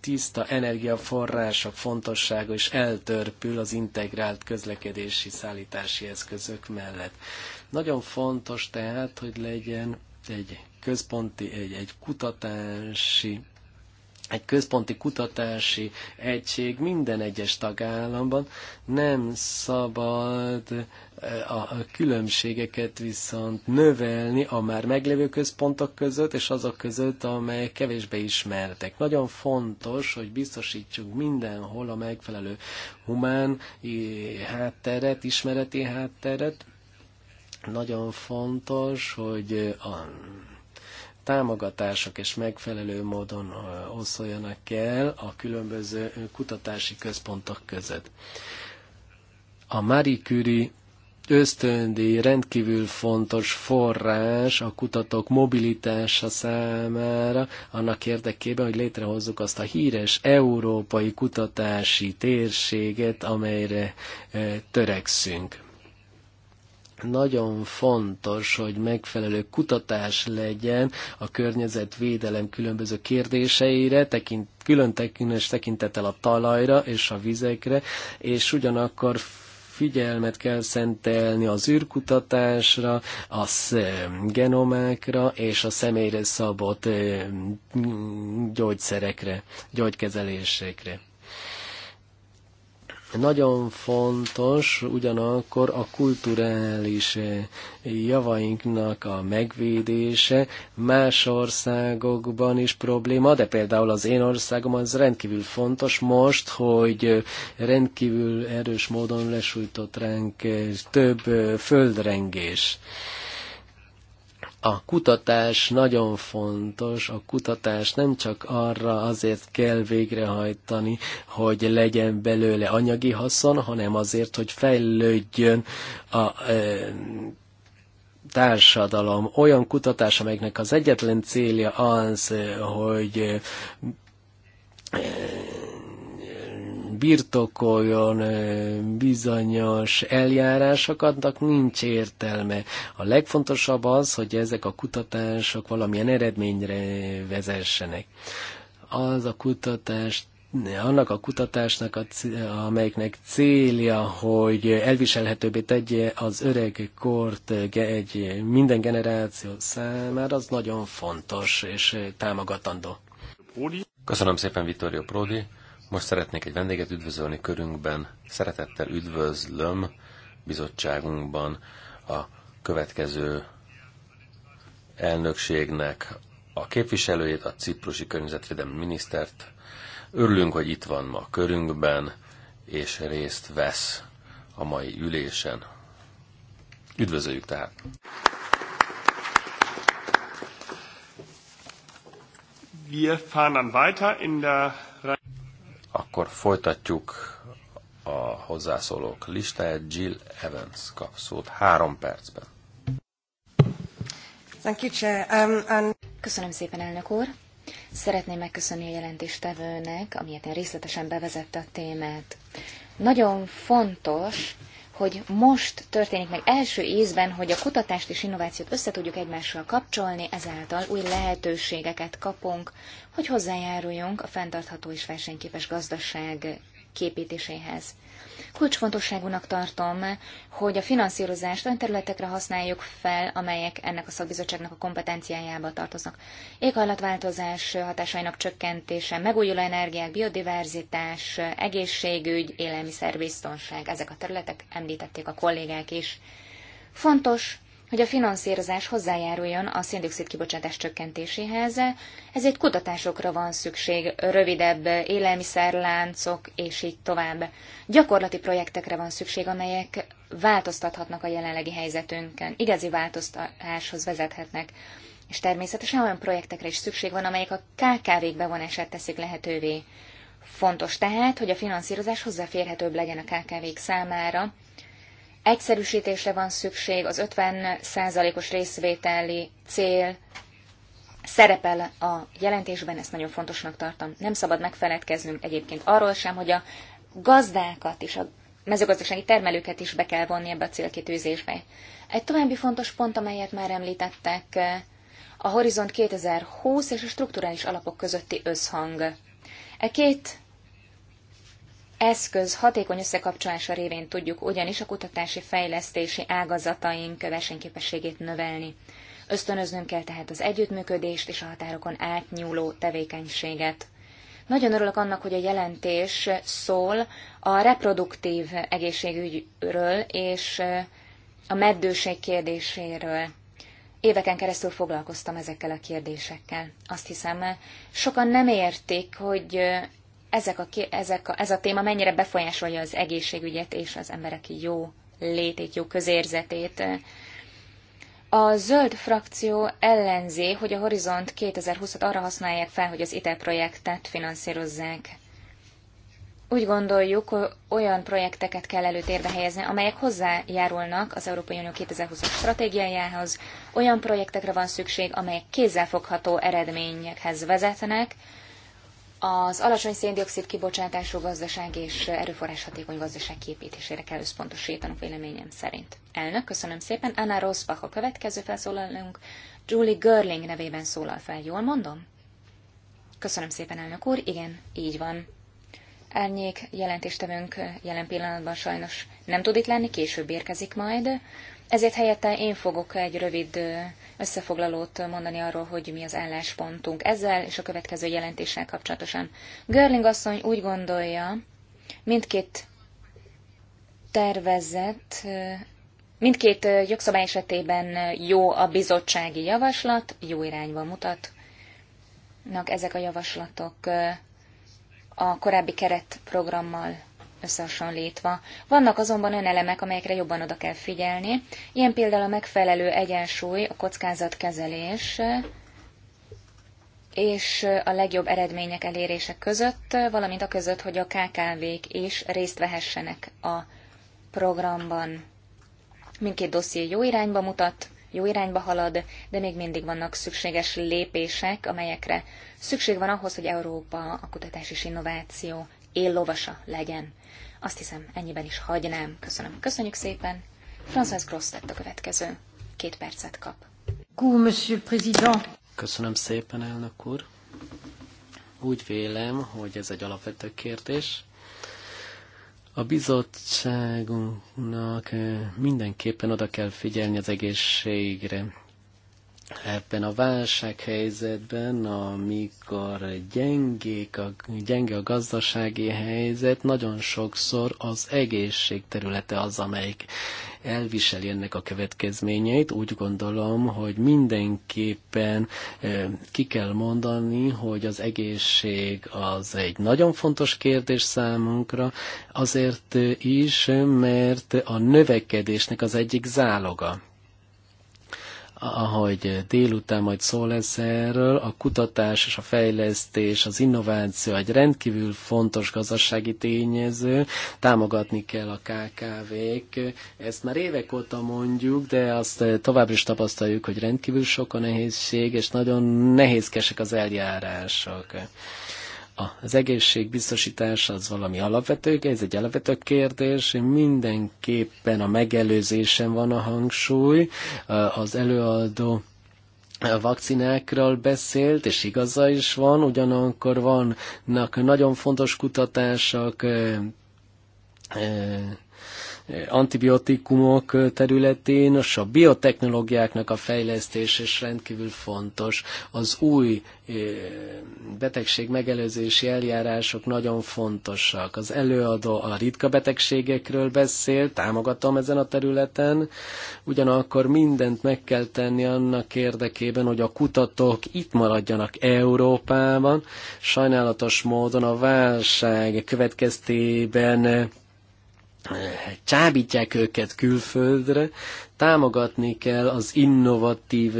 Speaker 3: tiszta energiaforrások fontossága is eltörpül az integrált közlekedési szállítási eszközök mellett. Nagyon fontos tehát, hogy legyen egy központi, egy, egy kutatási egy központi kutatási egység minden egyes tagállamban nem szabad eh, a különbségeket viszont növelni a már meglévő központok között és azok között, amelyek kevésbé ismertek. Nagyon fontos, hogy biztosítsuk mindenhol a megfelelő humán hátteret, ismereti hátteret. Nagyon fontos, hogy a támogatások és megfelelő módon oszoljanak el a különböző kutatási központok között. A Marie Curie ösztöndi rendkívül fontos forrás a kutatók mobilitása számára, annak érdekében, hogy létrehozzuk azt a híres európai kutatási térséget, amelyre törekszünk. Nagyon fontos, hogy megfelelő kutatás legyen a környezetvédelem különböző kérdéseire, tekint, külön tekintes tekintettel a talajra és a vizekre, és ugyanakkor figyelmet kell szentelni az űrkutatásra, a genomákra és a személyre szabott gyógyszerekre, gyógykezelésekre. Nagyon fontos ugyanakkor a kulturális eh, javainknak a megvédése más országokban is probléma, de például az én országom az rendkívül fontos most, hogy eh, rendkívül erős módon lesújtott ránk eh, több földrengés a kutatás nagyon fontos, a kutatás nem csak arra azért kell végrehajtani, hogy legyen belőle anyagi haszon, hanem azért, hogy fejlődjön a e, társadalom. Olyan kutatás, amelynek az egyetlen célja az, hogy e, birtokoljon bizonyos eljárásokatnak nincs értelme. A legfontosabb az, hogy ezek a kutatások valamilyen eredményre vezessenek. Az a kutatás annak a kutatásnak, a, amelyiknek célja, hogy elviselhetőbbé tegye az öreg kort egy minden generáció számára, az nagyon fontos és támogatandó.
Speaker 2: Köszönöm szépen, Vittorio Prodi. Most szeretnék egy vendéget üdvözölni körünkben. Szeretettel üdvözlöm bizottságunkban a következő elnökségnek a képviselőjét, a ciprusi környezetvédelmi minisztert. Örülünk, hogy itt van ma körünkben, és részt vesz a mai ülésen. Üdvözöljük tehát!
Speaker 1: Wir fahren dann weiter in der
Speaker 2: akkor folytatjuk a hozzászólók listáját. Jill Evans kap szót három
Speaker 4: percben. Um, Köszönöm szépen, elnök úr! Szeretném megköszönni a jelentéstevőnek, amiért én részletesen bevezette a témát. Nagyon fontos hogy most történik meg első ízben, hogy a kutatást és innovációt össze tudjuk egymással kapcsolni, ezáltal új lehetőségeket kapunk, hogy hozzájáruljunk a fenntartható és versenyképes gazdaság képítéséhez. Kulcsfontosságúnak tartom, hogy a finanszírozást olyan területekre használjuk fel, amelyek ennek a szakbizottságnak a kompetenciájába tartoznak. Éghajlatváltozás hatásainak csökkentése, megújuló energiák, biodiverzitás, egészségügy, élelmiszerbiztonság, ezek a területek említették a kollégák is. Fontos hogy a finanszírozás hozzájáruljon a széndiokszid kibocsátás csökkentéséhez, ezért kutatásokra van szükség, rövidebb élelmiszerláncok és így tovább. Gyakorlati projektekre van szükség, amelyek változtathatnak a jelenlegi helyzetünkön, igazi változtatáshoz vezethetnek. És természetesen olyan projektekre is szükség van, amelyek a KKV-k bevonását teszik lehetővé. Fontos tehát, hogy a finanszírozás hozzáférhetőbb legyen a KKV-k számára, Egyszerűsítésre van szükség, az 50%-os részvételi cél szerepel a jelentésben, ezt nagyon fontosnak tartom. Nem szabad megfeledkeznünk egyébként arról sem, hogy a gazdákat is, a mezőgazdasági termelőket is be kell vonni ebbe a célkitűzésbe. Egy további fontos pont, amelyet már említettek, a Horizont 2020 és a strukturális alapok közötti összhang. E két eszköz hatékony összekapcsolása révén tudjuk ugyanis a kutatási fejlesztési ágazataink versenyképességét növelni. Ösztönöznünk kell tehát az együttműködést és a határokon átnyúló tevékenységet. Nagyon örülök annak, hogy a jelentés szól a reproduktív egészségügyről és a meddőség kérdéséről. Éveken keresztül foglalkoztam ezekkel a kérdésekkel. Azt hiszem, sokan nem értik, hogy ezek a, ezek a, ez a téma mennyire befolyásolja az egészségügyet és az emberek jó létét, jó közérzetét. A zöld frakció ellenzi, hogy a Horizont 2020-at arra használják fel, hogy az ITER projektet finanszírozzák. Úgy gondoljuk, hogy olyan projekteket kell előtérbe helyezni, amelyek hozzájárulnak az Európai Unió 2020-as stratégiájához, olyan projektekre van szükség, amelyek kézzelfogható eredményekhez vezetnek, az alacsony széndiokszid kibocsátású gazdaság és erőforrás hatékony gazdaság képítésére kell összpontosítanunk véleményem szerint. Elnök, köszönöm szépen. Anna Rosbach a következő felszólalunk. Julie Görling nevében szólal fel, jól mondom? Köszönöm szépen, elnök úr. Igen, így van. Árnyék jelentéstevőnk jelen pillanatban sajnos nem tud itt lenni, később érkezik majd. Ezért helyette én fogok egy rövid összefoglalót mondani arról, hogy mi az álláspontunk ezzel és a következő jelentéssel kapcsolatosan. Görling asszony úgy gondolja, mindkét tervezett, mindkét jogszabály esetében jó a bizottsági javaslat, jó irányba mutatnak ezek a javaslatok a korábbi keretprogrammal összehasonlítva. Vannak azonban olyan elemek, amelyekre jobban oda kell figyelni, ilyen például a megfelelő egyensúly, a kockázatkezelés és a legjobb eredmények elérése között, valamint a között, hogy a KKV-k is részt vehessenek a programban. Mindkét dosszié jó irányba mutat, jó irányba halad, de még mindig vannak szükséges lépések, amelyekre szükség van ahhoz, hogy Európa a kutatás és innováció Él lovasa legyen. Azt hiszem, ennyiben is hagynám. Köszönöm. Köszönjük szépen. François Gross lett a következő. Két percet kap.
Speaker 3: Köszönöm szépen, elnök úr. Úgy vélem, hogy ez egy alapvető kérdés. A bizottságunknak eh, mindenképpen oda kell figyelni az egészségre ebben a válsághelyzetben, amikor gyengék a, gyenge a gazdasági helyzet, nagyon sokszor az egészség területe az, amelyik elviseli ennek a következményeit. Úgy gondolom, hogy mindenképpen ki kell mondani, hogy az egészség az egy nagyon fontos kérdés számunkra, azért is, mert a növekedésnek az egyik záloga ahogy délután majd szó lesz erről, a kutatás és a fejlesztés, az innováció egy rendkívül fontos gazdasági tényező, támogatni kell a KKV-k. Ezt már évek óta mondjuk, de azt továbbra is tapasztaljuk, hogy rendkívül sok a nehézség, és nagyon nehézkesek az eljárások az egészségbiztosítás az valami alapvető, ez egy alapvető kérdés, mindenképpen a megelőzésen van a hangsúly, az előadó a vakcinákról beszélt, és igaza is van, ugyanakkor vannak nagyon fontos kutatások, antibiotikumok területén, és a biotechnológiáknak a fejlesztés is rendkívül fontos. Az új eh, betegség megelőzési eljárások nagyon fontosak. Az előadó a ritka betegségekről beszél, támogatom ezen a területen, ugyanakkor mindent meg kell tenni annak érdekében, hogy a kutatók itt maradjanak Európában. Sajnálatos módon a válság következtében csábítják őket külföldre, támogatni kell az innovatív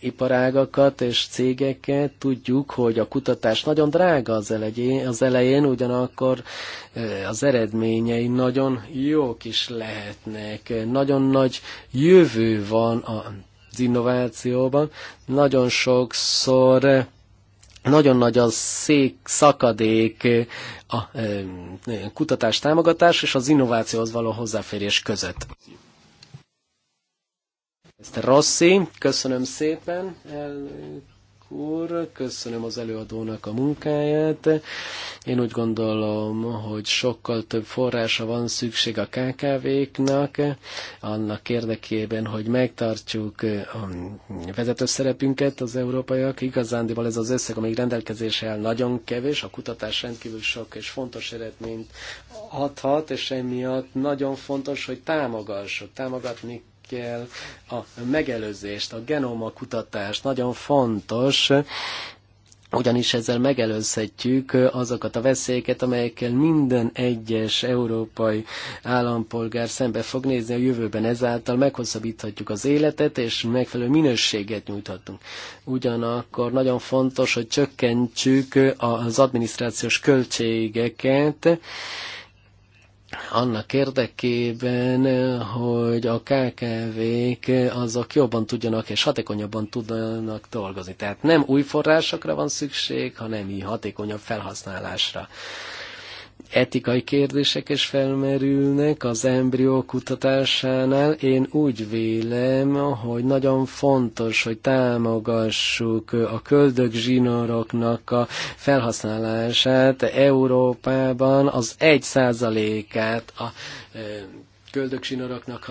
Speaker 3: iparágakat és cégeket. Tudjuk, hogy a kutatás nagyon drága az elején, az elején ugyanakkor az eredményei nagyon jók is lehetnek. Nagyon nagy jövő van az innovációban. Nagyon sokszor nagyon nagy a szék szakadék a kutatás támogatás és az innovációhoz való hozzáférés között. Ezt Rossi, köszönöm szépen, el, úr, köszönöm az előadónak a munkáját. Én úgy gondolom, hogy sokkal több forrása van szükség a KKV-knak, annak érdekében, hogy megtartjuk a um, vezető szerepünket az európaiak. Igazándiból ez az összeg, amíg rendelkezésre áll, nagyon kevés, a kutatás rendkívül sok és fontos eredményt adhat, és emiatt nagyon fontos, hogy támogassuk, támogatni kell a megelőzést, a genomakutatást, nagyon fontos, ugyanis ezzel megelőzhetjük azokat a veszélyeket, amelyekkel minden egyes európai állampolgár szembe fog nézni a jövőben. Ezáltal meghosszabbíthatjuk az életet, és megfelelő minőséget nyújthatunk. Ugyanakkor nagyon fontos, hogy csökkentsük az adminisztrációs költségeket, annak érdekében, hogy a KKV-k azok jobban tudjanak és hatékonyabban tudjanak dolgozni. Tehát nem új forrásokra van szükség, hanem így hatékonyabb felhasználásra etikai kérdések is felmerülnek az embrió kutatásánál. Én úgy vélem, hogy nagyon fontos, hogy támogassuk a köldögzsinóroknak a felhasználását Európában az egy százalékát a köldöksinoroknak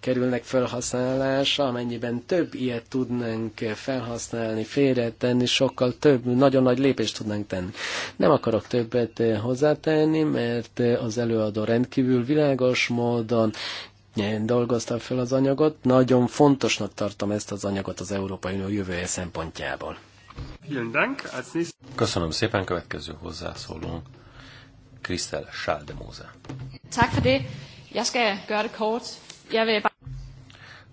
Speaker 3: kerülnek felhasználásra, amennyiben több ilyet tudnánk felhasználni, félretenni, sokkal több, nagyon nagy lépést tudnánk tenni. Nem akarok többet hozzátenni, mert az előadó rendkívül világos módon dolgoztam fel az anyagot. Nagyon fontosnak tartom ezt az anyagot az Európai Unió jövője szempontjából.
Speaker 2: Köszönöm szépen, következő hozzászólónk. Krisztel Sáldemóze.
Speaker 4: Tak for det. Jeg skal gøre det kort. Jeg vil bare...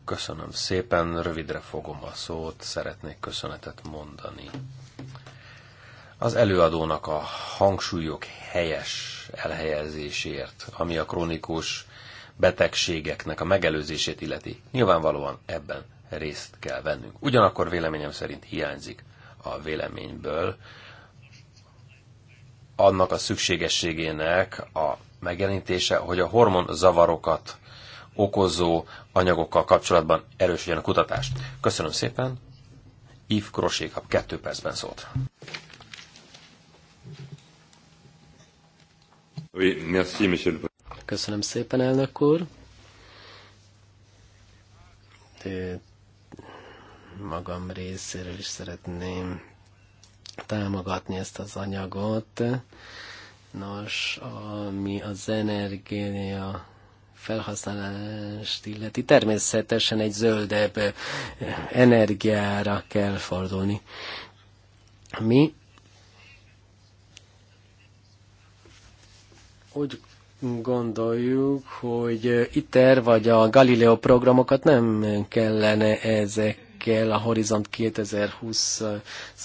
Speaker 2: Köszönöm szépen, rövidre fogom a szót, szeretnék köszönetet mondani. Az előadónak a hangsúlyok helyes elhelyezéséért, ami a kronikus betegségeknek a megelőzését illeti, nyilvánvalóan ebben részt kell vennünk. Ugyanakkor véleményem szerint hiányzik a véleményből annak a szükségességének a megjelenítése, hogy a hormon zavarokat okozó anyagokkal kapcsolatban erősödjön a kutatás. Köszönöm szépen. Yves kap kettő percben szólt.
Speaker 3: Köszönöm szépen, elnök úr. De magam részéről is szeretném támogatni ezt az anyagot. Nos, ami az energia felhasználást illeti, természetesen egy zöldebb eh, energiára kell fordulni. Mi úgy gondoljuk, hogy ITER vagy a Galileo programokat nem kellene ezekkel a Horizont 2020-as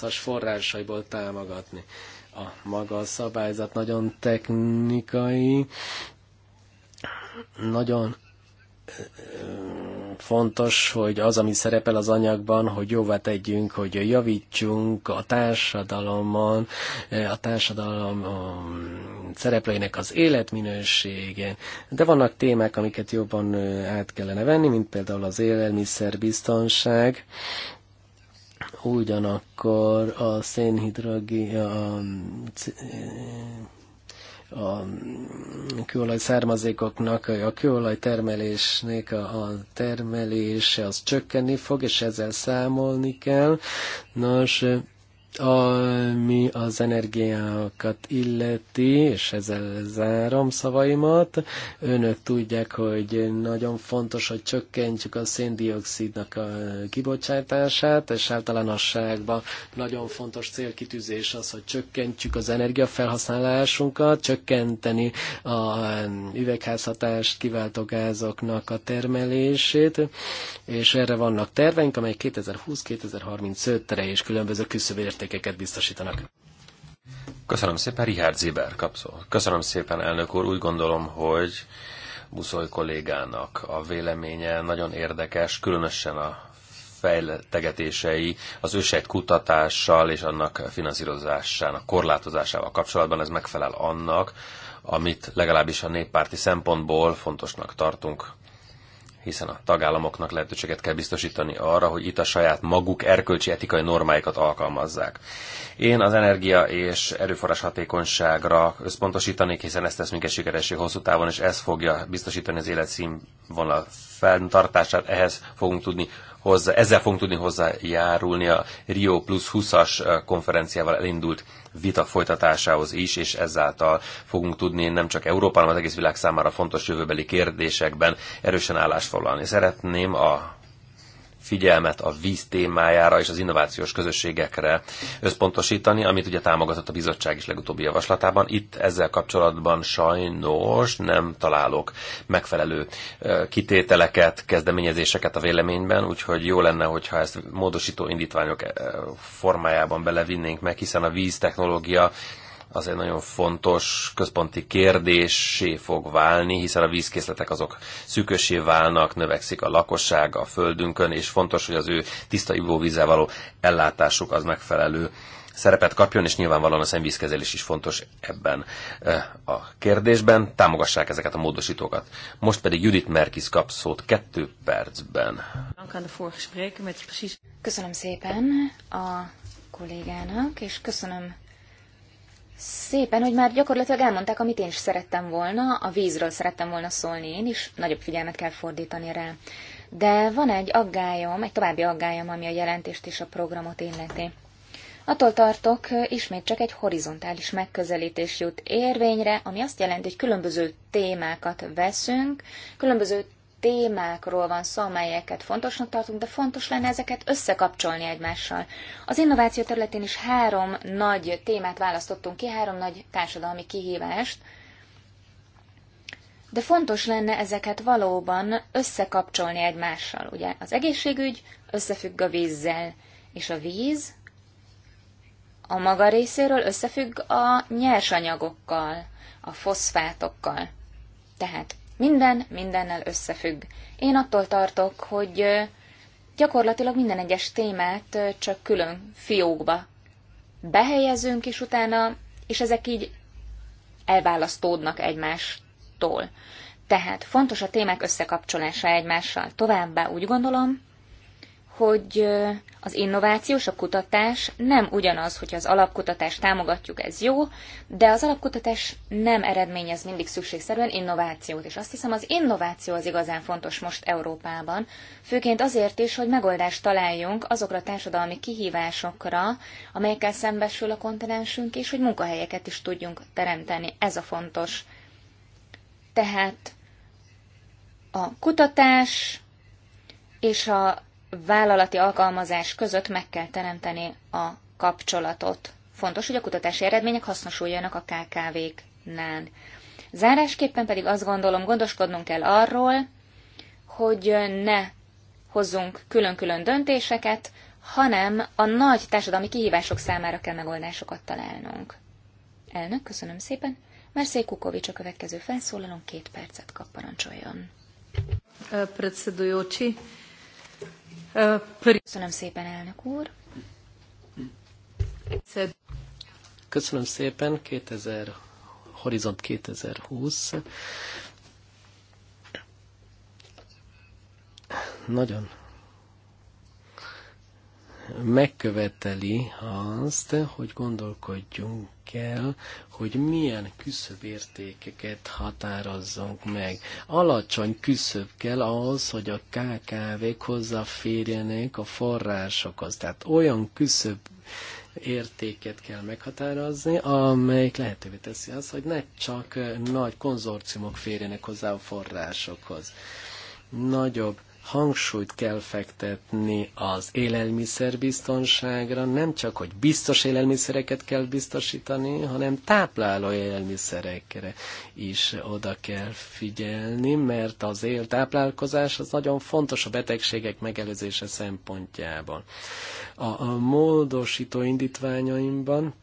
Speaker 3: forrásaiból támogatni a maga a szabályzat nagyon technikai, nagyon fontos, hogy az, ami szerepel az anyagban, hogy jóvá tegyünk, hogy javítsunk a társadalomon, a társadalom szereplőinek az életminőségén. De vannak témák, amiket jobban át kellene venni, mint például az élelmiszerbiztonság, ugyanakkor a szénhidrogi, a, a kőolaj származékoknak, a kőolaj termelésnek a, a termelése az csökkenni fog, és ezzel számolni kell. Nos, ami az energiákat illeti, és ezzel zárom szavaimat. Önök tudják, hogy nagyon fontos, hogy csökkentjük a széndiokszidnak a kibocsátását, és általánosságban nagyon fontos célkitűzés az, hogy csökkentjük az energiafelhasználásunkat, csökkenteni a üvegházhatást kiváltó gázoknak a termelését, és erre vannak terveink, amely 2020-2035-re és különböző küszöbért értékeket biztosítanak.
Speaker 2: Köszönöm szépen, Richard Ziber kapszó. Köszönöm szépen, elnök úr. Úgy gondolom, hogy Buszoly kollégának a véleménye nagyon érdekes, különösen a fejtegetései az ősejt kutatással és annak finanszírozásának korlátozásával kapcsolatban ez megfelel annak, amit legalábbis a néppárti szempontból fontosnak tartunk hiszen a tagállamoknak lehetőséget kell biztosítani arra, hogy itt a saját maguk erkölcsi etikai normáikat alkalmazzák. Én az energia és erőforrás hatékonyságra összpontosítanék, hiszen ezt tesz minket sikeressé hosszú távon, és ez fogja biztosítani az életszínvonal fenntartását, ehhez fogunk tudni hozzá, ezzel fogunk tudni hozzájárulni a Rio Plus 20-as konferenciával elindult vita folytatásához is, és ezáltal fogunk tudni nem csak Európában, hanem az egész világ számára fontos jövőbeli kérdésekben erősen állásfoglalni. Szeretném a figyelmet a víz témájára és az innovációs közösségekre összpontosítani, amit ugye támogatott a bizottság is legutóbbi javaslatában. Itt ezzel kapcsolatban sajnos nem találok megfelelő kitételeket, kezdeményezéseket a véleményben, úgyhogy jó lenne, hogyha ezt módosító indítványok formájában belevinnénk meg, hiszen a víz technológia az egy nagyon fontos központi kérdésé fog válni, hiszen a vízkészletek azok szűkösé válnak, növekszik a lakosság a földünkön, és fontos, hogy az ő tiszta ivóvízzel való ellátásuk az megfelelő szerepet kapjon, és nyilvánvalóan a szennyvízkezelés is fontos ebben eh, a kérdésben. Támogassák ezeket a módosítókat. Most pedig Judith Merkis kap szót kettő percben.
Speaker 4: Köszönöm szépen a kollégának, és köszönöm szépen, hogy már gyakorlatilag elmondták, amit én is szerettem volna, a vízről szerettem volna szólni én is, nagyobb figyelmet kell fordítani rá. De van egy aggályom, egy további aggályom, ami a jelentést és a programot illeti. Attól tartok, ismét csak egy horizontális megközelítés jut érvényre, ami azt jelenti, hogy különböző témákat veszünk, különböző témákról van szó, amelyeket fontosnak tartunk, de fontos lenne ezeket összekapcsolni egymással. Az innováció területén is három nagy témát választottunk ki, három nagy társadalmi kihívást, de fontos lenne ezeket valóban összekapcsolni egymással. Ugye az egészségügy összefügg a vízzel, és a víz a maga részéről összefügg a nyersanyagokkal, a foszfátokkal. Tehát minden mindennel összefügg. Én attól tartok, hogy gyakorlatilag minden egyes témát csak külön fiókba behelyezünk, és utána, és ezek így elválasztódnak egymástól. Tehát fontos a témák összekapcsolása egymással. Továbbá úgy gondolom, hogy az innovációs, a kutatás nem ugyanaz, hogy az alapkutatást támogatjuk, ez jó, de az alapkutatás nem eredményez mindig szükségszerűen innovációt, és azt hiszem az innováció az igazán fontos most Európában, főként azért is, hogy megoldást találjunk azokra a társadalmi kihívásokra, amelyekkel szembesül a kontinensünk, és hogy munkahelyeket is tudjunk teremteni, ez a fontos. Tehát a kutatás és a vállalati alkalmazás között meg kell teremteni a kapcsolatot. Fontos, hogy a kutatási eredmények hasznosuljanak a KKV-knál. Zárásképpen pedig azt gondolom, gondoskodnunk kell arról, hogy ne hozzunk külön-külön döntéseket, hanem a nagy társadalmi kihívások számára kell megoldásokat találnunk. Elnök, köszönöm szépen. Merszé Kukovics a következő felszólalón két percet kap parancsoljon. Köszönöm szépen, elnök úr.
Speaker 3: Köszönöm szépen, 2000, Horizont 2020. Nagyon megköveteli azt, hogy gondolkodjunk el, hogy milyen küszöbértékeket határozzunk meg. Alacsony küszöb kell ahhoz, hogy a KKV-k hozzáférjenek a forrásokhoz. Tehát olyan küszöb értéket kell meghatározni, amelyik lehetővé teszi azt, hogy ne csak nagy konzorciumok férjenek hozzá a forrásokhoz. Nagyobb hangsúlyt kell fektetni az élelmiszerbiztonságra, nem csak, hogy biztos élelmiszereket kell biztosítani, hanem tápláló élelmiszerekre is oda kell figyelni, mert az éltáplálkozás az nagyon fontos a betegségek megelőzése szempontjában. A, a módosító indítványaimban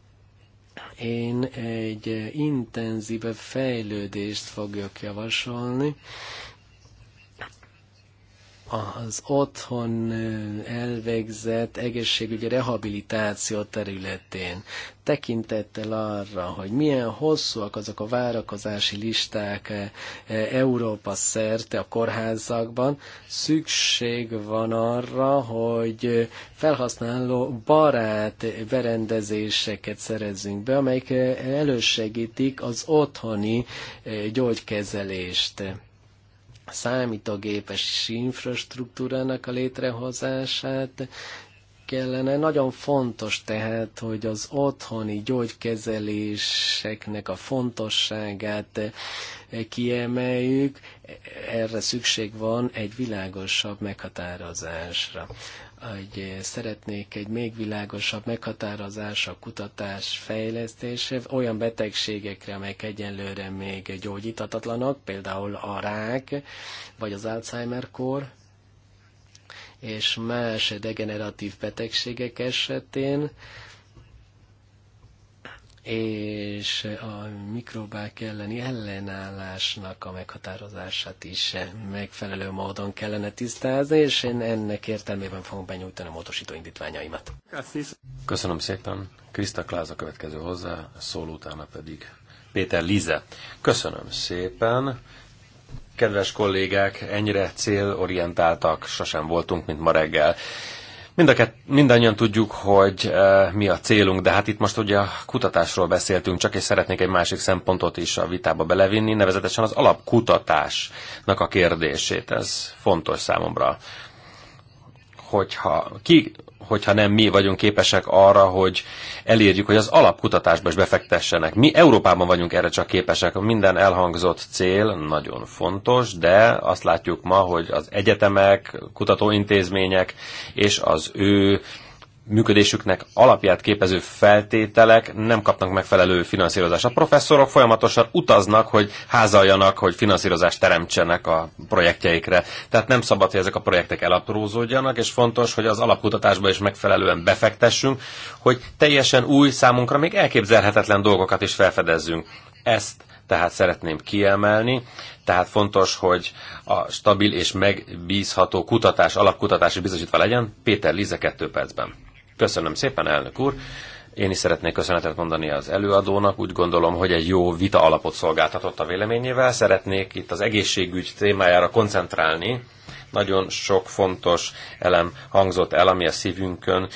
Speaker 3: én egy intenzíve fejlődést fogok javasolni, az otthon elvégzett egészségügyi rehabilitáció területén tekintettel arra, hogy milyen hosszúak azok a várakozási listák Európa szerte a kórházakban, szükség van arra, hogy felhasználó barát berendezéseket szerezzünk be, amelyek elősegítik az otthoni gyógykezelést számítógépes infrastruktúrának a létrehozását kellene. Nagyon fontos tehát, hogy az otthoni gyógykezeléseknek a fontosságát kiemeljük. Erre szükség van egy világosabb meghatározásra hogy szeretnék egy még világosabb meghatározás a kutatás fejlesztése olyan betegségekre, amelyek egyenlőre még gyógyíthatatlanak, például a rák, vagy az alzheimer kor és más degeneratív betegségek esetén és a mikrobák elleni ellenállásnak a meghatározását is megfelelő módon kellene tisztázni, és én ennek értelmében fogom benyújtani a módosító indítványaimat.
Speaker 2: Köszönöm szépen. Krista Kláza következő hozzá, szól utána pedig Péter Lize. Köszönöm szépen. Kedves kollégák, ennyire célorientáltak sosem voltunk, mint ma reggel. Mind a kett, mindannyian tudjuk, hogy eh, mi a célunk, de hát itt most ugye a kutatásról beszéltünk csak, és szeretnék egy másik szempontot is a vitába belevinni, nevezetesen az alapkutatásnak a kérdését. Ez fontos számomra hogyha ki hogyha nem mi vagyunk képesek arra, hogy elérjük, hogy az alapkutatásba is befektessenek. Mi Európában vagyunk erre csak képesek. Minden elhangzott cél nagyon fontos, de azt látjuk ma, hogy az egyetemek, kutatóintézmények és az ő működésüknek alapját képező feltételek nem kapnak megfelelő finanszírozást. A professzorok folyamatosan utaznak, hogy házaljanak, hogy finanszírozást teremtsenek a projektjeikre. Tehát nem szabad, hogy ezek a projektek elaprózódjanak, és fontos, hogy az alapkutatásba is megfelelően befektessünk, hogy teljesen új számunkra még elképzelhetetlen dolgokat is felfedezzünk. Ezt tehát szeretném kiemelni. Tehát fontos, hogy a stabil és megbízható kutatás, alapkutatási biztosítva legyen. Péter Lize kettő percben. Köszönöm szépen, elnök úr. Én is szeretnék köszönetet mondani az előadónak. Úgy gondolom, hogy egy jó vita alapot szolgáltatott a véleményével. Szeretnék itt az egészségügy témájára koncentrálni. Nagyon sok fontos elem hangzott el, ami a szívünkön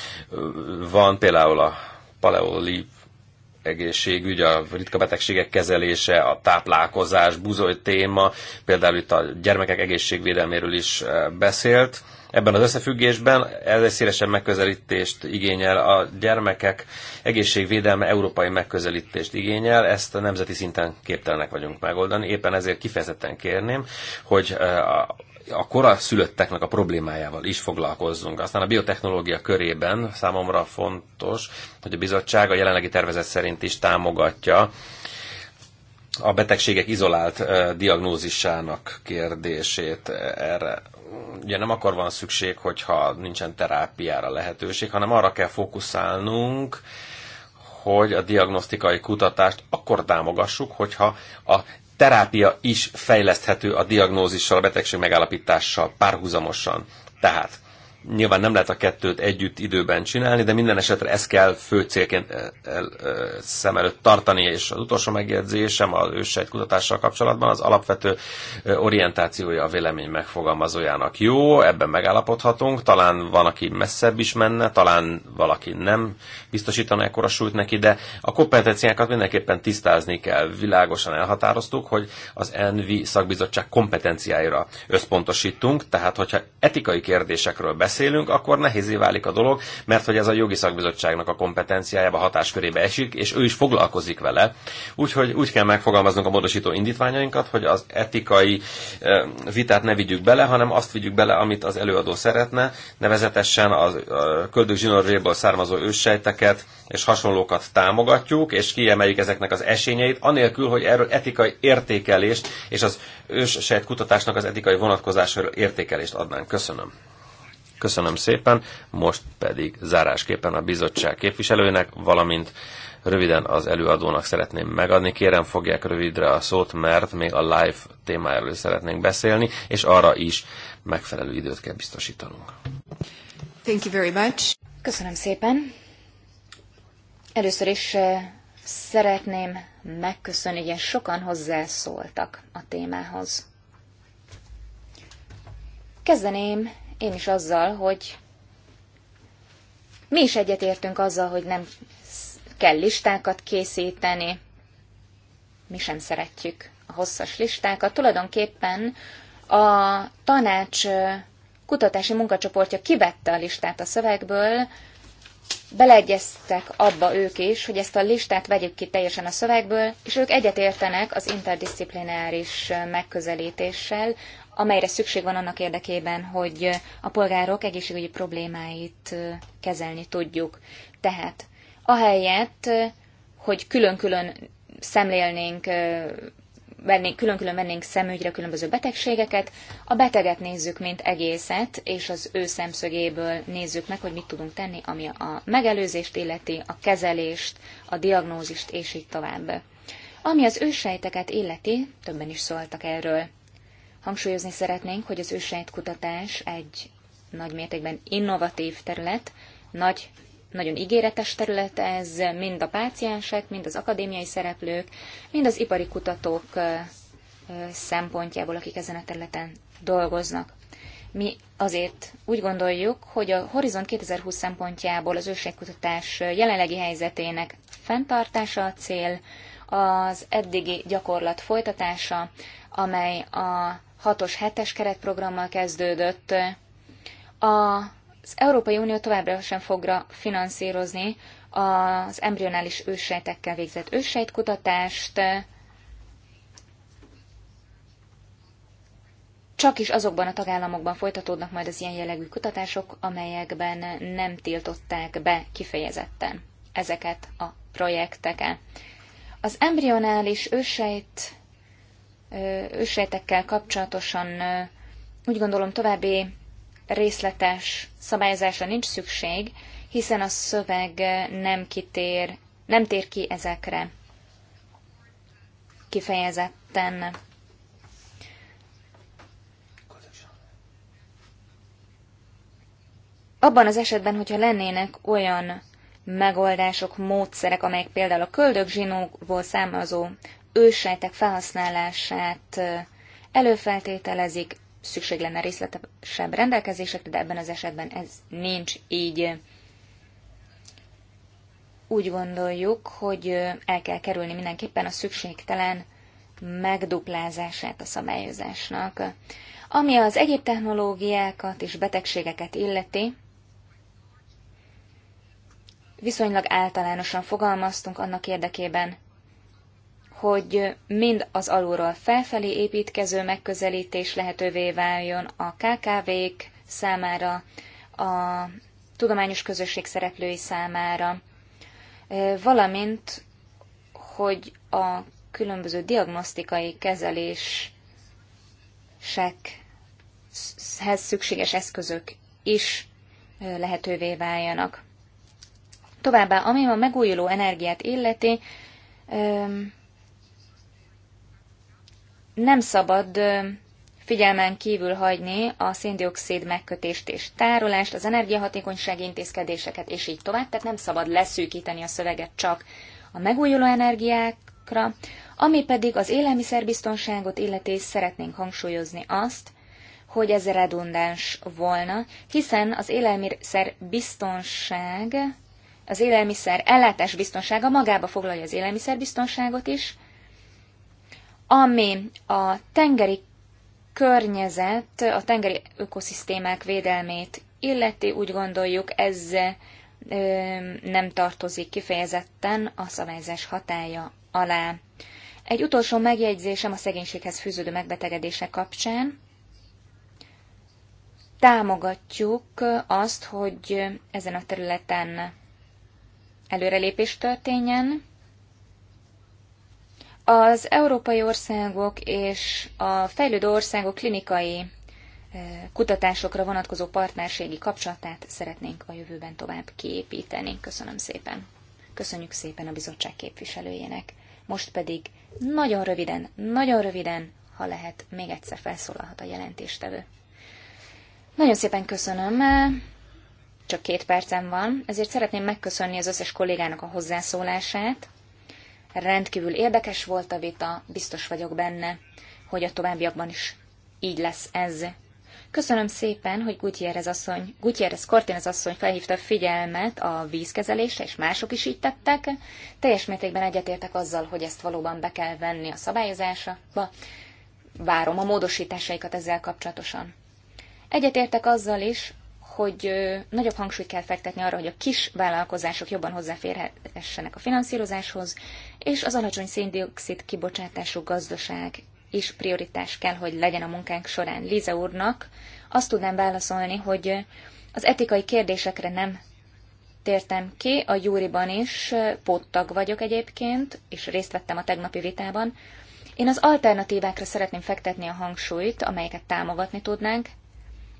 Speaker 2: van, például a paleoli egészségügy, a ritka betegségek kezelése, a táplálkozás, buzoly téma, például itt a gyermekek egészségvédelméről is beszélt Ebben az összefüggésben ez egy szélesebb megközelítést igényel. A gyermekek egészségvédelme európai megközelítést igényel, ezt a nemzeti szinten képtelenek vagyunk megoldani. Éppen ezért kifejezetten kérném, hogy a a szülötteknek a problémájával is foglalkozzunk. Aztán a biotechnológia körében számomra fontos, hogy a bizottság a jelenlegi tervezet szerint is támogatja a betegségek izolált diagnózisának kérdését erre. Ugye nem akkor van szükség, hogyha nincsen terápiára lehetőség, hanem arra kell fókuszálnunk, hogy a diagnosztikai kutatást akkor támogassuk, hogyha a terápia is fejleszthető a diagnózissal, a betegség megállapítással párhuzamosan. Tehát Nyilván nem lehet a kettőt együtt időben csinálni, de minden esetre ezt kell fő célként szem előtt tartani, és az utolsó megjegyzésem az őssejt kutatással kapcsolatban az alapvető orientációja a vélemény megfogalmazójának jó, ebben megállapodhatunk, talán van, aki messzebb is menne, talán valaki nem biztosítaná ekkora súlyt neki, de a kompetenciákat mindenképpen tisztázni kell. Világosan elhatároztuk, hogy az ENVI szakbizottság kompetenciáira összpontosítunk, tehát hogyha etikai kérdésekről beszélünk, beszélünk, akkor nehézé válik a dolog, mert hogy ez a jogi szakbizottságnak a kompetenciájába, hatáskörébe esik, és ő is foglalkozik vele. Úgyhogy úgy kell megfogalmaznunk a módosító indítványainkat, hogy az etikai eh, vitát ne vigyük bele, hanem azt vigyük bele, amit az előadó szeretne, nevezetesen az eh, köldök zsinórjéből származó őssejteket és hasonlókat támogatjuk, és kiemeljük ezeknek az esényeit, anélkül, hogy erről etikai értékelést és az őssejt kutatásnak az etikai vonatkozásról értékelést adnánk. Köszönöm. Köszönöm szépen, most pedig zárásképpen a bizottság képviselőnek, valamint röviden az előadónak szeretném megadni. Kérem, fogják rövidre a szót, mert még a live témájáról szeretnénk beszélni, és arra is megfelelő időt kell biztosítanunk.
Speaker 4: Thank you very much. Köszönöm szépen. Először is eh, szeretném megköszönni, igen, sokan hozzászóltak a témához. Kezdeném én is azzal, hogy mi is egyetértünk azzal, hogy nem kell listákat készíteni, mi sem szeretjük a hosszas listákat. Tulajdonképpen a tanács kutatási munkacsoportja kivette a listát a szövegből, beleegyeztek abba ők is, hogy ezt a listát vegyük ki teljesen a szövegből, és ők egyetértenek az interdisziplináris megközelítéssel, amelyre szükség van annak érdekében, hogy a polgárok egészségügyi problémáit kezelni tudjuk. Tehát ahelyett, hogy külön-külön szemlélnénk, vennénk, külön-külön vennénk szemügyre különböző betegségeket, a beteget nézzük, mint egészet, és az ő szemszögéből nézzük meg, hogy mit tudunk tenni, ami a megelőzést illeti, a kezelést, a diagnózist, és így tovább. Ami az ősejteket illeti, többen is szóltak erről. Hangsúlyozni szeretnénk, hogy az ősejtkutatás egy nagy mértékben innovatív terület, nagy, nagyon ígéretes terület ez mind a páciensek, mind az akadémiai szereplők, mind az ipari kutatók szempontjából, akik ezen a területen dolgoznak. Mi azért úgy gondoljuk, hogy a Horizont 2020 szempontjából az ősejtkutatás jelenlegi helyzetének fenntartása a cél, az eddigi gyakorlat folytatása, amely a hatos hetes keretprogrammal kezdődött. Az Európai Unió továbbra sem fogra finanszírozni az embrionális őssejtekkel végzett őssejtkutatást, csak is azokban a tagállamokban folytatódnak majd az ilyen jellegű kutatások, amelyekben nem tiltották be kifejezetten ezeket a projekteket. Az embrionális ősejt ősrejtekkel kapcsolatosan úgy gondolom további részletes szabályozásra nincs szükség, hiszen a szöveg nem kitér, nem tér ki ezekre kifejezetten. Abban az esetben, hogyha lennének olyan megoldások, módszerek, amelyek például a köldögzsinóból származó ősejtek felhasználását előfeltételezik, szükség lenne részletesebb rendelkezésekre, de ebben az esetben ez nincs így. Úgy gondoljuk, hogy el kell kerülni mindenképpen a szükségtelen megduplázását a szabályozásnak. Ami az egyéb technológiákat és betegségeket illeti, viszonylag általánosan fogalmaztunk annak érdekében, hogy mind az alulról felfelé építkező megközelítés lehetővé váljon a KKV-k számára, a tudományos közösség szereplői számára, valamint, hogy a különböző diagnosztikai kezelésekhez szükséges eszközök is lehetővé váljanak. Továbbá, ami a megújuló energiát illeti, nem szabad figyelmen kívül hagyni a széndiokszid megkötést és tárolást, az energiahatékonyság intézkedéseket, és így tovább, tehát nem szabad leszűkíteni a szöveget csak a megújuló energiákra, ami pedig az élelmiszerbiztonságot illeti, szeretnénk hangsúlyozni azt, hogy ez redundáns volna, hiszen az élelmiszer biztonság, az élelmiszer ellátás biztonsága magába foglalja az élelmiszer biztonságot is, ami a tengeri környezet, a tengeri ökoszisztémák védelmét illeti, úgy gondoljuk, ez nem tartozik kifejezetten a szabályzás hatája alá. Egy utolsó megjegyzésem a szegénységhez fűződő megbetegedése kapcsán. Támogatjuk azt, hogy ezen a területen előrelépés történjen, az európai országok és a fejlődő országok klinikai eh, kutatásokra vonatkozó partnerségi kapcsolatát szeretnénk a jövőben tovább kiépíteni. Köszönöm szépen. Köszönjük szépen a bizottság képviselőjének. Most pedig nagyon röviden, nagyon röviden, ha lehet, még egyszer felszólalhat a jelentéstevő. Nagyon szépen köszönöm. Eh, csak két percem van, ezért szeretném megköszönni az összes kollégának a hozzászólását. Rendkívül érdekes volt a vita, biztos vagyok benne, hogy a továbbiakban is így lesz ez. Köszönöm szépen, hogy Gutierrez asszony, Gutierrez Cortinez asszony felhívta a figyelmet a vízkezelésre, és mások is így tettek. Teljes mértékben egyetértek azzal, hogy ezt valóban be kell venni a szabályozásba. Várom a módosításaikat ezzel kapcsolatosan. Egyetértek azzal is, hogy nagyobb hangsúlyt kell fektetni arra, hogy a kis vállalkozások jobban hozzáférhessenek a finanszírozáshoz, és az alacsony széndiokszid kibocsátású gazdaság is prioritás kell, hogy legyen a munkánk során. Líze úrnak azt tudnám válaszolni, hogy az etikai kérdésekre nem tértem ki, a Júriban is póttag vagyok egyébként, és részt vettem a tegnapi vitában. Én az alternatívákra szeretném fektetni a hangsúlyt, amelyeket támogatni tudnánk,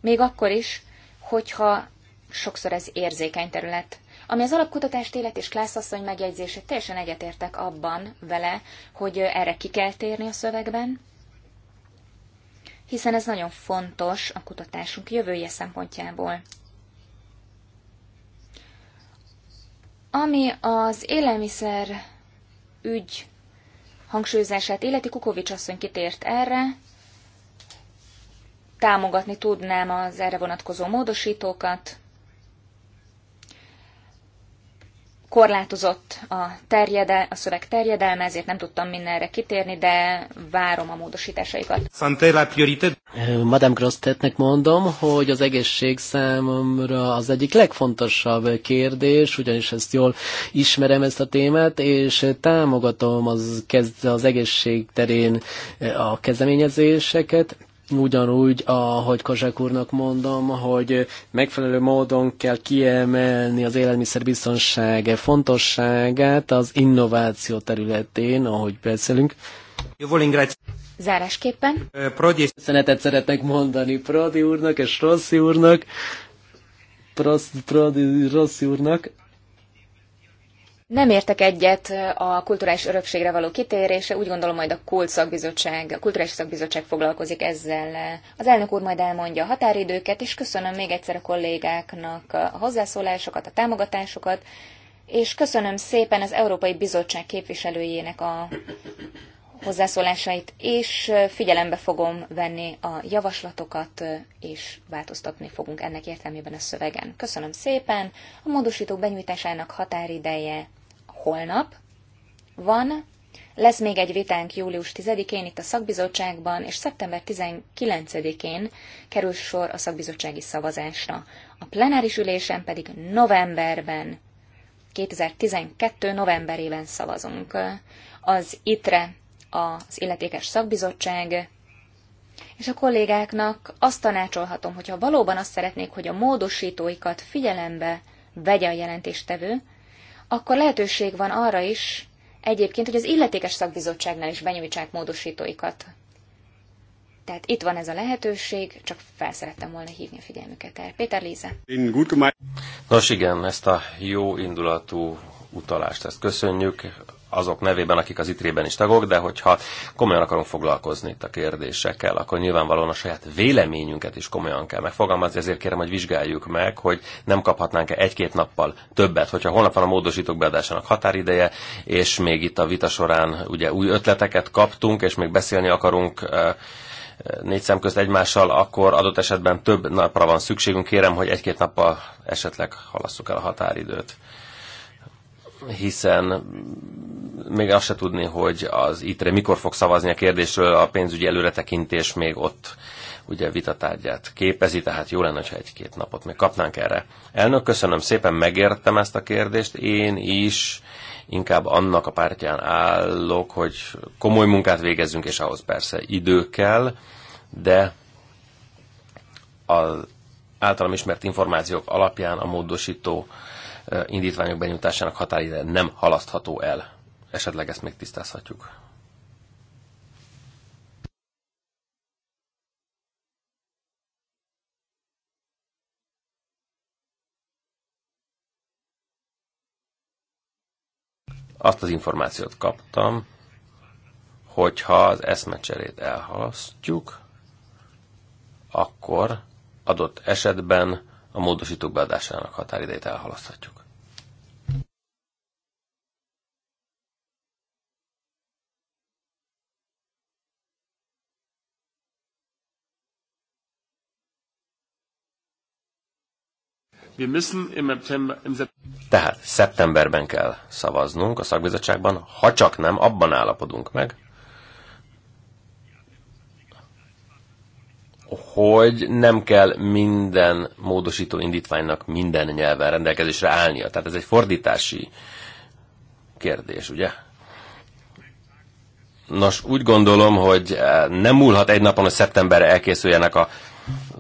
Speaker 4: még akkor is, hogyha sokszor ez érzékeny terület. Ami az alapkutatást élet és Klászasszony megjegyzése teljesen egyetértek abban vele, hogy erre ki kell térni a szövegben, hiszen ez nagyon fontos a kutatásunk jövője szempontjából. Ami az élelmiszer ügy hangsúlyozását illeti, Kukovics asszony kitért erre, támogatni tudnám az erre vonatkozó módosítókat. Korlátozott a, terjede, a szöveg terjedelme, ezért nem tudtam mindenre kitérni, de várom a módosításaikat.
Speaker 3: Madame Grosztetnek mondom, hogy az egészség számomra az egyik legfontosabb kérdés, ugyanis ezt jól ismerem ezt a témát, és támogatom az, az egészség terén a kezdeményezéseket ugyanúgy, ahogy Kozsák úrnak mondom, hogy megfelelő módon kell kiemelni az élelmiszerbiztonság fontosságát az innováció területén, ahogy beszélünk.
Speaker 4: Zárásképpen.
Speaker 3: Prodi. Szenetet szeretek mondani Prodi úrnak és Rossi úrnak. Prost, Prodi, Rossi úrnak.
Speaker 4: Nem értek egyet a kulturális örökségre való kitérése, úgy gondolom majd a Kult szakbizottság, a kulturális szakbizottság foglalkozik ezzel. Az elnök úr majd elmondja a határidőket, és köszönöm még egyszer a kollégáknak a hozzászólásokat, a támogatásokat, és köszönöm szépen az Európai Bizottság képviselőjének a hozzászólásait, és figyelembe fogom venni a javaslatokat, és változtatni fogunk ennek értelmében a szövegen. Köszönöm szépen! A módosítók benyújtásának határideje holnap van, lesz még egy vitánk július 10-én itt a szakbizottságban, és szeptember 19-én kerül sor a szakbizottsági szavazásra. A plenáris ülésen pedig novemberben, 2012. novemberében szavazunk. Az ITRE az illetékes szakbizottság, és a kollégáknak azt tanácsolhatom, hogyha valóban azt szeretnék, hogy a módosítóikat figyelembe vegye a jelentéstevő, akkor lehetőség van arra is, egyébként, hogy az illetékes szakbizottságnál is benyújtsák módosítóikat. Tehát itt van ez a lehetőség, csak felszerettem volna hívni a figyelmüket el. Péter Líze.
Speaker 2: Nos igen, ezt a jó indulatú utalást, ezt köszönjük azok nevében, akik az itrében is tagok, de hogyha komolyan akarunk foglalkozni itt a kérdésekkel, akkor nyilvánvalóan a saját véleményünket is komolyan kell megfogalmazni, ezért kérem, hogy vizsgáljuk meg, hogy nem kaphatnánk-e egy-két nappal többet, hogyha holnap van a módosítók beadásának határideje, és még itt a vita során ugye új ötleteket kaptunk, és még beszélni akarunk négy szem közt egymással, akkor adott esetben több napra van szükségünk. Kérem, hogy egy-két nappal esetleg halasszuk el a határidőt hiszen még azt se tudni, hogy az ITRE mikor fog szavazni a kérdésről, a pénzügyi előretekintés még ott ugye vitatárgyát képezi, tehát jó lenne, ha egy-két napot még kapnánk erre. Elnök, köszönöm szépen, megértem ezt a kérdést, én is inkább annak a pártján állok, hogy komoly munkát végezzünk, és ahhoz persze idő kell, de az általam ismert információk alapján a módosító indítványok benyújtásának határide nem halasztható el. Esetleg ezt még tisztázhatjuk. Azt az információt kaptam, hogyha az eszmecserét elhalasztjuk, akkor adott esetben a módosítók beadásának határidejét elhalaszthatjuk. Tehát szeptemberben kell szavaznunk a szakbizottságban, ha csak nem, abban állapodunk meg, hogy nem kell minden módosító indítványnak minden nyelven rendelkezésre állnia. Tehát ez egy fordítási kérdés, ugye? Nos, úgy gondolom, hogy eh, nem múlhat egy napon, hogy szeptemberre elkészüljenek a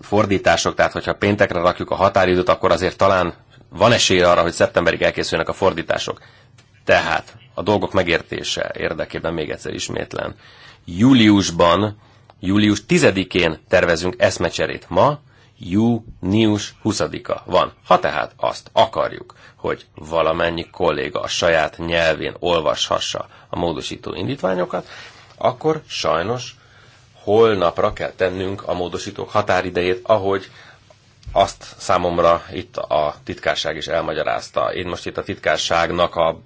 Speaker 2: fordítások, tehát hogyha péntekre rakjuk a határidőt, akkor azért talán van esélye arra, hogy szeptemberig elkészülnek a fordítások. Tehát a dolgok megértése érdekében még egyszer ismétlen. Júliusban, július 10-én tervezünk eszmecserét. Ma június 20-a van. Ha tehát azt akarjuk, hogy valamennyi kolléga a saját nyelvén olvashassa a módosító indítványokat, akkor sajnos holnapra kell tennünk a módosítók határidejét, ahogy azt számomra itt a titkárság is elmagyarázta. Én most itt a titkárságnak a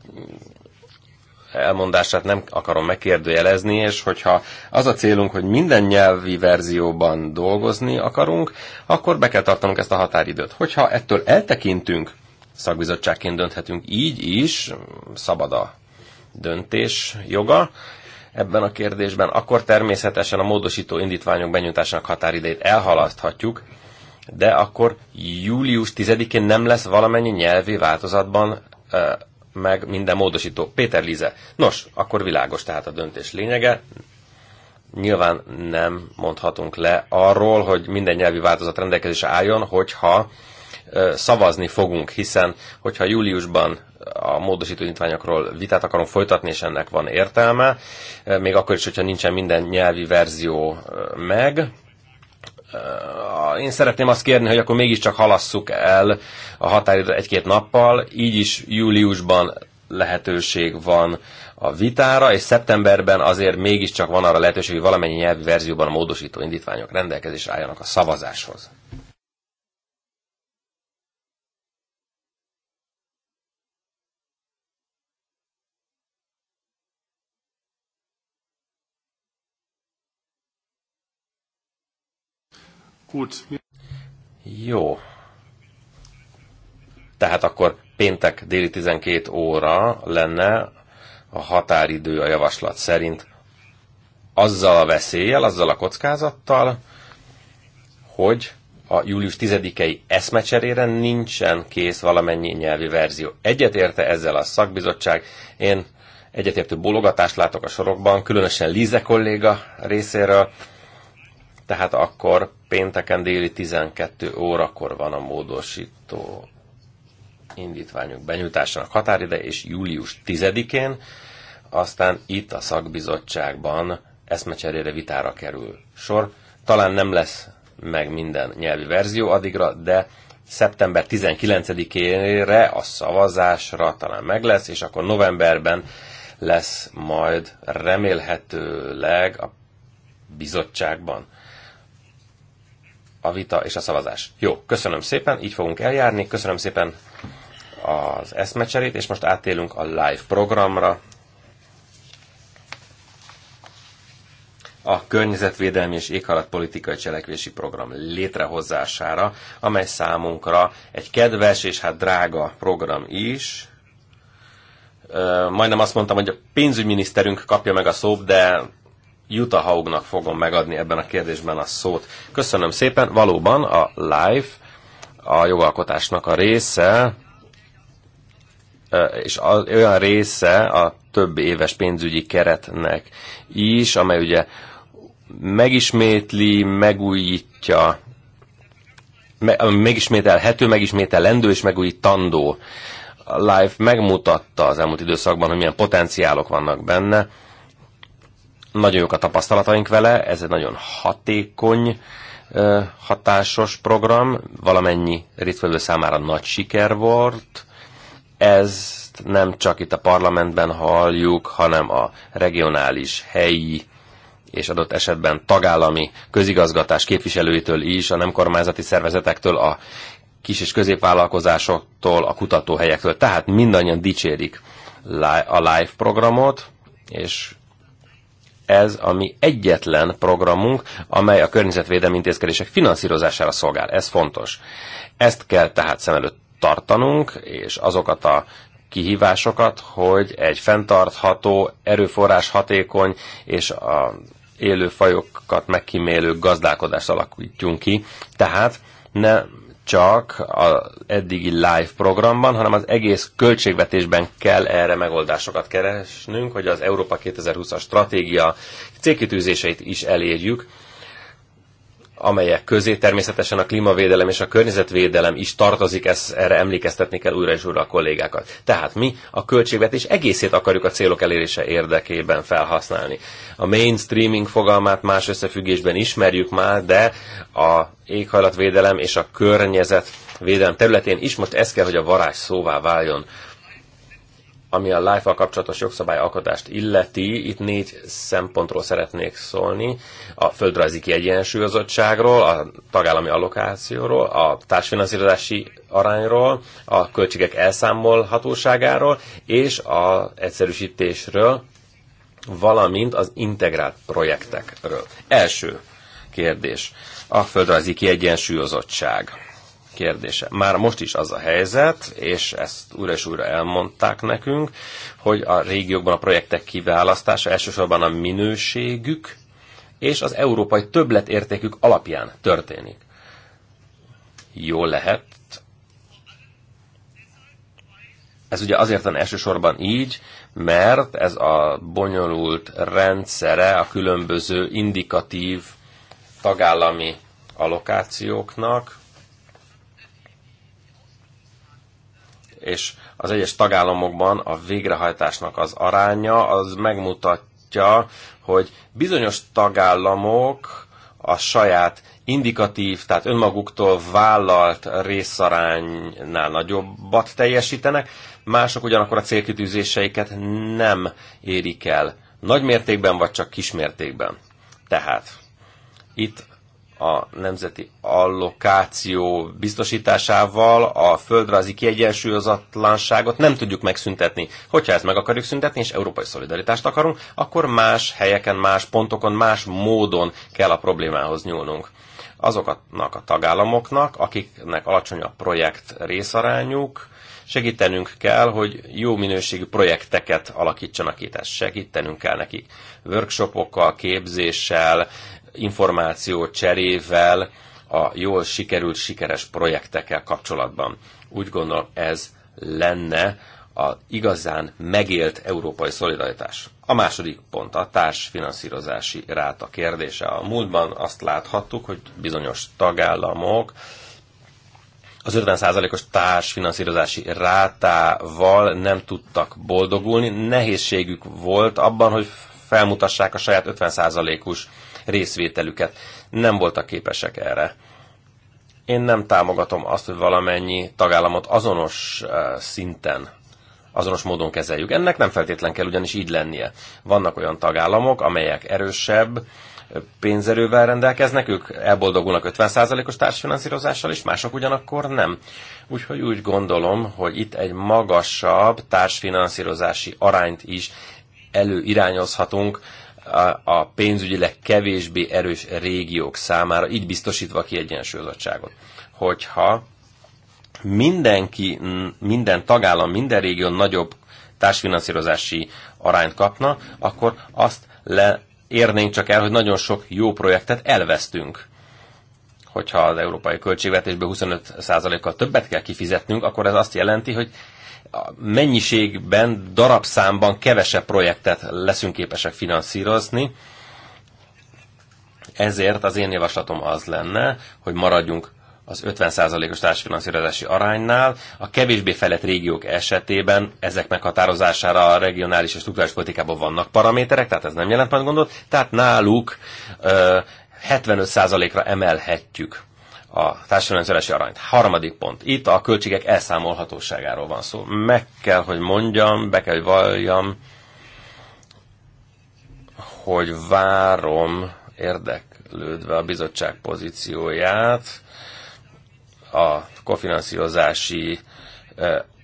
Speaker 2: elmondását nem akarom megkérdőjelezni, és hogyha az a célunk, hogy minden nyelvi verzióban dolgozni akarunk, akkor be kell tartanunk ezt a határidőt. Hogyha ettől eltekintünk, szakbizottságként dönthetünk így is, szabad a döntés joga, ebben a kérdésben, akkor természetesen a módosító indítványok benyújtásának határidejét elhalaszthatjuk, de akkor július 10-én nem lesz valamennyi nyelvi változatban e, meg minden módosító. Péter Lize. Nos, akkor világos tehát a döntés lényege. Nyilván nem mondhatunk le arról, hogy minden nyelvi változat rendelkezésre álljon, hogyha szavazni fogunk, hiszen hogyha júliusban a módosító nyitványokról vitát akarunk folytatni, és ennek van értelme, eh, még akkor is, hogyha nincsen minden nyelvi verzió eh, meg. Eh, én szeretném azt kérni, hogy akkor mégiscsak halasszuk el a határidőt egy-két nappal, így is júliusban lehetőség van a vitára, és szeptemberben azért mégiscsak van arra lehetőség, hogy valamennyi nyelvi verzióban a módosító indítványok rendelkezésre álljanak a szavazáshoz.
Speaker 1: Gut. Jó.
Speaker 2: Tehát akkor péntek déli 12 óra lenne a határidő a javaslat szerint. Azzal a veszéllyel, azzal a kockázattal, hogy a július 10-i eszmecserére nincsen kész valamennyi nyelvi verzió. Egyetérte ezzel a szakbizottság, én egyetértő bologatást látok a sorokban, különösen Líze kolléga részéről, tehát akkor pénteken déli 12 órakor van a módosító indítványok benyújtásának határideje, és július 10-én, aztán itt a szakbizottságban eszmecserére vitára kerül sor. Talán nem lesz meg minden nyelvi verzió addigra, de szeptember 19-ére a szavazásra talán meg lesz, és akkor novemberben lesz majd remélhetőleg a bizottságban a vita és a szavazás. Jó, köszönöm szépen, így fogunk eljárni. Köszönöm szépen az eszmecserét, és most átélünk a live programra. a környezetvédelmi és éghajlatpolitikai cselekvési program létrehozására, amely számunkra egy kedves és hát drága program is. Majdnem azt mondtam, hogy a pénzügyminiszterünk kapja meg a szót, de Utah Haugnak fogom megadni ebben a kérdésben a szót. Köszönöm szépen. Valóban a live a jogalkotásnak a része, és olyan része a több éves pénzügyi keretnek is, amely ugye megismétli, megújítja, megismételhető, megismételendő és megújítandó. A live megmutatta az elmúlt időszakban, hogy milyen potenciálok vannak benne, nagyon jók a tapasztalataink vele, ez egy nagyon hatékony, hatásos program, valamennyi résztvevő számára nagy siker volt. Ezt nem csak itt a parlamentben halljuk, hanem a regionális, helyi és adott esetben tagállami közigazgatás képviselőitől is, a nem kormányzati szervezetektől, a kis és középvállalkozásoktól, a kutatóhelyektől. Tehát mindannyian dicsérik a live programot, és ez a mi egyetlen programunk, amely a környezetvédelmi intézkedések finanszírozására szolgál. Ez fontos. Ezt kell tehát szem előtt tartanunk, és azokat a kihívásokat, hogy egy fenntartható, erőforrás hatékony és a élő fajokat megkímélő gazdálkodást alakítjunk ki. Tehát ne csak az eddigi live programban, hanem az egész költségvetésben kell erre megoldásokat keresnünk, hogy az Európa 2020-as stratégia célkitűzéseit is elérjük, amelyek közé természetesen a klímavédelem és a környezetvédelem is tartozik, ezt erre emlékeztetni kell újra és újra a kollégákat. Tehát mi a költségvetés egészét akarjuk a célok elérése érdekében felhasználni. A mainstreaming fogalmát más összefüggésben ismerjük már, de a éghajlatvédelem és a környezetvédelem területén is most ez kell, hogy a varázs szóvá váljon ami a life kapcsolatos jogszabályalkotást illeti, itt négy szempontról szeretnék szólni. A földrajzi kiegyensúlyozottságról, a tagállami allokációról, a társfinanszírozási arányról, a költségek elszámolhatóságáról és az egyszerűsítésről, valamint az integrált projektekről. Első kérdés, a földrajzi kiegyensúlyozottság kérdése. Már most is az a helyzet, és ezt újra és újra elmondták nekünk, hogy a régiókban a projektek kiválasztása elsősorban a minőségük és az európai többletértékük alapján történik. Jó lehet. Ez ugye azért van elsősorban így, mert ez a bonyolult rendszere a különböző indikatív tagállami allokációknak, és az egyes tagállamokban a végrehajtásnak az aránya az megmutatja, hogy bizonyos tagállamok a saját indikatív, tehát önmaguktól vállalt részaránynál nagyobbat teljesítenek, mások ugyanakkor a célkitűzéseiket nem érik el. Nagy mértékben vagy csak kismértékben. Tehát itt a nemzeti allokáció biztosításával a földrajzi kiegyensúlyozatlanságot nem tudjuk megszüntetni. Hogyha ezt meg akarjuk szüntetni, és európai szolidaritást akarunk, akkor más helyeken, más pontokon, más módon kell a problémához nyúlnunk. Azoknak a tagállamoknak, akiknek alacsony a projekt részarányuk, segítenünk kell, hogy jó minőségű projekteket alakítsanak ki, tehát segítenünk kell nekik workshopokkal, képzéssel, információ cserével a jól sikerült, sikeres projektekkel kapcsolatban. Úgy gondolom ez lenne a igazán megélt európai szolidaritás. A második pont a társfinanszírozási ráta kérdése. A múltban azt láthattuk, hogy bizonyos tagállamok az 50%-os társfinanszírozási rátával nem tudtak boldogulni. Nehézségük volt abban, hogy felmutassák a saját 50%-os részvételüket. Nem voltak képesek erre. Én nem támogatom azt, hogy valamennyi tagállamot azonos eh, szinten azonos módon kezeljük. Ennek nem feltétlen kell ugyanis így lennie. Vannak olyan tagállamok, amelyek erősebb eh, pénzerővel rendelkeznek, ők elboldogulnak 50%-os társfinanszírozással is, mások ugyanakkor nem. Úgyhogy úgy gondolom, hogy itt egy magasabb társfinanszírozási arányt is előirányozhatunk a pénzügyileg kevésbé erős régiók számára, így biztosítva a kiegyensúlyozottságot. Hogyha mindenki, minden tagállam, minden régió nagyobb társfinanszírozási arányt kapna, akkor azt le érnénk csak el, hogy nagyon sok jó projektet elvesztünk. Hogyha az európai költségvetésből 25%-kal többet kell kifizetnünk, akkor ez azt jelenti, hogy mennyiségben, darabszámban kevesebb projektet leszünk képesek finanszírozni, ezért az én javaslatom az lenne, hogy maradjunk az 50%-os társfinanszírozási aránynál. A kevésbé felett régiók esetében ezek meghatározására a regionális és struktúrális politikában vannak paraméterek, tehát ez nem jelent majd gondot, tehát náluk 75%-ra emelhetjük a társadalmi arányt. Harmadik pont. Itt a költségek elszámolhatóságáról van szó. Meg kell, hogy mondjam, be kell, hogy valljam, hogy várom érdeklődve a bizottság pozícióját a kofinanszírozási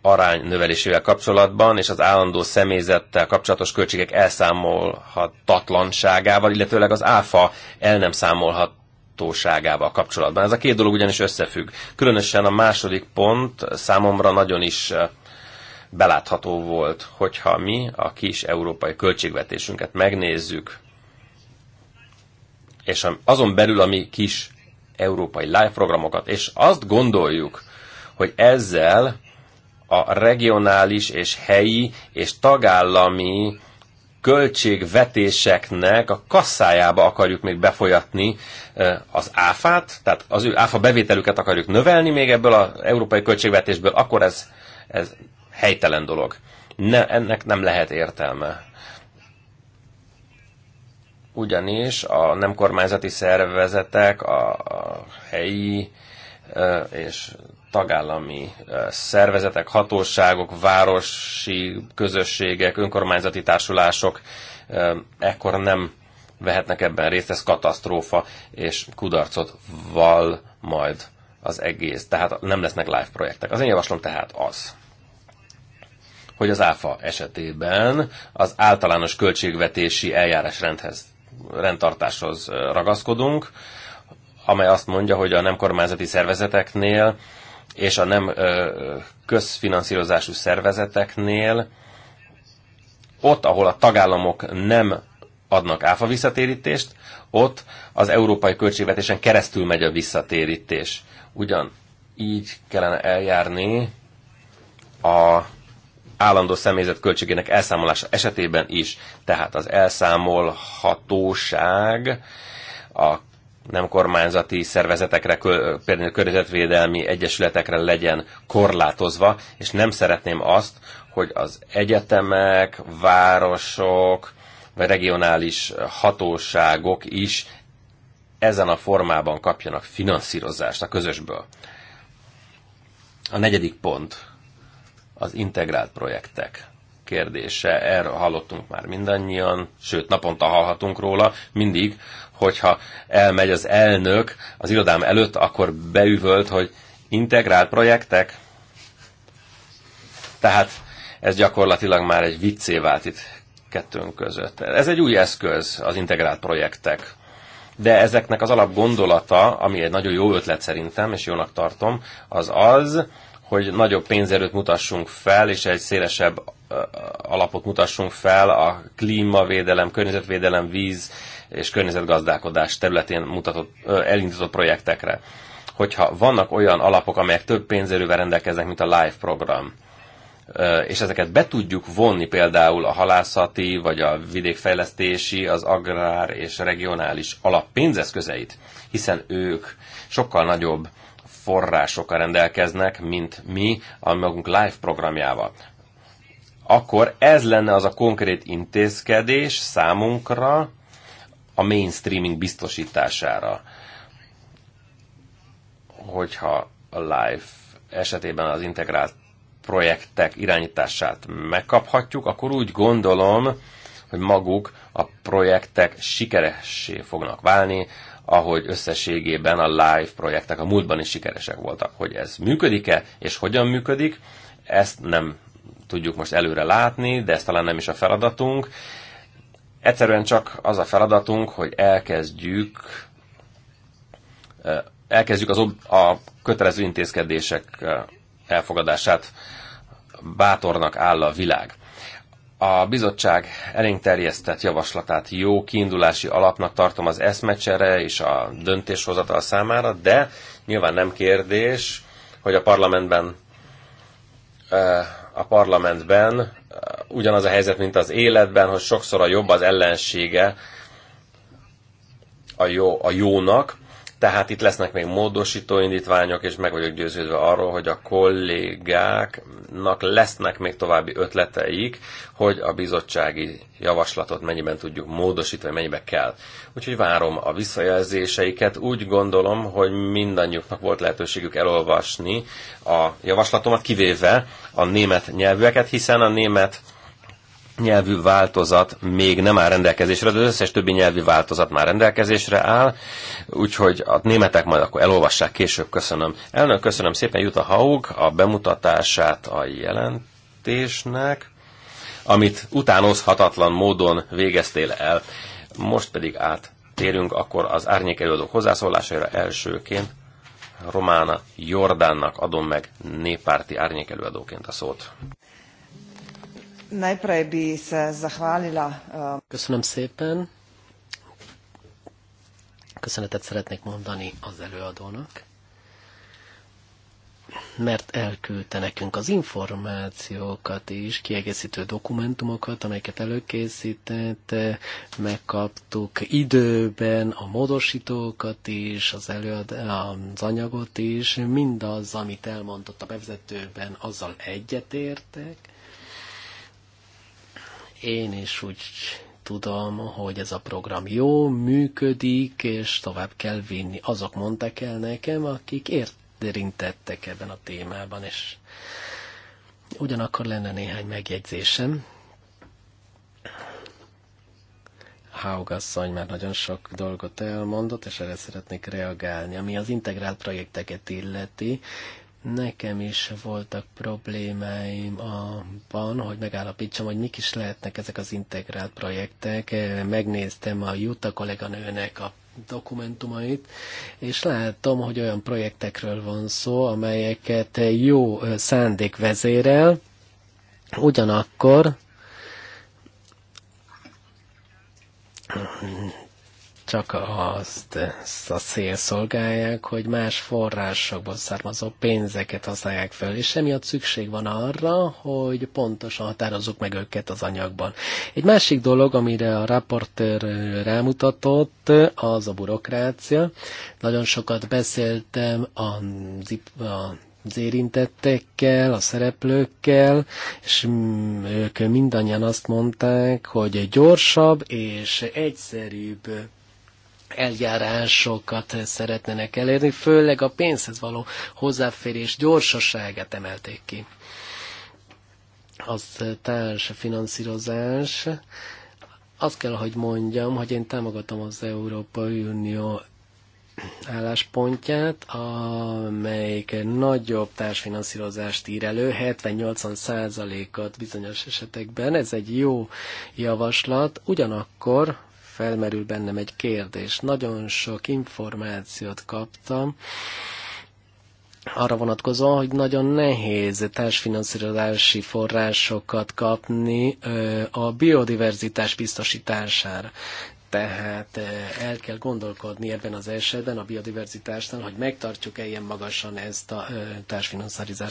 Speaker 2: arány növelésével kapcsolatban, és az állandó személyzettel kapcsolatos költségek elszámolhatatlanságával, illetőleg az áfa el nem számolhat láthatóságával kapcsolatban. Ez a két dolog ugyanis összefügg. Különösen a második pont számomra nagyon is eh, belátható volt, hogyha mi a kis európai költségvetésünket megnézzük, és azon belül a mi kis európai live programokat, és azt gondoljuk, hogy ezzel a regionális és helyi és tagállami költségvetéseknek a kasszájába akarjuk még befolyatni az áfát, tehát az ő áfa bevételüket akarjuk növelni még ebből az európai költségvetésből, akkor ez, ez helytelen dolog. Ne, ennek nem lehet értelme. Ugyanis a nem kormányzati szervezetek, a, a helyi és tagállami szervezetek, hatóságok, városi közösségek, önkormányzati társulások ekkor nem vehetnek ebben részt, ez katasztrófa, és kudarcot val majd az egész. Tehát nem lesznek live projektek. Az én javaslom tehát az, hogy az ÁFA esetében az általános költségvetési eljárásrendhez, rendtartáshoz ragaszkodunk, amely azt mondja, hogy a nem kormányzati szervezeteknél és a nem közfinanszírozású szervezeteknél, ott, ahol a tagállamok nem adnak áfa visszatérítést, ott az európai költségvetésen keresztül megy a visszatérítés. Ugyan így kellene eljárni a állandó személyzet költségének elszámolása esetében is. Tehát az elszámolhatóság, a nem kormányzati szervezetekre, például környezetvédelmi egyesületekre legyen korlátozva, és nem szeretném azt, hogy az egyetemek, városok, vagy regionális hatóságok is ezen a formában kapjanak finanszírozást a közösből. A negyedik pont az integrált projektek kérdése. Erről hallottunk már mindannyian, sőt, naponta hallhatunk róla. Mindig hogyha elmegy az elnök az irodám előtt, akkor beüvölt, hogy integrált projektek. Tehát ez gyakorlatilag már egy viccé vált itt kettőnk között. Ez egy új eszköz, az integrált projektek. De ezeknek az alap gondolata, ami egy nagyon jó ötlet szerintem, és jónak tartom, az az, hogy nagyobb pénzerőt mutassunk fel, és egy szélesebb alapot mutassunk fel a klímavédelem, környezetvédelem, víz és környezetgazdálkodás területén mutatott, elindított projektekre. Hogyha vannak olyan alapok, amelyek több pénzérővel rendelkeznek, mint a LIFE program, és ezeket be tudjuk vonni például a halászati, vagy a vidékfejlesztési, az agrár és regionális alap pénzeszközeit, hiszen ők sokkal nagyobb forrásokkal rendelkeznek, mint mi a magunk live programjával. Akkor ez lenne az a konkrét intézkedés számunkra, a mainstreaming biztosítására, hogyha a live esetében az integrált projektek irányítását megkaphatjuk, akkor úgy gondolom, hogy maguk a projektek sikeressé fognak válni, ahogy összességében a live projektek a múltban is sikeresek voltak. Hogy ez működik-e, és hogyan működik, ezt nem tudjuk most előre látni, de ez talán nem is a feladatunk, Egyszerűen csak az a feladatunk, hogy elkezdjük eh, elkezdjük az a kötelező intézkedések eh, elfogadását bátornak áll a világ. A bizottság elénk terjesztett javaslatát jó kiindulási alapnak tartom az eszmecsere és a döntéshozatal számára, de nyilván nem kérdés, hogy a parlamentben eh, a parlamentben ugyanaz a helyzet, mint az életben, hogy sokszor a jobb az ellensége a, jó, a jónak, tehát itt lesznek még módosító indítványok, és meg vagyok győződve arról, hogy a kollégáknak lesznek még további ötleteik, hogy a bizottsági javaslatot mennyiben tudjuk módosítani, mennyibe kell. Úgyhogy várom a visszajelzéseiket. Úgy gondolom, hogy mindannyiuknak volt lehetőségük elolvasni a javaslatomat, kivéve a német nyelvűeket, hiszen a német nyelvű változat még nem áll rendelkezésre, de az összes többi nyelvű változat már rendelkezésre áll, úgyhogy a németek majd akkor elolvassák később, köszönöm. Elnök, köszönöm szépen jut a Haug a bemutatását a jelentésnek, amit utánozhatatlan módon végeztél el. Most pedig áttérünk akkor az árnyék előadók hozzászólására elsőként. Romána Jordánnak adom meg néppárti árnyék előadóként a szót.
Speaker 1: Najprej bi se zahvalila. Eh,
Speaker 3: Köszönöm szépen. Köszönetet szeretnék mondani az előadónak, mert elküldte nekünk az információkat és kiegészítő dokumentumokat, amelyeket előkészített, megkaptuk időben a módosítókat is, az, előad, az anyagot is, mindaz, amit elmondott a bevezetőben, azzal egyetértek, én is úgy tudom, hogy ez a program jó, működik, és tovább kell vinni. Azok mondták el nekem, akik érintettek ebben a témában, és ugyanakkor lenne néhány megjegyzésem. Haugasszony már nagyon sok dolgot elmondott, és erre szeretnék reagálni. Ami az integrált projekteket illeti, Nekem is voltak problémáim abban, hogy megállapítsam, hogy mik is lehetnek ezek az integrált projektek. Megnéztem a Juta kolléganőnek a dokumentumait, és látom, hogy olyan projektekről van szó, amelyeket jó szándék vezérel, ugyanakkor csak azt a cél szolgálják, hogy más forrásokból származó pénzeket használják fel, és emiatt szükség van arra, hogy pontosan határozzuk meg őket az anyagban. Egy másik dolog, amire a raportőr rámutatott, az a burokrácia. Nagyon sokat beszéltem a, a az érintettekkel, a szereplőkkel, és ők mindannyian azt mondták, hogy gyorsabb és egyszerűbb eljárásokat szeretnének elérni, főleg a pénzhez való hozzáférés gyorsaságát emelték ki. Az finanszírozás. azt kell, hogy mondjam, hogy én támogatom az Európai Unió álláspontját, amelyik nagyobb társfinanszírozást ír elő, 70-80 százalékot bizonyos esetekben. Ez egy jó javaslat, ugyanakkor felmerül bennem egy kérdés. Nagyon sok információt kaptam, arra vonatkozóan, hogy nagyon nehéz társfinanszírozási forrásokat kapni a biodiverzitás biztosítására. Tehát el kell gondolkodni ebben az esetben a biodiverzitásnál, hogy megtartjuk-e ilyen magasan ezt a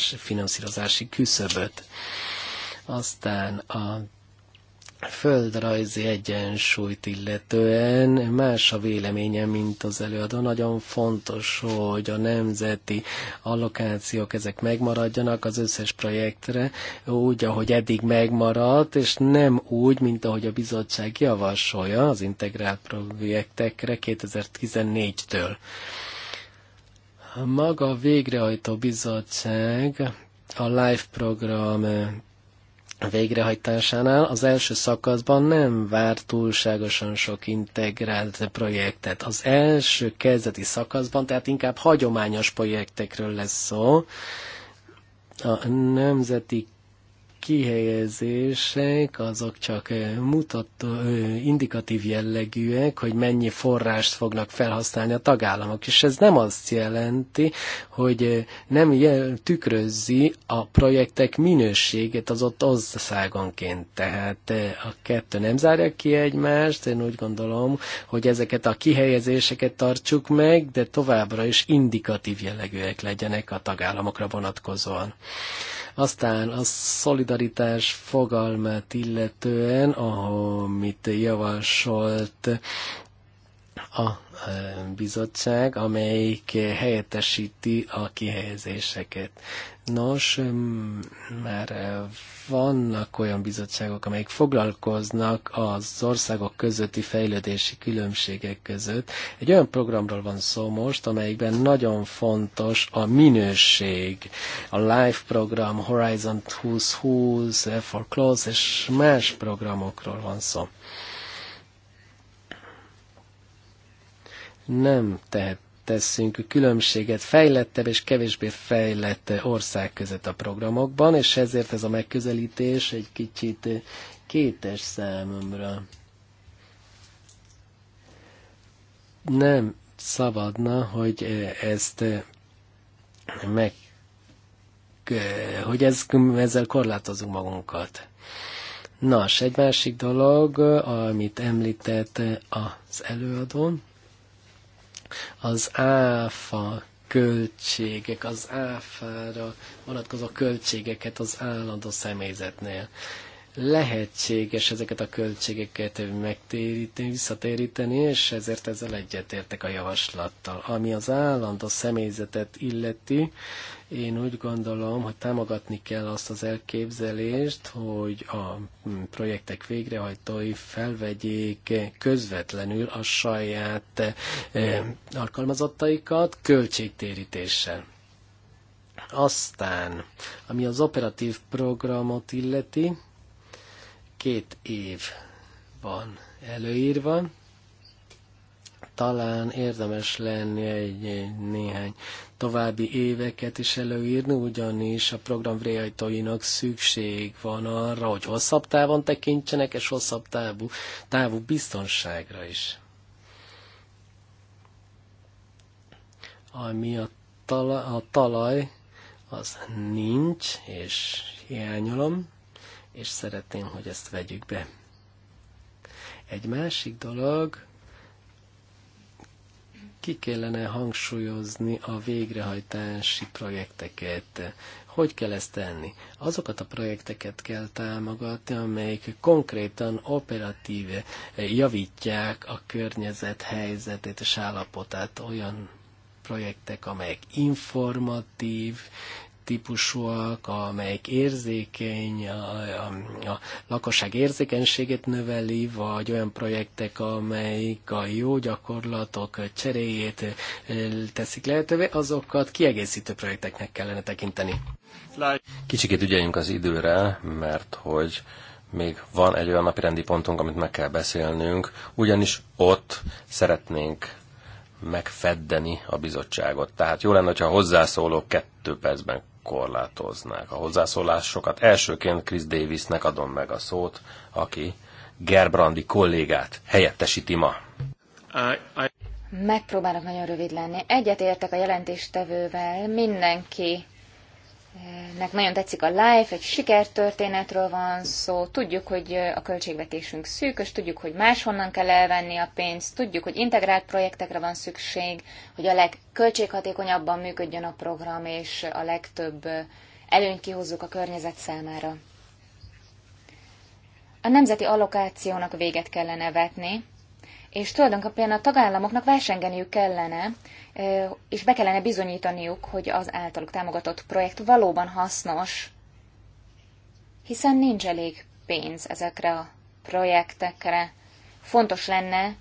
Speaker 3: társfinanszírozási küszöböt. Aztán a földrajzi egyensúlyt illetően más a véleményem, mint az előadó. Nagyon fontos, hogy a nemzeti allokációk ezek megmaradjanak az összes projektre, úgy, ahogy eddig megmaradt, és nem úgy, mint ahogy a bizottság javasolja az integrált projektekre 2014-től. Maga a végrehajtó bizottság a LIFE program végrehajtásánál az első szakaszban nem várt túlságosan sok integrált projektet. Az első kezdeti szakaszban, tehát inkább hagyományos projektekről lesz szó, a nemzeti kihelyezések azok csak mutató, indikatív jellegűek, hogy mennyi forrást fognak felhasználni a tagállamok, és ez nem azt jelenti, hogy nem tükrözi a projektek minőségét az ott országonként. Tehát a kettő nem zárja ki egymást, én úgy gondolom, hogy ezeket a kihelyezéseket tartsuk meg, de továbbra is indikatív jellegűek legyenek a tagállamokra vonatkozóan. Aztán a szolidaritás fogalmát illetően, amit javasolt a bizottság, amelyik helyettesíti a kihelyezéseket. Nos, már vannak olyan bizottságok, amelyek foglalkoznak az országok közötti fejlődési különbségek között. Egy olyan programról van szó most, amelyikben nagyon fontos a minőség. A LIFE program, Horizon 2020, for Close és más programokról van szó. nem tehet teszünk különbséget fejlettebb és kevésbé fejlett ország között a programokban, és ezért ez a megközelítés egy kicsit kétes számomra. Nem szabadna, hogy ezt meg hogy ez, ezzel korlátozunk magunkat. Nos, egy másik dolog, amit említett az előadón, az áfa költségek, az áfára vonatkozó költségeket az állandó személyzetnél. Lehetséges ezeket a költségeket megtéríteni, visszatéríteni, és ezért ezzel egyetértek a javaslattal. Ami az állandó személyzetet illeti, én úgy gondolom, hogy támogatni kell azt az elképzelést, hogy a projektek végrehajtói felvegyék közvetlenül a saját eh, alkalmazottaikat költségtérítéssel. Aztán, ami az operatív programot illeti, két év van előírva, talán érdemes lenni egy, egy néhány további éveket is előírni, ugyanis a program végrehajtóinak szükség van arra, hogy hosszabb távon tekintsenek, és hosszabb távú, távú biztonságra is. Ami a, tala, a talaj, az nincs, és hiányolom, és szeretném, hogy ezt vegyük be. Egy másik dolog, ki kellene hangsúlyozni a végrehajtási projekteket. Hogy kell ezt tenni? Azokat a projekteket kell támogatni, amelyek konkrétan operatíve eh, javítják a környezet helyzetét és állapotát olyan projektek, amelyek informatív típusúak, amelyik érzékeny, a, a, a lakosság érzékenységét növeli, vagy olyan projektek, amelyik a jó gyakorlatok cseréjét teszik lehetővé, azokat kiegészítő projekteknek kellene tekinteni.
Speaker 2: Kicsikét ügyeljünk az időre, mert hogy még van egy olyan napirendi pontunk, amit meg kell beszélnünk, ugyanis ott szeretnénk megfeddeni a bizottságot. Tehát jó lenne, ha hozzászólok kettő percben korlátoznák a hozzászólásokat. Elsőként Chris Davisnek adom meg a szót, aki Gerbrandi kollégát helyettesíti ma.
Speaker 4: Megpróbálok nagyon rövid lenni. Egyet értek a jelentéstevővel, mindenki Nek nagyon tetszik a live, egy sikertörténetről van szó, tudjuk, hogy a költségvetésünk szűkös, tudjuk, hogy máshonnan kell elvenni a pénzt, tudjuk, hogy integrált projektekre van szükség, hogy a legköltséghatékonyabban működjön a program, és a legtöbb előnyt kihozzuk a környezet számára. A nemzeti allokációnak véget kellene vetni, és tulajdonképpen a tagállamoknak versengeniük kellene, és be kellene bizonyítaniuk, hogy az általuk támogatott projekt valóban hasznos, hiszen nincs elég pénz ezekre a projektekre. Fontos lenne,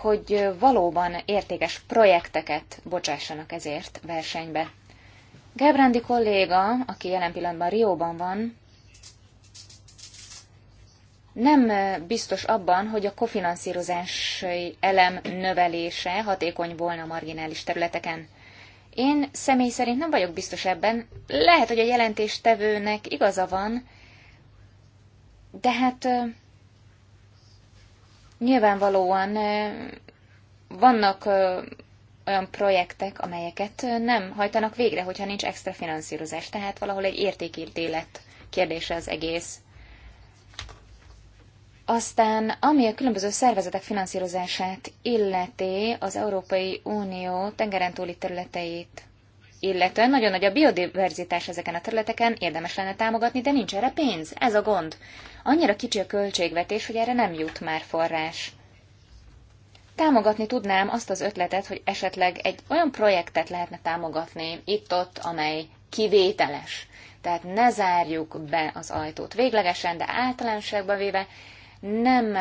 Speaker 4: hogy valóban értékes projekteket bocsássanak ezért versenybe. Gábrándi kolléga, aki jelen pillanatban Rióban van, nem biztos abban, hogy a kofinanszírozási elem növelése hatékony volna a marginális területeken. Én személy szerint nem vagyok biztos ebben. Lehet, hogy a jelentéstevőnek igaza van, de hát nyilvánvalóan vannak olyan projektek, amelyeket nem hajtanak végre, hogyha nincs extra finanszírozás. Tehát valahol egy értékítélet kérdése az egész. Aztán, ami a különböző szervezetek finanszírozását illeti az Európai Unió tengeren túli területeit illetően nagyon nagy a biodiverzitás ezeken a területeken, érdemes lenne támogatni, de nincs erre pénz, ez a gond. Annyira kicsi a költségvetés, hogy erre nem jut már forrás. Támogatni tudnám azt az ötletet, hogy esetleg egy olyan projektet lehetne támogatni itt-ott, amely kivételes. Tehát ne zárjuk be az ajtót véglegesen, de általánosságban véve nem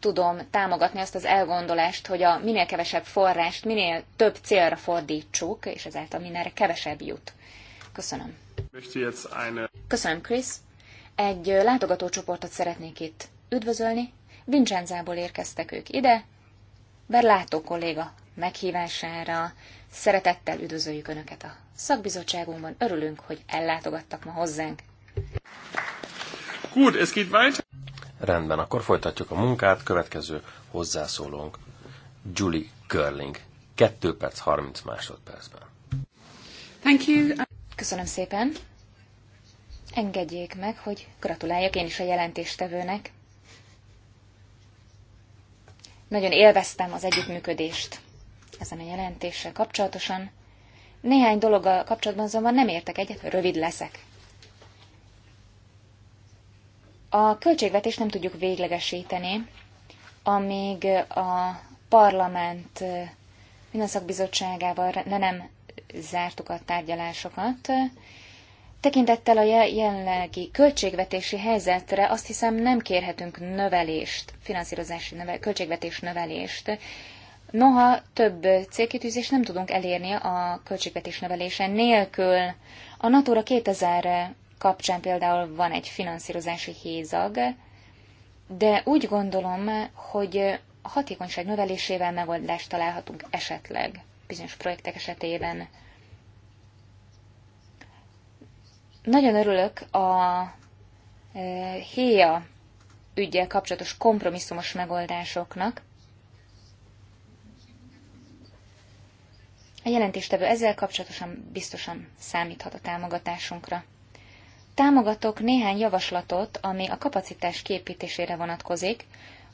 Speaker 4: tudom támogatni azt az elgondolást, hogy a minél kevesebb forrást minél több célra fordítsuk, és ezáltal minél kevesebb jut. Köszönöm. Köszönöm, Chris. Egy látogatócsoportot szeretnék itt üdvözölni. Vincenzából érkeztek ők ide. Berlátó kolléga meghívására szeretettel üdvözöljük Önöket a szakbizottságunkban. Örülünk, hogy ellátogattak ma hozzánk.
Speaker 1: Gut, es geht weiter.
Speaker 2: Rendben, akkor folytatjuk a munkát. Következő hozzászólónk Julie Görling. 2 perc 30 másodpercben.
Speaker 4: Thank you. Köszönöm szépen. Engedjék meg, hogy gratuláljak én is a jelentéstevőnek. Nagyon élveztem az együttműködést ezen a jelentéssel kapcsolatosan. Néhány dologgal kapcsolatban azonban nem értek egyet, rövid leszek. A költségvetést nem tudjuk véglegesíteni, amíg a parlament minden szakbizottságával le nem zártuk a tárgyalásokat. Tekintettel a jelenlegi költségvetési helyzetre azt hiszem nem kérhetünk növelést, finanszírozási növel, költségvetés növelést. Noha több célkitűzést nem tudunk elérni a költségvetés növelése nélkül. A Natura 2000 kapcsán például van egy finanszírozási hézag, de úgy gondolom, hogy a hatékonyság növelésével megoldást találhatunk esetleg bizonyos projektek esetében. Nagyon örülök a e, héja ügyel kapcsolatos kompromisszumos megoldásoknak. A jelentéstevő ezzel kapcsolatosan biztosan számíthat a támogatásunkra. Támogatok néhány javaslatot, ami a kapacitás képítésére vonatkozik,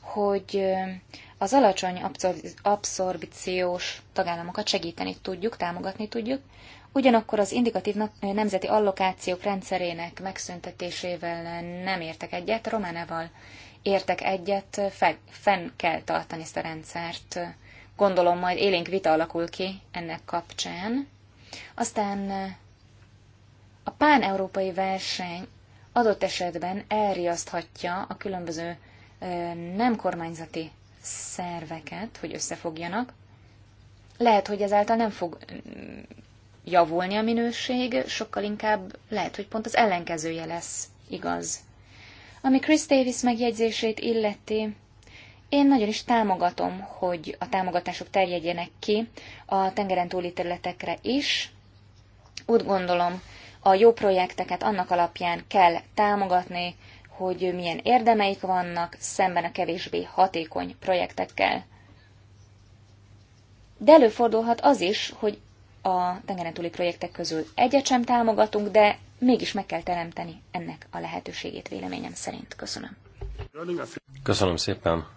Speaker 4: hogy az alacsony abszorbíciós tagállamokat segíteni tudjuk, támogatni tudjuk, ugyanakkor az indikatív nemzeti allokációk rendszerének megszüntetésével nem értek egyet, Románával értek egyet, fenn kell tartani ezt a rendszert. Gondolom majd élénk vita alakul ki ennek kapcsán. Aztán a pán-európai verseny adott esetben elriaszthatja a különböző nem kormányzati szerveket, hogy összefogjanak. Lehet, hogy ezáltal nem fog javulni a minőség, sokkal inkább lehet, hogy pont az ellenkezője lesz igaz. Ami Chris Davis megjegyzését illeti, én nagyon is támogatom, hogy a támogatások terjedjenek ki a tengeren túli területekre is. Úgy gondolom, a jó projekteket annak alapján kell támogatni, hogy milyen érdemeik vannak szemben a kevésbé hatékony projektekkel. De előfordulhat az is, hogy a tengeren túli projektek közül egyet sem támogatunk, de mégis meg kell teremteni ennek a lehetőségét véleményem szerint. Köszönöm.
Speaker 2: Köszönöm szépen,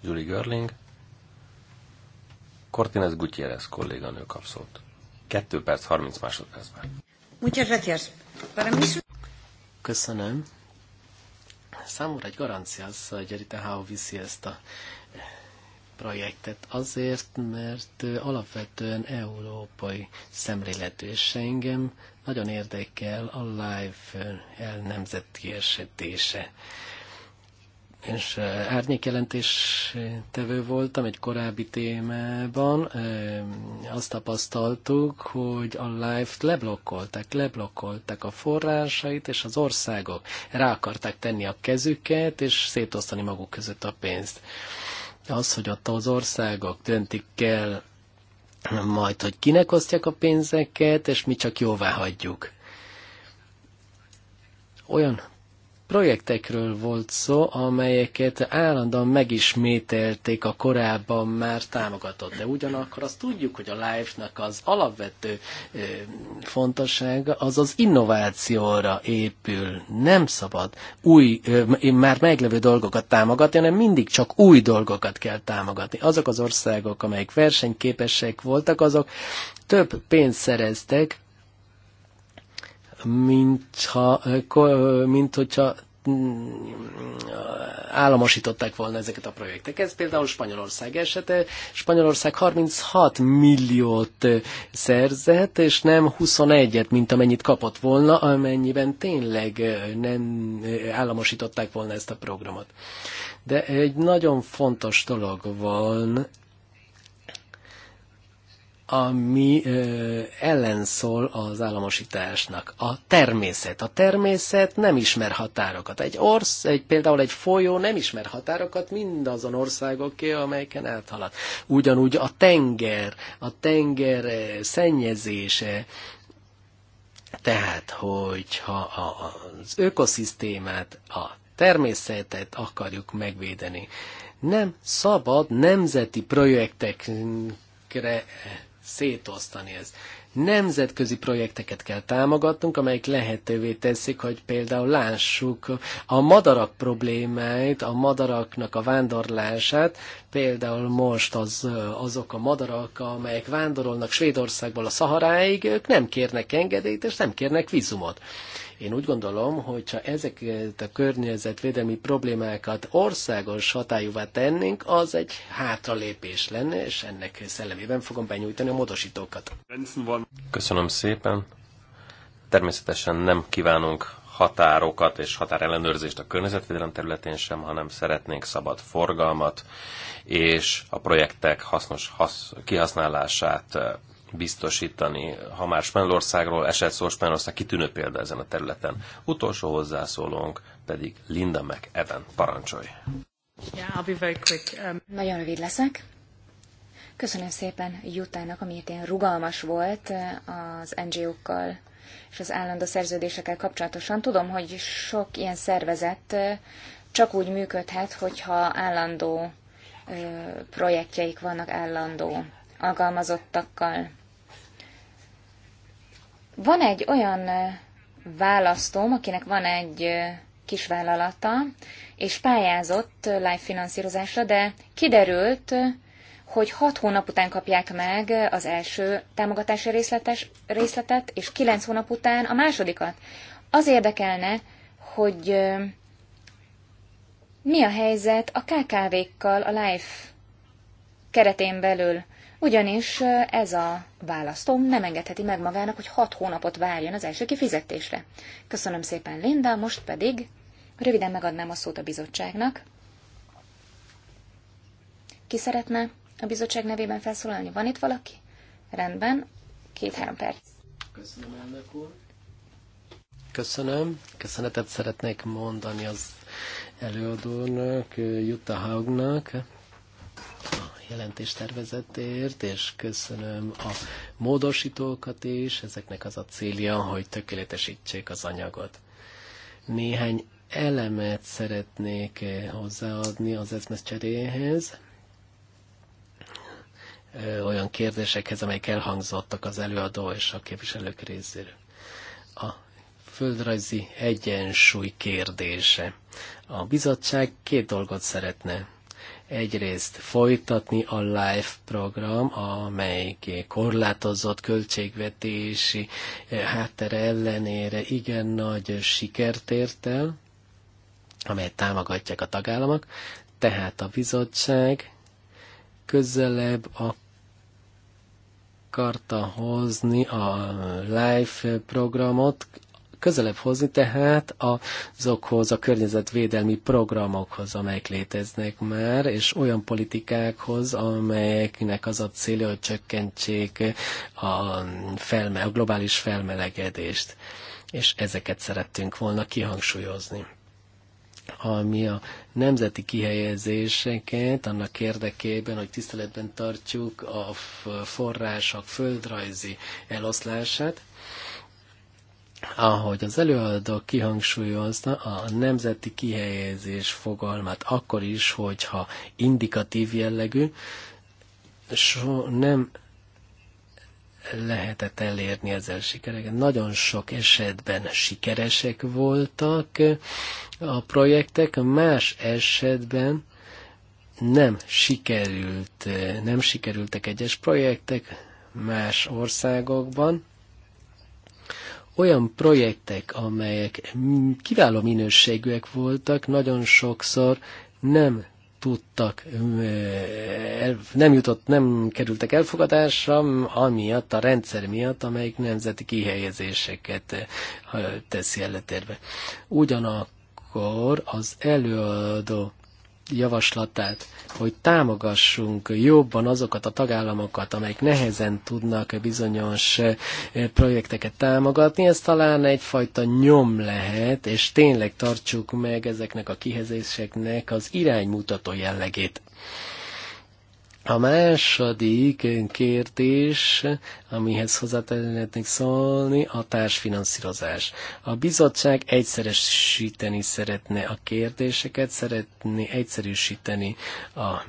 Speaker 2: Julie Görling. Cortines Gutierrez kolléganő kap 2 perc, 30 másodpercben. Köszönöm.
Speaker 3: Számomra egy garancia az, hogy Erita Hau viszi ezt a projektet azért, mert alapvetően európai szemléletű, és engem nagyon érdekel a live elnemzetkérsítése és eh, árnyékjelentés eh, tevő voltam egy korábbi témában. Eh, azt tapasztaltuk, hogy a live-t leblokkolták, leblokkolták a forrásait, és az országok rá akarták tenni a kezüket, és szétosztani maguk között a pénzt. Az, hogy ott az országok döntik el majd, hogy kinek osztják a pénzeket, és mi csak jóvá hagyjuk. Olyan projektekről volt szó, amelyeket állandóan megismételték a korábban már támogatott. De ugyanakkor azt tudjuk, hogy a Life-nak az alapvető ö, fontossága az az innovációra épül. Nem szabad új, ö, már meglevő dolgokat támogatni, hanem mindig csak új dolgokat kell támogatni. Azok az országok, amelyek versenyképesek voltak, azok több pénzt szereztek mintha, eh, eh, mint hogyha mm, államosították volna ezeket a projekteket. Ez például Spanyolország esete. Spanyolország 36 milliót eh, szerzett, és nem 21-et, mint amennyit kapott volna, amennyiben tényleg nem államosították volna ezt a programot. De egy nagyon fontos dolog van ami ö, ellenszól az államosításnak. A természet. A természet nem ismer határokat. Egy orsz, egy, például egy folyó nem ismer határokat mindazon országoké, amelyeken áthalad. Ugyanúgy a tenger, a tenger szennyezése, tehát, hogyha az ökoszisztémát, a természetet akarjuk megvédeni, nem szabad nemzeti projektekre szétosztani ezt. Nemzetközi projekteket kell támogatnunk, amelyek lehetővé teszik, hogy például lássuk a madarak problémáit, a madaraknak a vándorlását, például most az, azok a madarak, amelyek vándorolnak Svédországból a Szaharáig, ők nem kérnek engedélyt, és nem kérnek vízumot. Én úgy gondolom, hogy ha ezeket a környezetvédelmi problémákat országos hatályúvá tennénk, az egy hátralépés lenne, és ennek szellemében fogom benyújtani a módosítókat.
Speaker 2: Köszönöm szépen. Természetesen nem kívánunk határokat és határellenőrzést a környezetvédelem területén sem, hanem szeretnénk szabad forgalmat és a projektek hasznos hasz, kihasználását biztosítani. Ha már Spanyolországról esett szó, Spanyolország kitűnő példa ezen a területen. Utolsó hozzászólónk pedig Linda McEwen. Parancsolj!
Speaker 4: Yeah, I'll be very quick. Um... Nagyon rövid leszek. Köszönöm szépen Jutának, amiért ilyen rugalmas volt eh, az NGO-kkal és az állandó szerződésekkel kapcsolatosan. Tudom, hogy sok ilyen szervezet eh, csak úgy működhet, hogyha állandó eh, projektjeik vannak állandó alkalmazottakkal. Van egy olyan választóm, akinek van egy kisvállalata, és pályázott live finanszírozásra, de kiderült, hogy hat hónap után kapják meg az első támogatási részletes, részletet, és kilenc hónap után a másodikat. Az érdekelne, hogy mi a helyzet a KKV-kkal a live keretén belül ugyanis ez a választó nem engedheti meg magának, hogy hat hónapot várjon az első kifizetésre. Köszönöm szépen, Linda, most pedig röviden megadnám a szót a bizottságnak. Ki szeretne a bizottság nevében felszólalni? Van itt valaki? Rendben, két-három perc.
Speaker 3: Köszönöm, elnök úr. Köszönöm. Köszönetet szeretnék mondani az előadónak, Jutta Haugnak, jelentéstervezetért, és köszönöm a módosítókat is. Ezeknek az a célja, hogy tökéletesítsék az anyagot. Néhány elemet szeretnék hozzáadni az cseréhez, olyan kérdésekhez, amelyek elhangzottak az előadó és a képviselők részéről. A földrajzi egyensúly kérdése. A bizottság két dolgot szeretne egyrészt folytatni a LIFE program, amelyik korlátozott költségvetési eh, háttere ellenére igen nagy sikert ért el, amelyet támogatják a tagállamok, tehát a bizottság közelebb a akarta hozni a live programot közelebb hozni tehát azokhoz a környezetvédelmi programokhoz, amelyek léteznek már, és olyan politikákhoz, amelyeknek az a célja, hogy csökkentsék a, felme, a globális felmelegedést. És ezeket szerettünk volna kihangsúlyozni ami a nemzeti kihelyezéseket annak érdekében, hogy tiszteletben tartjuk a források földrajzi eloszlását, ahogy az előadó kihangsúlyozta, a nemzeti kihelyezés fogalmát akkor is, hogyha indikatív jellegű, so nem lehetett elérni ezzel sikereket. Nagyon sok esetben sikeresek voltak a projektek, más esetben nem sikerült, nem sikerültek egyes projektek más országokban, olyan projektek, amelyek kiváló minőségűek voltak, nagyon sokszor nem tudtak, nem jutott, nem kerültek elfogadásra, amiatt a rendszer miatt, amelyik nemzeti kihelyezéseket teszi előtérbe. Ugyanakkor az előadó javaslatát, hogy támogassunk jobban azokat a tagállamokat, amelyek nehezen tudnak bizonyos eh, projekteket támogatni, ez talán egyfajta nyom lehet, és tényleg tartsuk meg ezeknek a kihezéseknek az iránymutató jellegét. A második kérdés, amihez hozzátennék szólni, a társfinanszírozás. A bizottság egyszeresíteni szeretne a kérdéseket, szeretné egyszerűsíteni a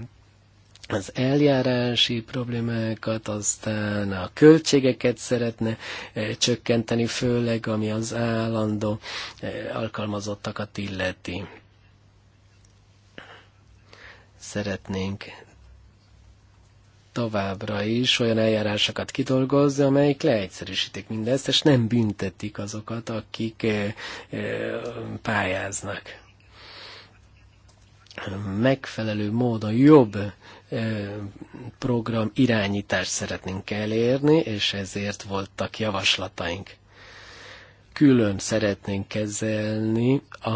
Speaker 3: az eljárási problémákat, aztán a költségeket szeretne eh, csökkenteni, főleg ami az állandó eh, alkalmazottakat illeti szeretnénk továbbra is olyan eljárásokat kidolgozni, amelyik leegyszerűsítik mindezt, és nem büntetik azokat, akik eh, eh, pályáznak. Megfelelő módon jobb eh, program irányítást szeretnénk elérni, és ezért voltak javaslataink. Külön szeretnénk kezelni a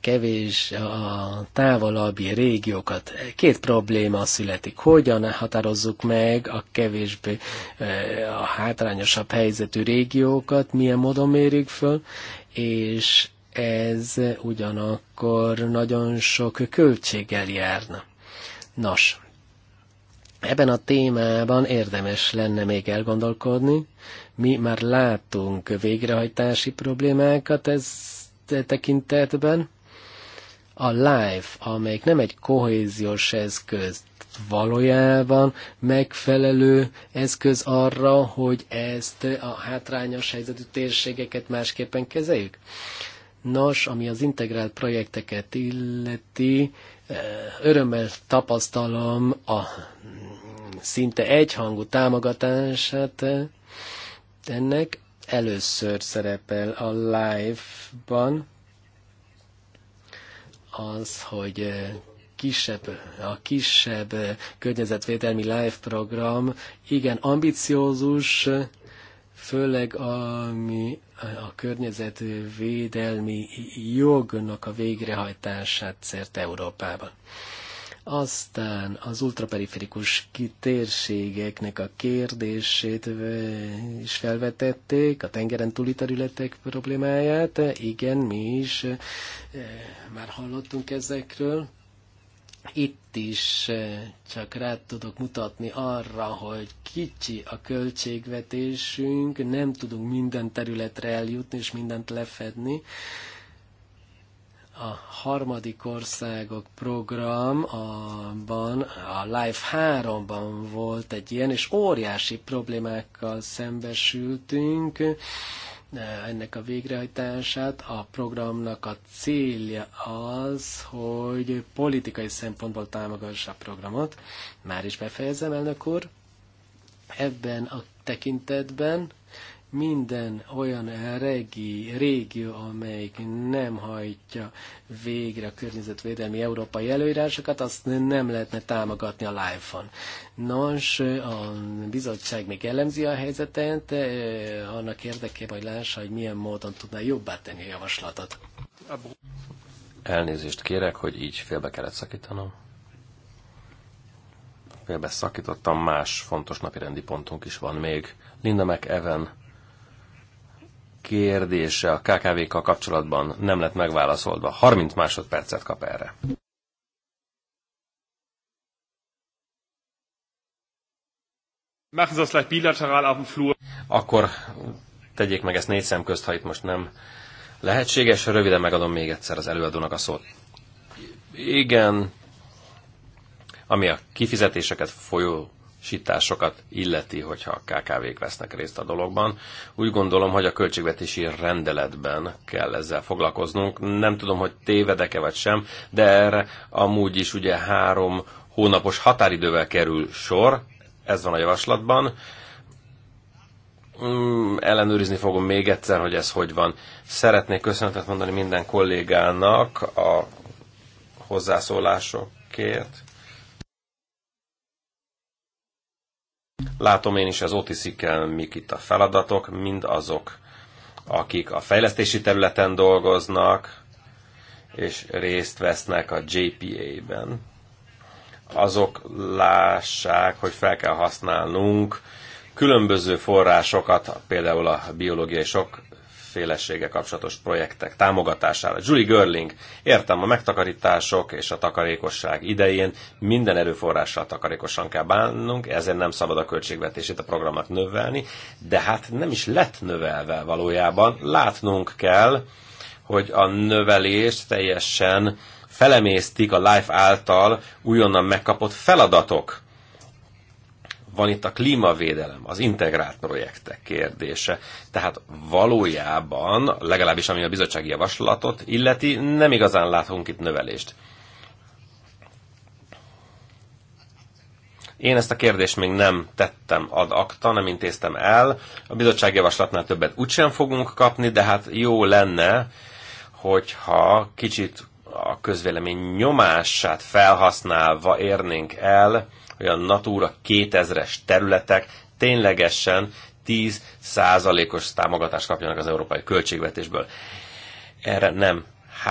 Speaker 3: kevés a távolabbi régiókat. Két probléma születik. Hogyan határozzuk meg a kevésbé eh, a hátrányosabb helyzetű régiókat, milyen módon mérjük föl, és ez ugyanakkor nagyon sok költséggel járna. Nos, ebben a témában érdemes lenne még elgondolkodni. Mi már látunk végrehajtási problémákat ez tekintetben, a LIFE, amelyik nem egy kohéziós eszköz, valójában megfelelő eszköz arra, hogy ezt a hátrányos helyzetű térségeket másképpen kezeljük? Nos, ami az integrált projekteket illeti, eh, örömmel tapasztalom a szinte egyhangú támogatását eh, ennek először szerepel a live-ban, az, hogy eh, kisebb, a kisebb eh, környezetvédelmi live program igen ambiciózus, főleg ami a környezetvédelmi jognak a végrehajtását szerte Európában. Aztán az ultraperiferikus kitérségeknek a kérdését is felvetették, a tengeren túli területek problémáját. Igen, mi is eh, már hallottunk ezekről. Itt is eh, csak rá tudok mutatni arra, hogy kicsi a költségvetésünk, nem tudunk minden területre eljutni és mindent lefedni a harmadik országok programban, a Life 3-ban volt egy ilyen, és óriási problémákkal szembesültünk eh, ennek a végrehajtását. A programnak a célja az, hogy politikai szempontból támogassa a programot. Már is befejezem, elnök úr. Ebben a tekintetben minden olyan regi, régió, amelyik nem hajtja végre a környezetvédelmi európai előírásokat, azt nem lehetne támogatni a live-on. Nos, a bizottság még elemzi a helyzetet, eh, annak érdekében, hogy lássa, hogy milyen módon tudná jobbá tenni a javaslatot.
Speaker 2: Elnézést kérek, hogy így félbe kellett szakítanom. Félbe szakítottam, más fontos napirendi pontunk is van még. Linda McEwen kérdése a KKV-kkal kapcsolatban nem lett megválaszolva. 30 másodpercet kap erre. Akkor tegyék meg ezt négy szem közt, ha itt most nem lehetséges. Röviden megadom még egyszer az előadónak a szót. Igen, ami a kifizetéseket folyó sításokat illeti, hogyha a KKV-k vesznek részt a dologban. Úgy gondolom, hogy a költségvetési rendeletben kell ezzel foglalkoznunk. Nem tudom, hogy tévedek-e vagy sem, de erre amúgy is ugye három hónapos határidővel kerül sor, ez van a javaslatban. Mm, ellenőrizni fogom még egyszer, hogy ez hogy van. Szeretnék köszönetet mondani minden kollégának a hozzászólásokért Látom én is az OTC-kel, mik itt a feladatok, mind azok, akik a fejlesztési területen dolgoznak, és részt vesznek a JPA-ben. Azok lássák, hogy fel kell használnunk különböző forrásokat, például a biológiai sok szélessége kapcsolatos projektek támogatására. Julie Görling, értem, a megtakarítások és a takarékosság idején minden erőforrással takarékosan kell bánnunk, ezért nem szabad a költségvetését a programnak növelni, de hát nem is lett növelve valójában. Látnunk kell, hogy a növelést teljesen felemésztik a Life által újonnan megkapott feladatok van itt a klímavédelem, az integrált projektek kérdése. Tehát valójában, legalábbis ami a bizottsági javaslatot illeti, nem igazán látunk itt növelést. Én ezt a kérdést még nem tettem ad akta, nem intéztem el. A bizottság javaslatnál többet úgysem fogunk kapni, de hát jó lenne, hogyha kicsit a közvélemény nyomását felhasználva érnénk el hogy a Natura 2000-es területek ténylegesen 10 százalékos támogatást kapjanak az európai költségvetésből. Erre nem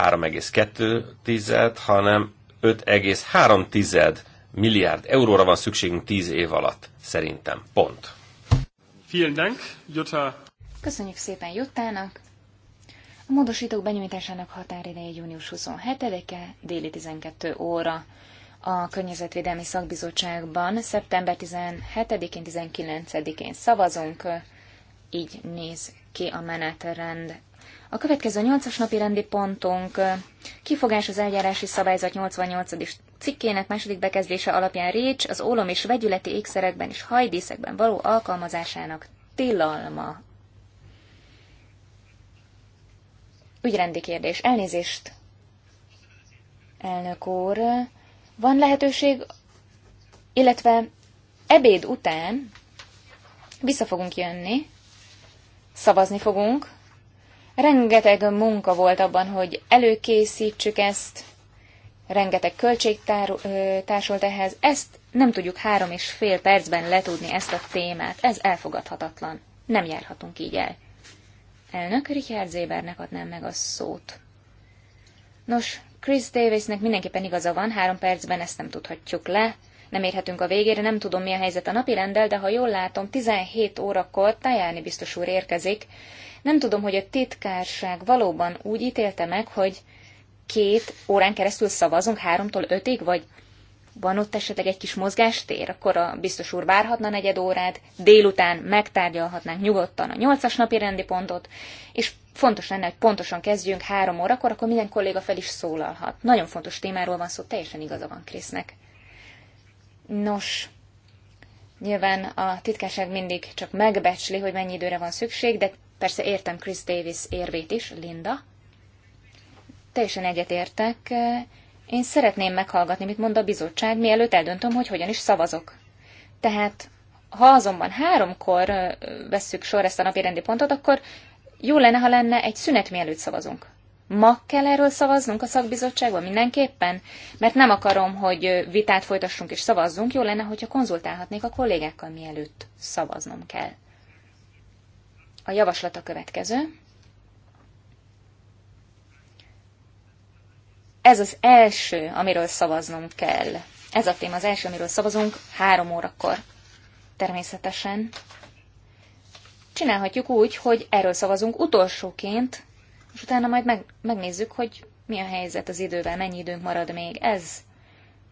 Speaker 2: 3,2, hanem 5,3 milliárd euróra van szükségünk 10 év alatt, szerintem. Pont. Vielen Dank, Jutta.
Speaker 4: Köszönjük szépen Juttának. A módosítók benyújtásának határideje június 27-e, déli 12 óra a Környezetvédelmi Szakbizottságban szeptember 17-én, 19-én szavazunk, így néz ki a menetrend. A következő 8-as napi rendi pontunk kifogás az eljárási szabályzat 88. cikkének második bekezdése alapján Récs az ólom és vegyületi ékszerekben és hajdíszekben való alkalmazásának tilalma. Ügyrendi kérdés. Elnézést, elnök úr van lehetőség, illetve ebéd után vissza fogunk jönni, szavazni fogunk. Rengeteg munka volt abban, hogy előkészítsük ezt, rengeteg költség társult ehhez. Ezt nem tudjuk három és fél percben letudni ezt a témát. Ez elfogadhatatlan. Nem járhatunk így el. Elnök Richard Zébernek adnám meg a szót. Nos, Chris Davisnek mindenképpen igaza van, három percben ezt nem tudhatjuk le, nem érhetünk a végére, nem tudom mi a helyzet a napi rendel, de ha jól látom, 17 órakor Tajáni biztos úr érkezik. Nem tudom, hogy a titkárság valóban úgy ítélte meg, hogy két órán keresztül szavazunk, háromtól ötig, vagy van ott esetleg egy kis mozgástér, akkor a biztos úr várhatna negyed órát, délután megtárgyalhatnánk nyugodtan a nyolcas napi rendi pontot, és fontos lenne, hogy pontosan kezdjünk három órakor, akkor minden kolléga fel is szólalhat. Nagyon fontos témáról van szó, teljesen igaza van Krisznek. Nos, nyilván a titkárság mindig csak megbecsli, hogy mennyi időre van szükség, de persze értem Chris Davis érvét is, Linda. Teljesen egyetértek. Én szeretném meghallgatni, mit mond a bizottság, mielőtt eldöntöm, hogy hogyan is szavazok. Tehát ha azonban háromkor vesszük sor ezt a napi rendi pontot, akkor jó lenne, ha lenne egy szünet, mielőtt szavazunk. Ma kell erről szavaznunk a szakbizottságban mindenképpen? Mert nem akarom, hogy vitát folytassunk és szavazzunk. Jó lenne, hogyha konzultálhatnék a kollégákkal, mielőtt szavaznom kell. A javaslat a következő. Ez az első, amiről szavaznunk kell. Ez a téma az első, amiről szavazunk, három órakor. Természetesen Csinálhatjuk úgy, hogy erről szavazunk utolsóként, és utána majd meg, megnézzük, hogy mi a helyzet az idővel, mennyi időnk marad még. Ez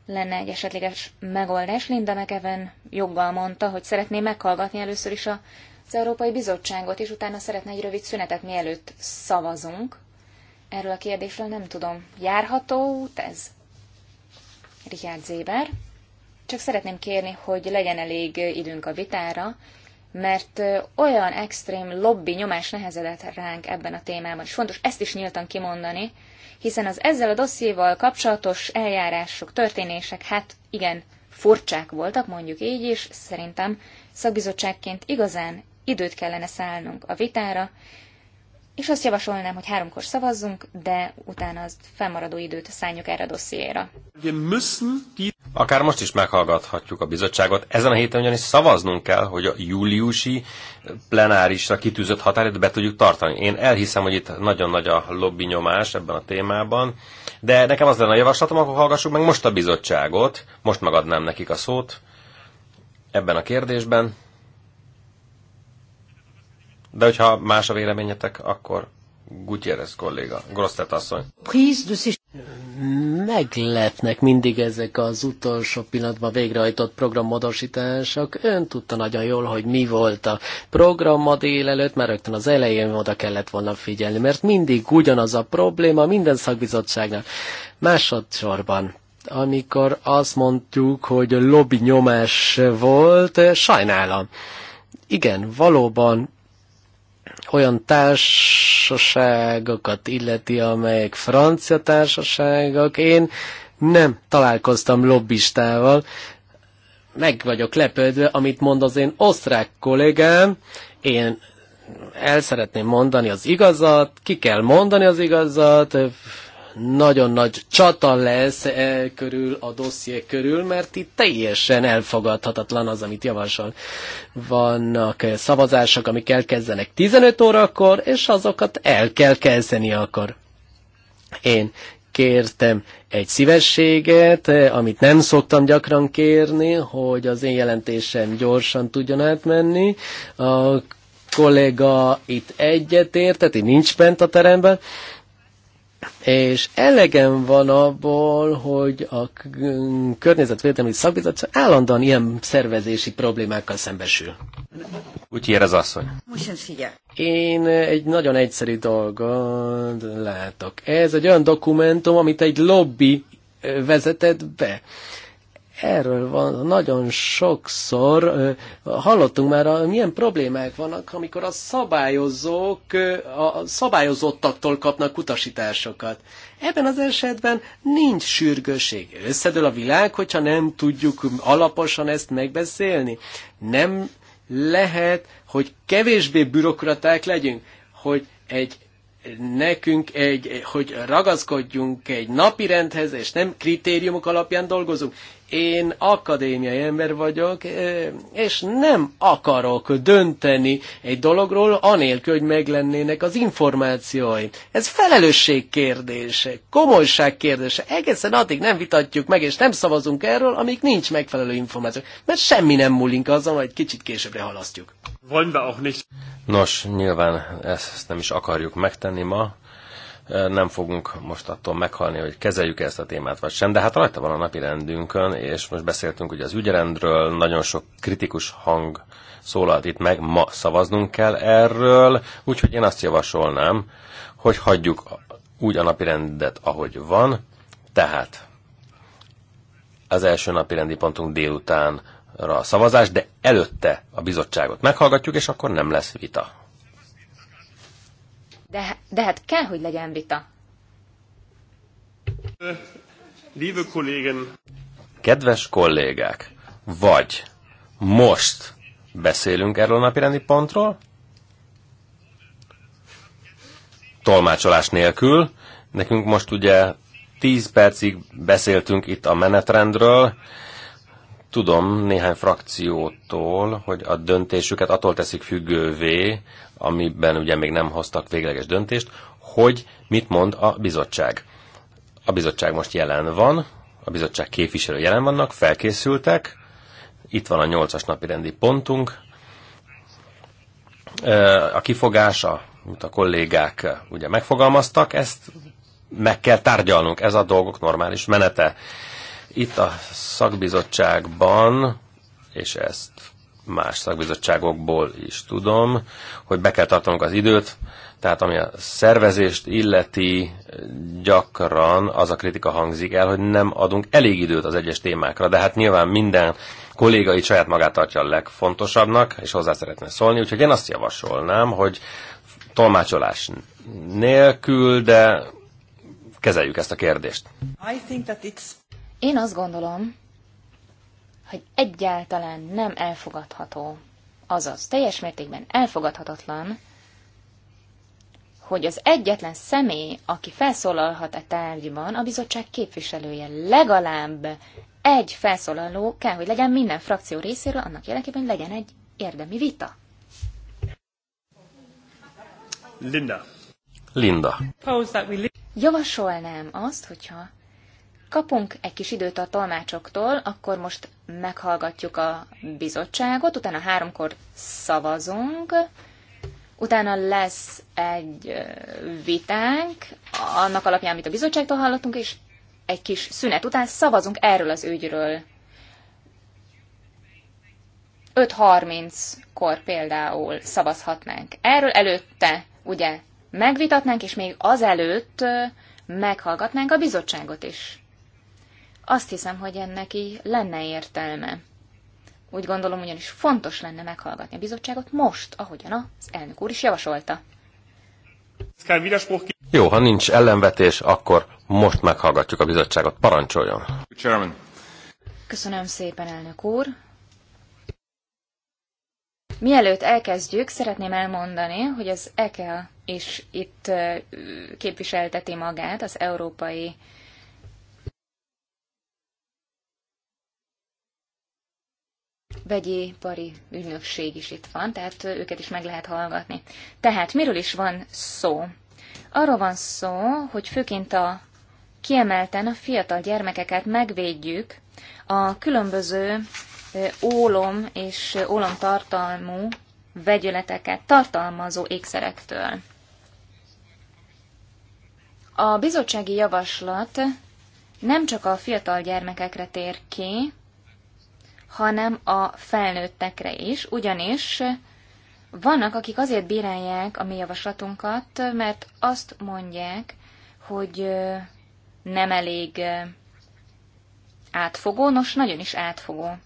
Speaker 4: lenne egy esetleges megoldás. Linda McEwen joggal mondta, hogy szeretné meghallgatni először is a, az Európai Bizottságot, és utána szeretne egy rövid szünetet, mielőtt szavazunk. Erről a kérdésről nem tudom. Járható út ez? Richard Zéber. Csak szeretném kérni, hogy legyen elég időnk a vitára, mert olyan extrém lobby nyomás nehezedett ránk ebben a témában, és fontos ezt is nyíltan kimondani, hiszen az ezzel a dossziéval kapcsolatos eljárások, történések, hát igen, furcsák voltak, mondjuk így is, szerintem szakbizottságként igazán időt kellene szállnunk a vitára, és azt javasolnám, hogy háromkor szavazzunk, de utána az felmaradó időt szálljuk erre a dossziéra.
Speaker 2: Akár most is meghallgathatjuk a bizottságot. Ezen a héten ugyanis szavaznunk kell, hogy a júliusi plenárisra kitűzött határidőt be tudjuk tartani. Én elhiszem, hogy itt nagyon nagy a lobby nyomás ebben a témában, de nekem az lenne a javaslatom, akkor hallgassuk meg most a bizottságot, most megadnám nekik a szót ebben a kérdésben de hogyha más a véleményetek, akkor Gutierrez kolléga, Grosztet asszony.
Speaker 3: Meglepnek mindig ezek az utolsó pillanatban végrehajtott programmodosítások. Ön tudta nagyon jól, hogy mi volt a program ma délelőtt, mert rögtön az elején oda kellett volna figyelni, mert mindig ugyanaz a probléma minden szakbizottságnak. Másodszorban amikor azt mondjuk, hogy lobby nyomás volt, sajnálom. Igen, valóban olyan társaságokat illeti, amelyek francia társaságok. Én nem találkoztam lobbistával, meg vagyok lepődve, amit mond az én osztrák kollégám. Én el szeretném mondani az igazat, ki kell mondani az igazat, nagyon nagy csata lesz e körül, a dosszié körül, mert itt teljesen elfogadhatatlan az, amit javasol. Vannak e, szavazások, amik elkezdenek 15 órakor, és azokat el kell kezdeni akkor. Én kértem egy szívességet, e, amit nem szoktam gyakran kérni, hogy az én jelentésem gyorsan tudjon átmenni. A kolléga itt egyetért, tehát nincs bent a teremben és elegem van abból, hogy a környezetvédelmi szakbizottság állandóan ilyen szervezési problémákkal szembesül.
Speaker 2: Úgy ér az asszony.
Speaker 3: Én egy nagyon egyszerű dolgot látok. Ez egy olyan dokumentum, amit egy lobby vezetett be. Erről van nagyon sokszor, hallottunk már, milyen problémák vannak, amikor a szabályozók a szabályozottaktól kapnak utasításokat. Ebben az esetben nincs sürgőség. Összedől a világ, hogyha nem tudjuk alaposan ezt megbeszélni. Nem lehet, hogy kevésbé bürokraták legyünk, hogy egy nekünk egy, hogy ragaszkodjunk egy napi rendhez, és nem kritériumok alapján dolgozunk én akadémiai ember vagyok, és nem akarok dönteni egy dologról, anélkül, hogy meglennének az információim. Ez felelősség kérdése, komolyság kérdése. Egészen addig nem vitatjuk meg, és nem szavazunk erről, amíg nincs megfelelő információ. Mert semmi nem múlik azon, hogy kicsit későbbre halasztjuk.
Speaker 2: Nos, nyilván ezt nem is akarjuk megtenni ma, nem fogunk most attól meghalni, hogy kezeljük ezt a témát, vagy sem, de hát rajta van a napi rendünkön, és most beszéltünk ugye az ügyrendről, nagyon sok kritikus hang szólalt itt meg, ma szavaznunk kell erről, úgyhogy én azt javasolnám, hogy hagyjuk úgy a napi rendet, ahogy van, tehát az első napi rendi pontunk délutánra a szavazás, de előtte a bizottságot meghallgatjuk, és akkor nem lesz vita.
Speaker 4: De, de hát kell, hogy legyen vita.
Speaker 2: Liebe Kollegen. Kedves kollégák, vagy most beszélünk erről a napirendi pontról, tolmácsolás nélkül. Nekünk most ugye 10 percig beszéltünk itt a menetrendről, Tudom néhány frakciótól, hogy a döntésüket attól teszik függővé, amiben ugye még nem hoztak végleges döntést, hogy mit mond a bizottság. A bizottság most jelen van, a bizottság képviselő jelen vannak, felkészültek, itt van a nyolcas napi rendi pontunk. A kifogása, mint a kollégák ugye megfogalmaztak, ezt meg kell tárgyalnunk, ez a dolgok normális menete. Itt a szakbizottságban, és ezt más szakbizottságokból is tudom, hogy be kell tartanunk az időt, tehát ami a szervezést illeti, gyakran az a kritika hangzik el, hogy nem adunk elég időt az egyes témákra, de hát nyilván minden kolléga itt saját magát tartja a legfontosabbnak, és hozzá szeretne szólni, úgyhogy én azt javasolnám, hogy tolmácsolás nélkül, de kezeljük ezt a kérdést.
Speaker 4: I think that it's én azt gondolom, hogy egyáltalán nem elfogadható, azaz teljes mértékben elfogadhatatlan, hogy az egyetlen személy, aki felszólalhat e tárgyban, a bizottság képviselője legalább egy felszólaló kell, hogy legyen minden frakció részéről, annak érdekében, legyen egy érdemi vita.
Speaker 2: Linda. Linda.
Speaker 4: Javasolnám azt, hogyha kapunk egy kis időt a tolmácsoktól, akkor most meghallgatjuk a bizottságot, utána háromkor szavazunk, utána lesz egy vitánk, annak alapján, amit a bizottságtól hallottunk, és egy kis szünet után szavazunk erről az ügyről. 5.30-kor például szavazhatnánk. Erről előtte, ugye, megvitatnánk, és még azelőtt meghallgatnánk a bizottságot is. Azt hiszem, hogy ennek így lenne értelme. Úgy gondolom, ugyanis fontos lenne meghallgatni a bizottságot most, ahogyan az elnök úr is javasolta.
Speaker 2: Jó, ha nincs ellenvetés, akkor most meghallgatjuk a bizottságot. Parancsoljon!
Speaker 4: Köszönöm szépen, elnök úr! Mielőtt elkezdjük, szeretném elmondani, hogy az EKEL is itt képviselteti magát, az Európai pari ügynökség is itt van, tehát őket is meg lehet hallgatni. Tehát miről is van szó? Arról van szó, hogy főként a kiemelten a fiatal gyermekeket megvédjük a különböző ólom és tartalmú vegyületeket tartalmazó ékszerektől. A bizottsági javaslat nem csak a fiatal gyermekekre tér ki, hanem a felnőttekre is, ugyanis vannak, akik azért bírálják a mi javaslatunkat, mert azt mondják, hogy nem elég átfogó, nos, nagyon is átfogó.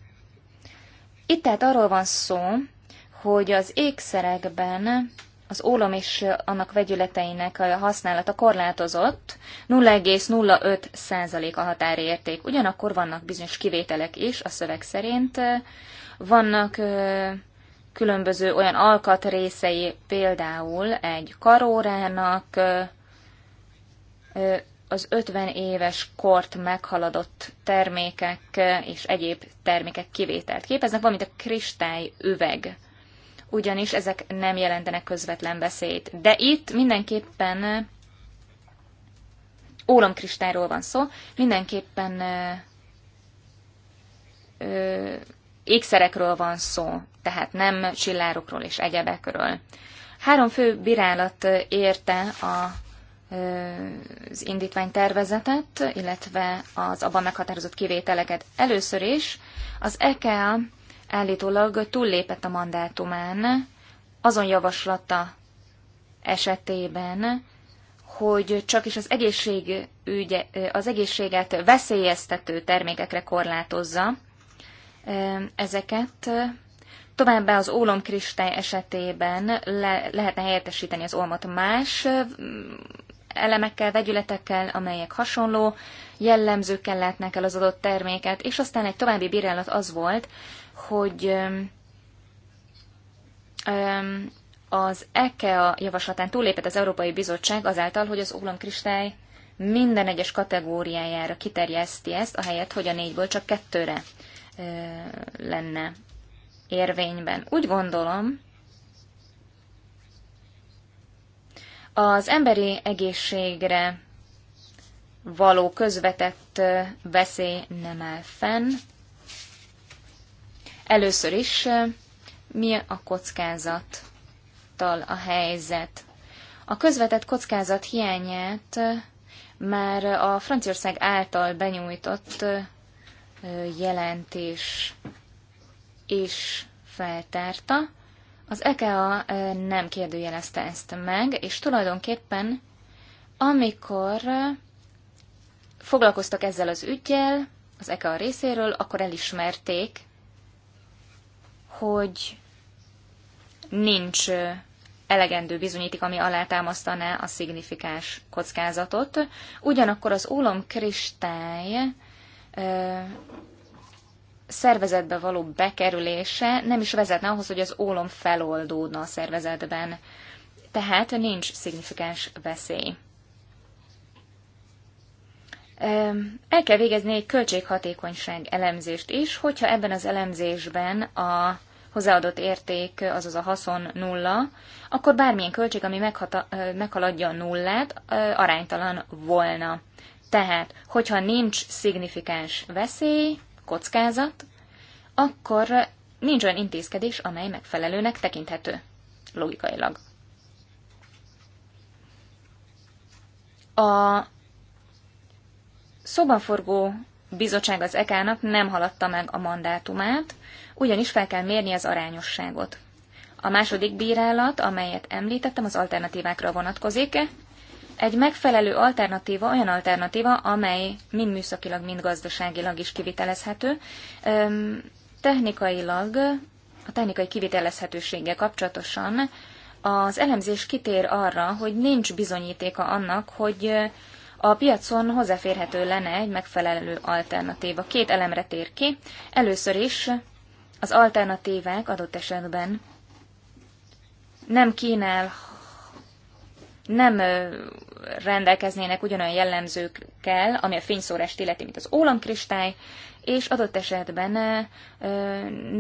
Speaker 4: Itt tehát arról van szó, hogy az ékszerekben az ólom és annak vegyületeinek a használata korlátozott, 0,05% a határérték. Ugyanakkor vannak bizonyos kivételek is a szöveg szerint. Vannak különböző olyan alkatrészei, például egy karórának, az 50 éves kort meghaladott termékek és egyéb termékek kivételt képeznek, valamint a kristályüveg ugyanis ezek nem jelentenek közvetlen veszélyt. De itt mindenképpen eh, ólomkristályról van szó, mindenképpen ö, eh, eh, ékszerekről van szó, tehát nem csillárokról és egyebekről. Három fő bírálat érte a, az indítvány tervezetet, illetve az abban meghatározott kivételeket. Először is az EKA állítólag túllépett a mandátumán azon javaslata esetében, hogy csak is az, ügye, az egészséget veszélyeztető termékekre korlátozza ezeket. Továbbá az ólomkristály esetében le, lehetne helyettesíteni az olmot más elemekkel, vegyületekkel, amelyek hasonló jellemzőkkel látnák el az adott terméket, és aztán egy további bírálat az volt, hogy az EKEA javaslatán túllépett az Európai Bizottság azáltal, hogy az ólomkristály minden egyes kategóriájára kiterjeszti ezt, ahelyett, hogy a négyből csak kettőre lenne érvényben. Úgy gondolom, az emberi egészségre való közvetett veszély nem áll fenn, Először is mi a kockázattal a helyzet? A közvetett kockázat hiányát már a Franciaország által benyújtott jelentés is feltárta. Az EKA nem kérdőjelezte ezt meg, és tulajdonképpen amikor foglalkoztak ezzel az ügyjel, az EKA részéről, akkor elismerték, hogy nincs elegendő bizonyíték, ami alátámasztaná a szignifikáns kockázatot. Ugyanakkor az ólomkristály szervezetbe való bekerülése nem is vezetne ahhoz, hogy az ólom feloldódna a szervezetben. Tehát nincs szignifikáns veszély. El kell végezni egy költséghatékonyság elemzést is, hogyha ebben az elemzésben a hozzáadott érték, azaz a haszon nulla, akkor bármilyen költség, ami meghata, meghaladja a nullát, aránytalan volna. Tehát, hogyha nincs szignifikáns veszély, kockázat, akkor nincs olyan intézkedés, amely megfelelőnek tekinthető, logikailag. A szobaforgó bizottság az EK-nak nem haladta meg a mandátumát, ugyanis fel kell mérni az arányosságot. A második bírálat, amelyet említettem, az alternatívákra vonatkozik. Egy megfelelő alternatíva olyan alternatíva, amely mind műszakilag, mind gazdaságilag is kivitelezhető. Technikailag, a technikai kivitelezhetősége kapcsolatosan az elemzés kitér arra, hogy nincs bizonyítéka annak, hogy a piacon hozzáférhető lenne egy megfelelő alternatíva. Két elemre tér ki. Először is az alternatívák adott esetben nem kínál, nem rendelkeznének ugyanolyan jellemzőkkel, ami a fényszórást illeti, mint az ólamkristály, és adott esetben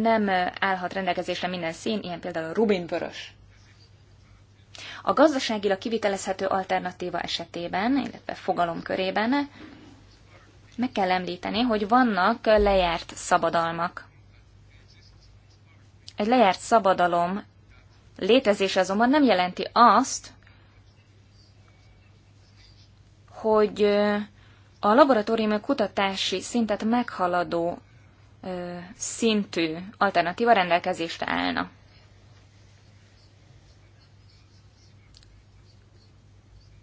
Speaker 4: nem állhat rendelkezésre minden szín, ilyen például a rubinvörös. A gazdaságilag kivitelezhető alternatíva esetében, illetve fogalomkörében meg kell említeni, hogy vannak lejárt szabadalmak. Egy lejárt szabadalom létezése azonban nem jelenti azt, hogy a laboratóriumi kutatási szintet meghaladó szintű alternatíva rendelkezésre állna.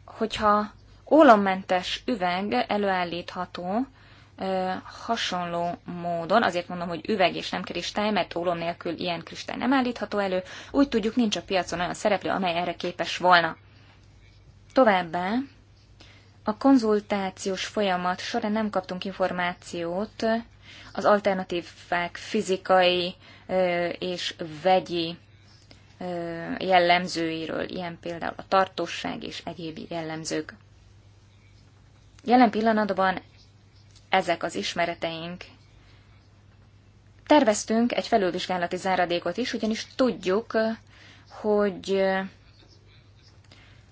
Speaker 4: Hogyha ólommentes üveg előállítható, hasonló módon, azért mondom, hogy üveg és nem kristály, mert ólom nélkül ilyen kristály nem állítható elő, úgy tudjuk, nincs a piacon olyan szereplő, amely erre képes volna. Továbbá a konzultációs folyamat során nem kaptunk információt az alternatívák fizikai és vegyi jellemzőiről, ilyen például a tartóság és egyéb jellemzők. Jelen pillanatban ezek az ismereteink. Terveztünk egy felülvizsgálati záradékot is, ugyanis tudjuk, hogy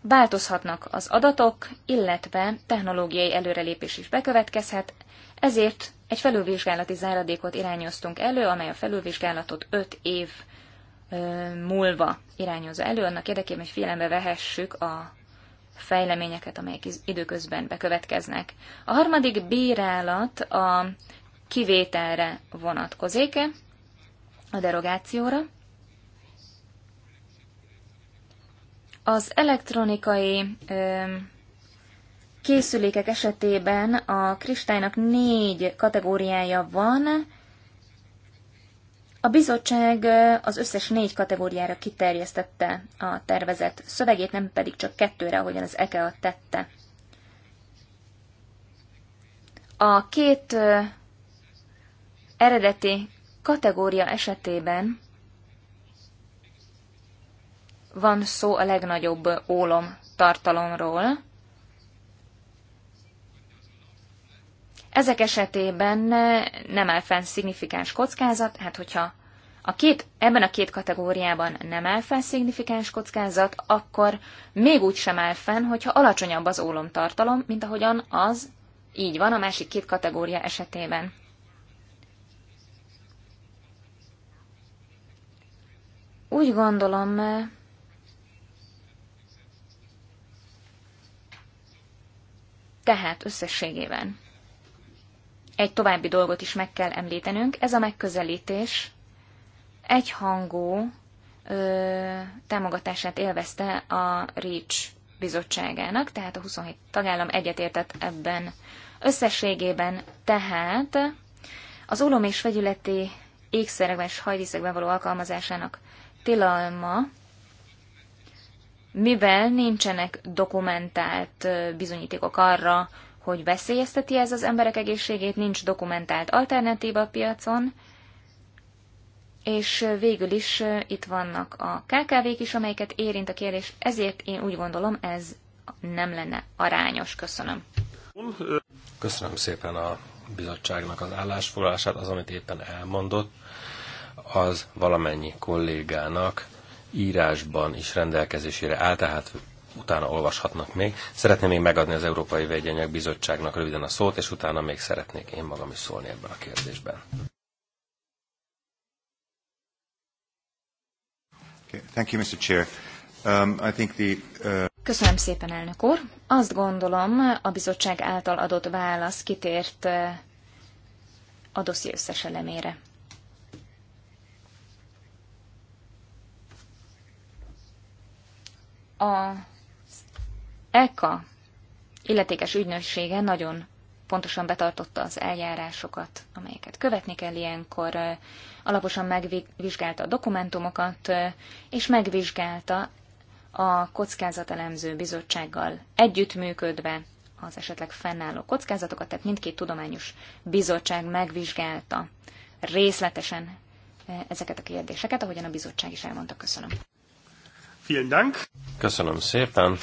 Speaker 4: változhatnak az adatok, illetve technológiai előrelépés is bekövetkezhet, ezért egy felülvizsgálati záradékot irányoztunk elő, amely a felülvizsgálatot 5 év múlva irányozza elő, annak érdekében, hogy figyelembe vehessük a fejleményeket, amelyek időközben bekövetkeznek. A harmadik bírálat a kivételre vonatkozik, a derogációra. Az elektronikai ö, készülékek esetében a kristálynak négy kategóriája van, a bizottság az összes négy kategóriára kiterjesztette a tervezet szövegét, nem pedig csak kettőre, ahogyan az EKA e tette. A két eredeti kategória esetében van szó a legnagyobb ólom tartalomról, Ezek esetében eh, nem áll fenn szignifikáns kockázat, hát hogyha a két, ebben a két kategóriában nem áll fenn szignifikáns kockázat, akkor még úgy sem áll fenn, hogyha alacsonyabb az ólomtartalom, mint ahogyan az így van a másik két kategória esetében. Úgy gondolom, eh, tehát összességében egy további dolgot is meg kell említenünk, ez a megközelítés egyhangú ö, támogatását élvezte a REACH bizottságának, tehát a 27 tagállam egyetértett ebben összességében, tehát az olom és vegyületi ékszerekben és hajvízekben való alkalmazásának tilalma, mivel nincsenek dokumentált bizonyítékok arra, hogy veszélyezteti ez az emberek egészségét, nincs dokumentált alternatíva a piacon, és végül is itt vannak a KKV-k is, amelyeket érint a kérdés, ezért én úgy gondolom, ez nem lenne arányos. Köszönöm.
Speaker 2: Köszönöm szépen a bizottságnak az állásfoglalását, az, amit éppen elmondott, az valamennyi kollégának írásban is rendelkezésére áll, tehát utána olvashatnak még. Szeretném még megadni az Európai Vegyanyag Bizottságnak röviden a szót, és utána még szeretnék én magam is szólni ebben a
Speaker 1: kérdésben. Thank you, Mr. Chair. Um, I think the, uh...
Speaker 4: Köszönöm szépen, elnök úr. Azt gondolom, a bizottság által adott válasz kitért uh, a dosszi összes elemére. A Eka, illetékes ügynöksége nagyon pontosan betartotta az eljárásokat, amelyeket követni kell ilyenkor, alaposan megvizsgálta a dokumentumokat, és megvizsgálta a kockázatelemző bizottsággal együttműködve az esetleg fennálló kockázatokat, tehát mindkét tudományos bizottság megvizsgálta részletesen ezeket a kérdéseket, ahogyan a bizottság is elmondta. Köszönöm. Vielen Dank.
Speaker 2: Köszönöm szépen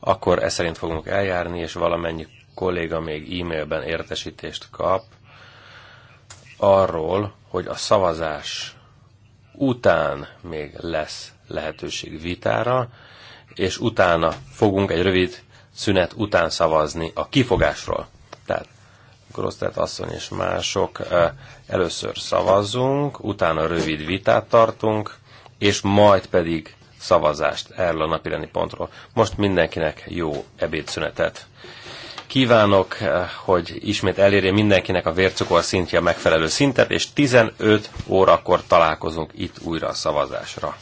Speaker 2: akkor ez szerint fogunk eljárni, és valamennyi kolléga még e-mailben értesítést kap arról, hogy a szavazás után még lesz lehetőség vitára, és utána fogunk egy rövid szünet után szavazni a kifogásról. Tehát Grosztert asszony és mások, először szavazunk, utána rövid vitát tartunk, és majd pedig szavazást erről a napirendi pontról. Most mindenkinek jó ebédszünetet kívánok, eh, hogy ismét elérje mindenkinek a vércukor szintje a megfelelő szintet, és 15 órakor találkozunk itt újra a szavazásra.